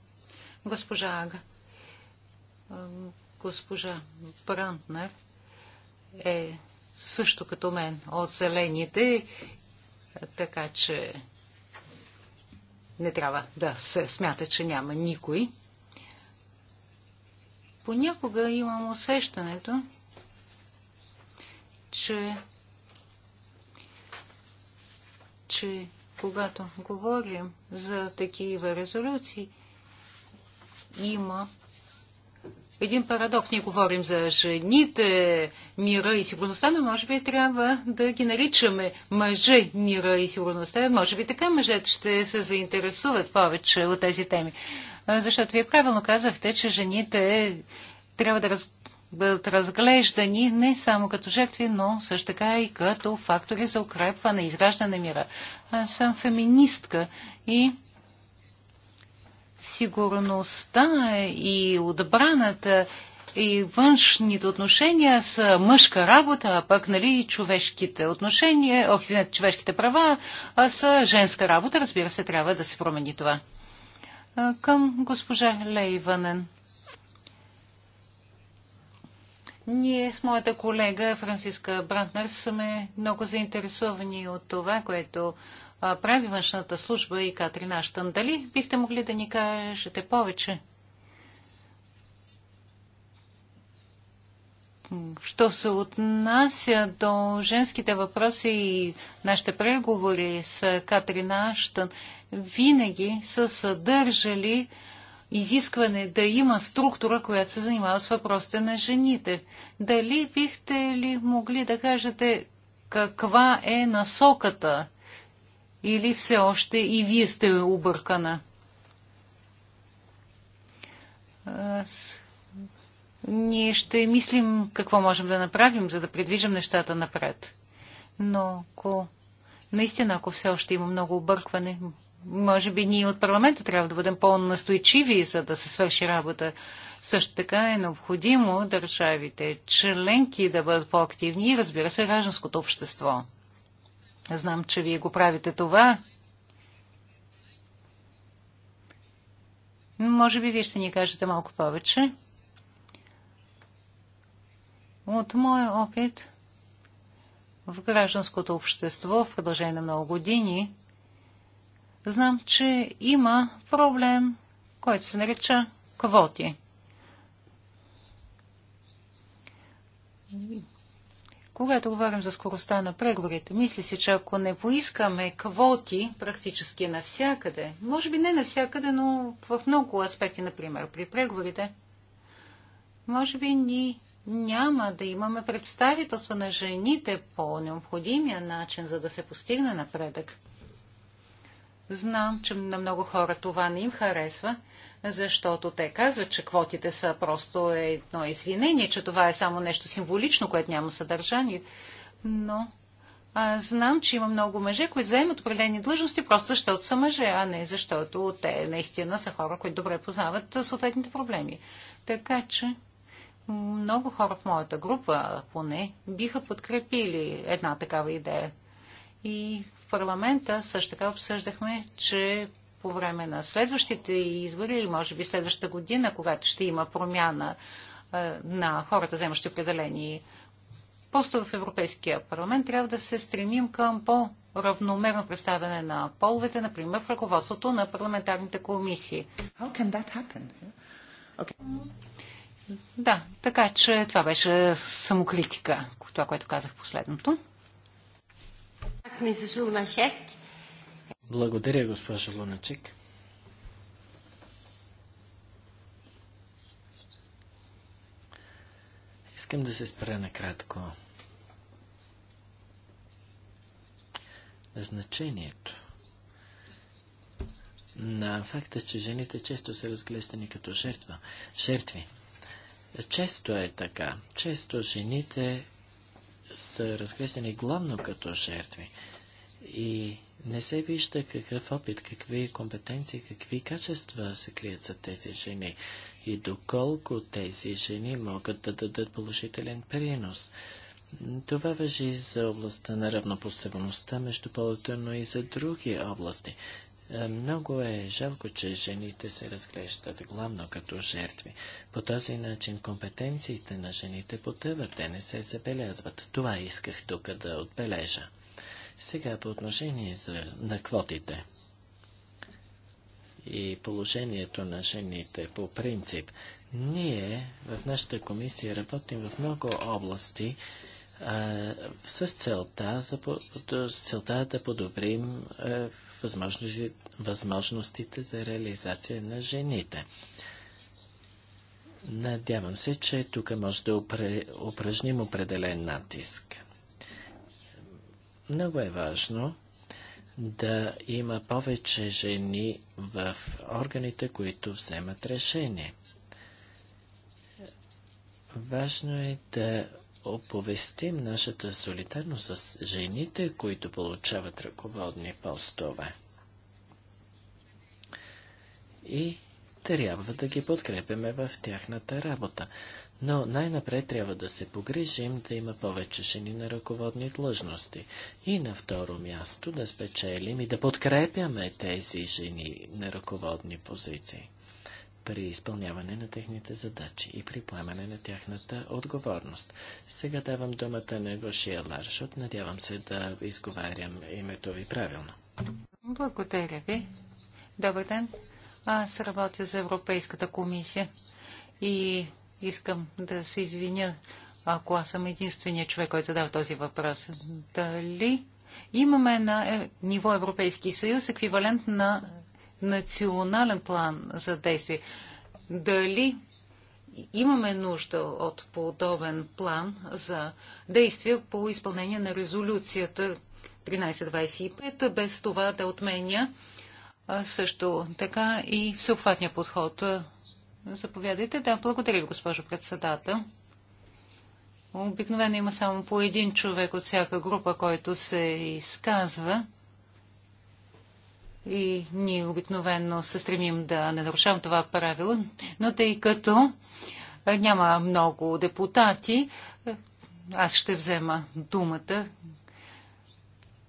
госпожа Ага. Госпожа Брантнер е също като мен от зелените, така че не трябва да се смята, че няма никой. Понякога имам усещането, че, че когато говорим за такива резолюции, има един парадокс. Ние говорим за жените, мира и сигурността, но може би трябва да ги наричаме мъже, мира и сигурността. Може би така мъжете ще се заинтересуват повече от тези теми защото вие правилно казахте, че жените трябва да раз... бъдат разглеждани не само като жертви, но също така и като фактори за укрепване и изграждане на мира. Аз съм феминистка и сигурността и отбраната и външните отношения са мъжка работа, а пък нали, човешките отношения, ох, човешките права а са женска работа. Разбира се, трябва да се промени това към госпожа Лейванен. Ние с моята колега Франциска Брантнер сме много заинтересовани от това, което прави външната служба и Катрин Аштън. Дали бихте могли да ни кажете повече? Що се отнася до женските въпроси и нашите преговори с Катрин Аштън, винаги са съдържали изискване да има структура, която се занимава с въпросите на жените. Дали бихте ли могли да кажете каква е насоката или все още и вие сте объркана? Аз... Ние ще мислим какво можем да направим, за да предвижим нещата напред. Но ако наистина, ако все още има много объркване, може би ние от парламента трябва да бъдем по-настойчиви, за да се свърши работа. Също така е необходимо държавите членки да бъдат по-активни и разбира се гражданското общество. Знам, че вие го правите това. Може би вие ще ни кажете малко повече. От моя опит в гражданското общество в продължение на много години знам, че има проблем, който се нарича квоти. Когато говорим за скоростта на преговорите, мисля си, че ако не поискаме квоти практически навсякъде, може би не навсякъде, но в много аспекти, например, при преговорите, може би ни няма да имаме представителство на жените по необходимия начин, за да се постигне напредък. Знам, че на много хора това не им харесва, защото те казват, че квотите са просто едно извинение, че това е само нещо символично, което няма съдържание. Но а, знам, че има много мъже, които заемат определени длъжности просто защото са мъже, а не защото те наистина са хора, които добре познават съответните проблеми. Така че много хора в моята група, поне, биха подкрепили една такава идея. И парламента също така обсъждахме, че по време на следващите избори или може би следващата година, когато ще има промяна е, на хората, вземащи определени постове в Европейския парламент, трябва да се стремим към по-равномерно представяне на половете, например в ръководството на парламентарните комисии. Okay. Да, така че това беше самокритика, това, което казах последното. Благодаря, госпожа Луначек. Искам да се спра накратко на значението на факта, че жените често са разглеждани като жертва, жертви. Често е така. Често жените са разкресени главно като жертви. И не се вижда какъв опит, какви компетенции, какви качества се крият за тези жени и доколко тези жени могат да дадат положителен принос. Това въжи за областта на равнопоставеността между полето, но и за други области. Е, много е жалко, че жените се разглеждат главно като жертви. По този начин компетенциите на жените потъват, те не се забелязват. Това исках тук да отбележа. Сега по отношение за, на квотите и положението на жените по принцип. Ние в нашата комисия работим в много области а, с целта, за, с целта да подобрим а, възможностите за реализация на жените. Надявам се, че тук може да упражним определен натиск. Много е важно да има повече жени в органите, които вземат решение. Важно е да оповестим нашата солидарност с жените, които получават ръководни постове. И трябва да ги подкрепяме в тяхната работа. Но най-напред трябва да се погрижим да има повече жени на ръководни длъжности. И на второ място да спечелим и да подкрепяме тези жени на ръководни позиции при изпълняване на техните задачи и при поемане на тяхната отговорност. Сега давам думата на Гошия Ларшот. Надявам се да изговарям името ви правилно. Благодаря ви. Добър ден. Аз работя за Европейската комисия и искам да се извиня, ако аз съм единственият човек, който задава този въпрос. Дали имаме на е, ниво Европейски съюз еквивалент на национален план за действие. Дали имаме нужда от подобен план за действие по изпълнение на резолюцията 1325, без това да отменя също така и всеобхватния подход. Заповядайте. Да, благодаря ви, госпожо председател. Обикновено има само по един човек от всяка група, който се изказва и ние обикновено се стремим да не нарушавам това правило, но тъй като няма много депутати, аз ще взема думата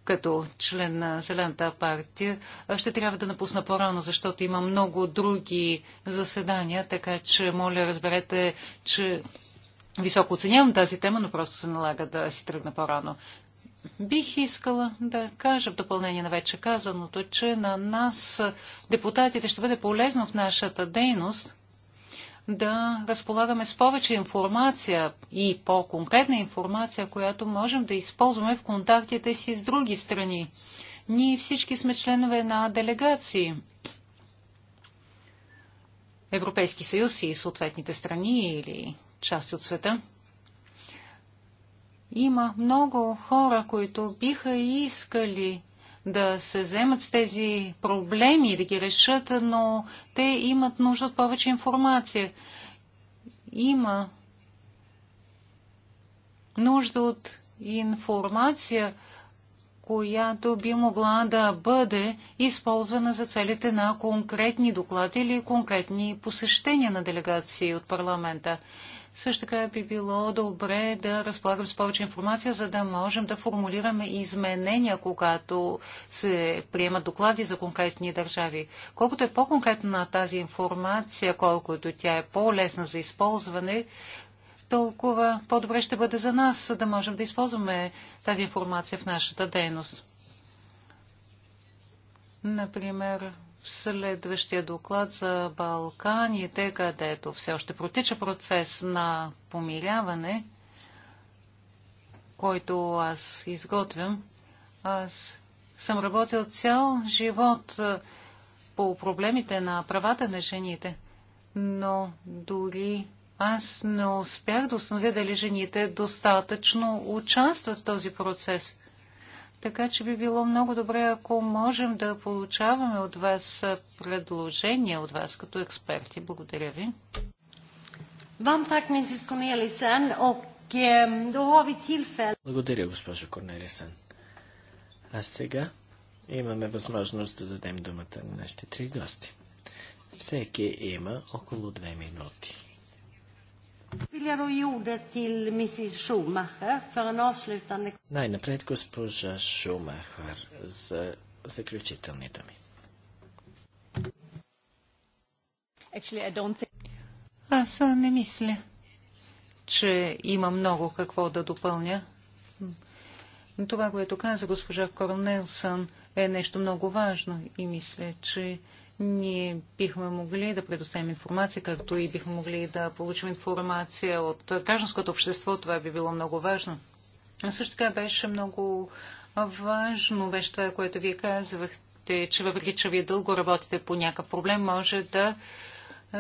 като член на Зелената партия. Ще трябва да напусна по-рано, защото има много други заседания, така че моля разберете, че високо оценявам тази тема, но просто се налага да си тръгна по-рано. Бих искала да кажа в допълнение на вече казаното, че на нас, депутатите, ще бъде полезно в нашата дейност да разполагаме с повече информация и по-конкретна информация, която можем да използваме в контактите си с други страни. Ние всички сме членове на делегации. Европейски съюз и съответните страни или части от света – има много хора, които биха искали да се вземат с тези проблеми и да ги решат, но те имат нужда от повече информация. Има нужда от информация, която би могла да бъде използвана за целите на конкретни доклади или конкретни посещения на делегации от парламента. Също така би било добре да разполагам с повече информация, за да можем да формулираме изменения, когато се приемат доклади за конкретни държави. Колкото е по-конкретна тази информация, колкото тя е по-лесна за използване, толкова по-добре ще бъде за нас, за да можем да използваме тази информация в нашата дейност. Например, следващия доклад за Балканите, където все още протича процес на помиряване, който аз изготвям. Аз съм работил цял живот по проблемите на правата на жените, но дори аз не успях да установя дали жените достатъчно участват в този процес – така че би било много добре, ако можем да получаваме от вас предложения от вас като експерти. Благодаря ви. Вам Благодаря, госпожо Корнелисен. А сега имаме възможност да дадем думата на нашите три гости. Всеки има около две минути. Най-напред госпожа Шумахар за заключителни думи. Аз не мисля, че има много какво да допълня. Това, което каза госпожа Корнелсън, е нещо много важно и мисля, че ние бихме могли да предоставим информация, както и бихме могли да получим информация от гражданското общество. Това би било много важно. А също така беше много важно, беше това, което вие казвахте, че въпреки, че вие дълго работите по някакъв проблем, може да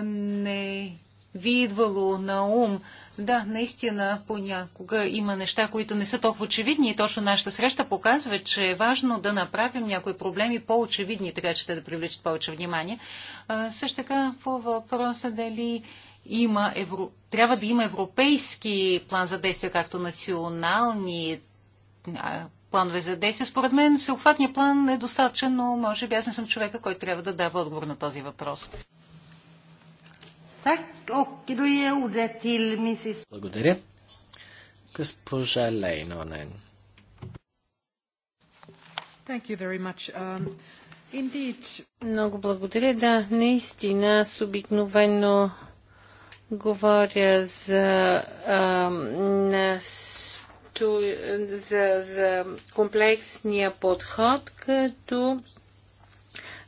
не ви е идвало на ум да, наистина понякога има неща, които не са толкова очевидни и точно нашата среща показва, че е важно да направим някои проблеми по-очевидни, така че те да привлечат повече внимание. А, също така по въпроса дали има евро... трябва да има европейски план за действие, както национални планове за действие. Според мен всеобхватният план е достатъчен, но може би аз не съм човека, който трябва да дава отговор на този въпрос. Благодаря. Госпожа Лейнонен. Um, Много благодаря. Да, наистина, аз обикновено говоря за, а, на сто, за, за комплексния подход като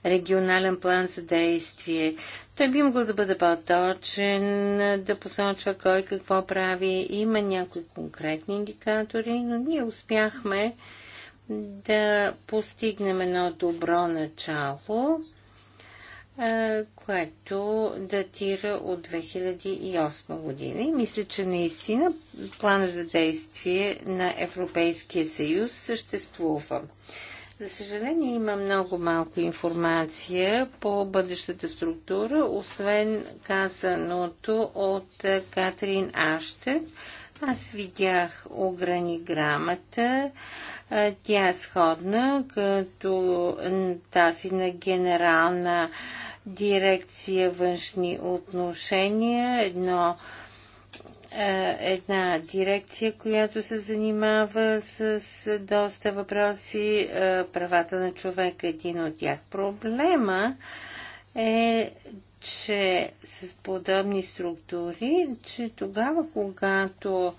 регионален план за действие. Той би могъл да бъде по-точен, да посочва кой какво прави. Има някои конкретни индикатори, но ние успяхме да постигнем едно добро начало, което датира от 2008 година. И мисля, че наистина плана за действие на Европейския съюз съществува. За съжаление има много малко информация по бъдещата структура, освен казаното от е, Катрин Аштет. Аз видях ограниграмата. Е, тя е сходна като е, тази на генерална дирекция външни отношения. Едно е, една дирекция, която се занимава с доста въпроси, е, правата на човека е един от тях. Проблема е, че с подобни структури, че тогава, когато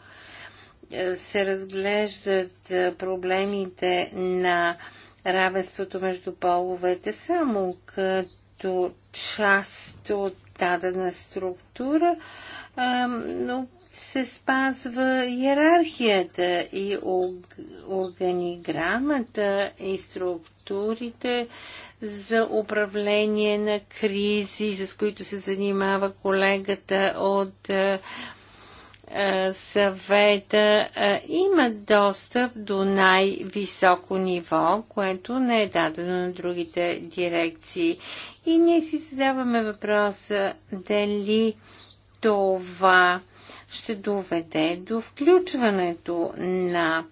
е, се разглеждат проблемите на равенството между половете само като част от дадена структура, но се спазва иерархията и органиграмата и структурите за управление на кризи, с които се занимава колегата от е, е, съвета е, има достъп до най-високо ниво, което не е дадено на другите дирекции. И ние си задаваме въпроса дали това ще доведе до включването на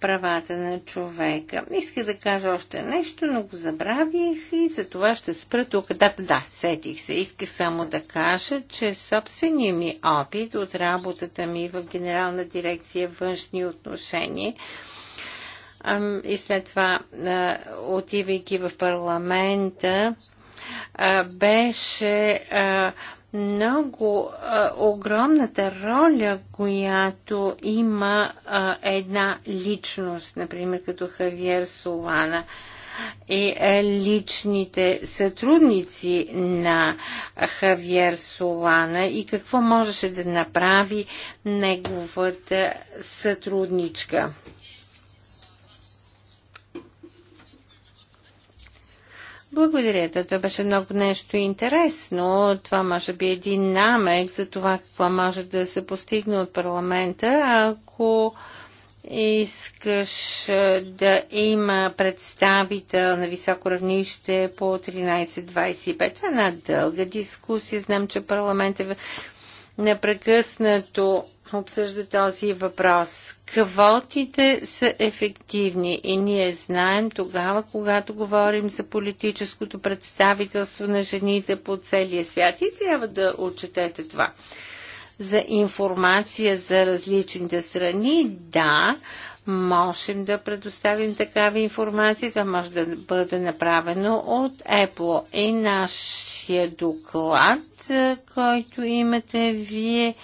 правата на човека. Иска да кажа още нещо, но го забравих и за това ще спра тук. Да, да, сетих се. Исках само да кажа, че собственият ми опит от работата ми в Генерална дирекция външни отношения и след това отивайки в парламента беше много а, огромната роля, която има а, една личност, например като Хавиер Солана и а, личните сътрудници на Хавиер Солана и какво можеше да направи неговата сътрудничка. Благодаря. Това беше много нещо интересно. Това може би е един намек за това какво може да се постигне от парламента, ако искаш да има представител на високо равнище по 13.25. Това е една дълга дискусия. Знам, че парламентът е непрекъснато обсъжда този въпрос. Квотите са ефективни и ние знаем тогава, когато говорим за политическото представителство на жените по целия свят и трябва да отчетете това. За информация за различните страни, да, можем да предоставим такава информация. Това може да бъде направено от Apple. И нашия доклад, който имате вие,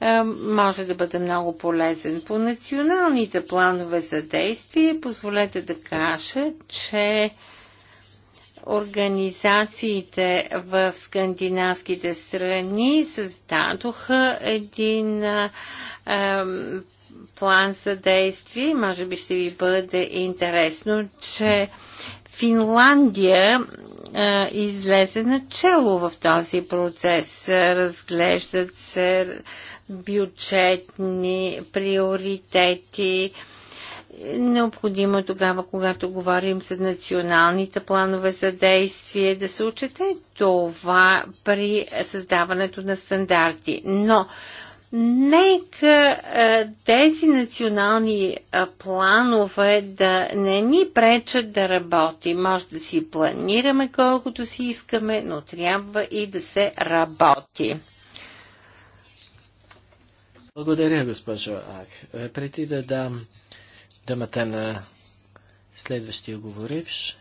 е, може да бъде много полезен. По националните планове за действие, позволете да кажа, че организациите в скандинавските страни създадоха един е, план за действие. Може би ще ви бъде интересно, че Финландия е, излезе начало в този процес. Разглеждат се бюджетни приоритети. Необходимо е тогава, когато говорим за националните планове за действие, да се учете това при създаването на стандарти. Но Нека е, тези национални е, планове да не ни пречат да работи. Може да си планираме колкото си искаме, но трябва и да се работи. Благодаря, госпожо Ак. Е, преди да дам думата на следващия говоривш,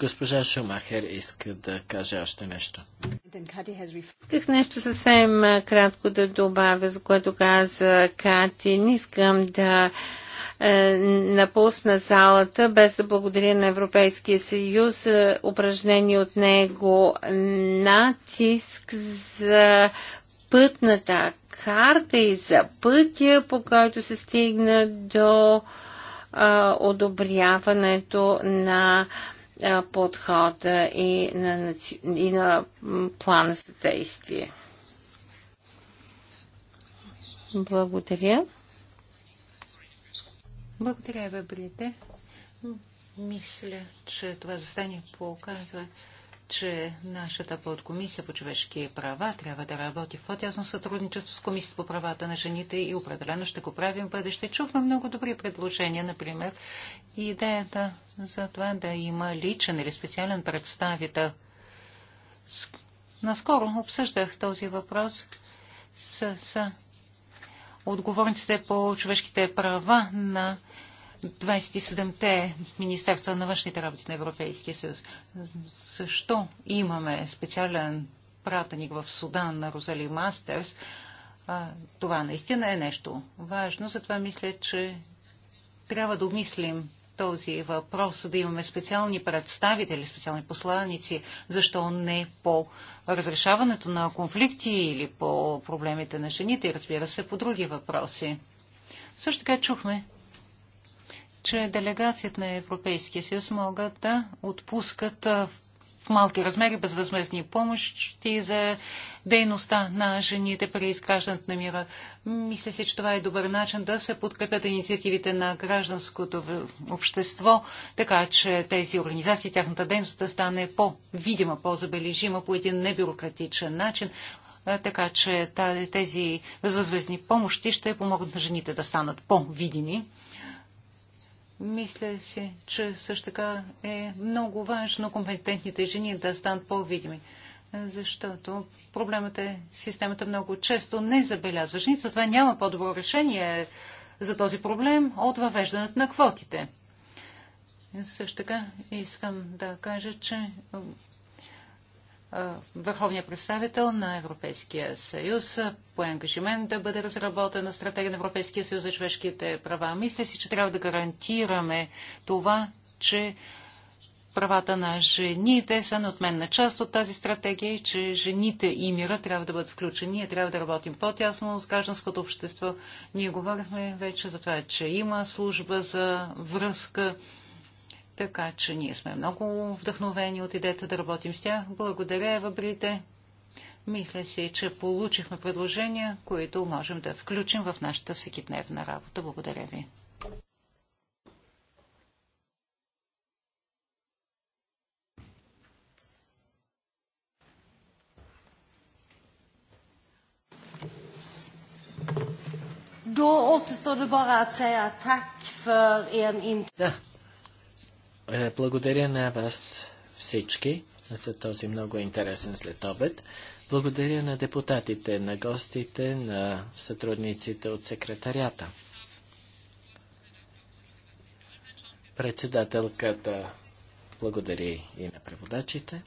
госпожа Шумахер иска да каже още нещо. Исках нещо съвсем кратко да добавя, за което каза Кати. Не искам да е, напусна залата, без да благодаря на Европейския съюз за упражнение от него натиск за пътната Карта и за пътя, по който се стигна до а, одобряването на а, подхода и на, и на плана за действие. Благодаря. Благодаря, Вебрите. Мисля, че това застание показва, че нашата подкомисия по човешки права трябва да работи в по-тясно сътрудничество с Комисията по правата на жените и определено ще го правим в бъдеще. Чухме много добри предложения, например, идеята за това да има личен или специален представител. Наскоро обсъждах този въпрос с, с отговорниците по човешките права на 27-те Министерства на външните работи на Европейския съюз. Защо имаме специален пратеник в Судан на Розали Мастерс? Това наистина е нещо важно, затова мисля, че трябва да обмислим този въпрос, да имаме специални представители, специални посланици, защо не по разрешаването на конфликти или по проблемите на жените, разбира се, по други въпроси. Също така чухме, че делегацията на Европейския съюз могат да отпускат в малки размери безвъзмезни помощи за дейността на жените при изграждането на мира. Мисля си, че това е добър начин да се подкрепят инициативите на гражданското общество, така че тези организации, тяхната дейност да стане по-видима, по-забележима по един небюрократичен начин, така че тези безвъзмезни помощи ще помогнат на жените да станат по-видими. Мисля си, че също така е много важно компетентните жени да станат по-видими, защото проблемът е системата много често не забелязва жени, затова няма по-добро решение за този проблем от въвеждането на квотите. Също така искам да кажа, че върховния представител на Европейския съюз по ангажимент да бъде разработена стратегия на Европейския съюз за човешките права. Мисля си, че трябва да гарантираме това, че правата на жените са отменна част от тази стратегия и че жените и мира трябва да бъдат включени. Ние трябва да работим по-тясно с гражданското общество. Ние говорихме вече за това, че има служба за връзка така че ние сме много вдъхновени от идеята да работим с тях. Благодаря, Брите. Мисля си, че получихме предложения, които можем да включим в нашата всекидневна работа. Благодаря ви. Då återstår det bara att säga tack för en er intervju. Е, благодаря на вас всички за този много интересен следобед. Благодаря на депутатите, на гостите, на сътрудниците от секретарията. Председателката благодари и на преводачите.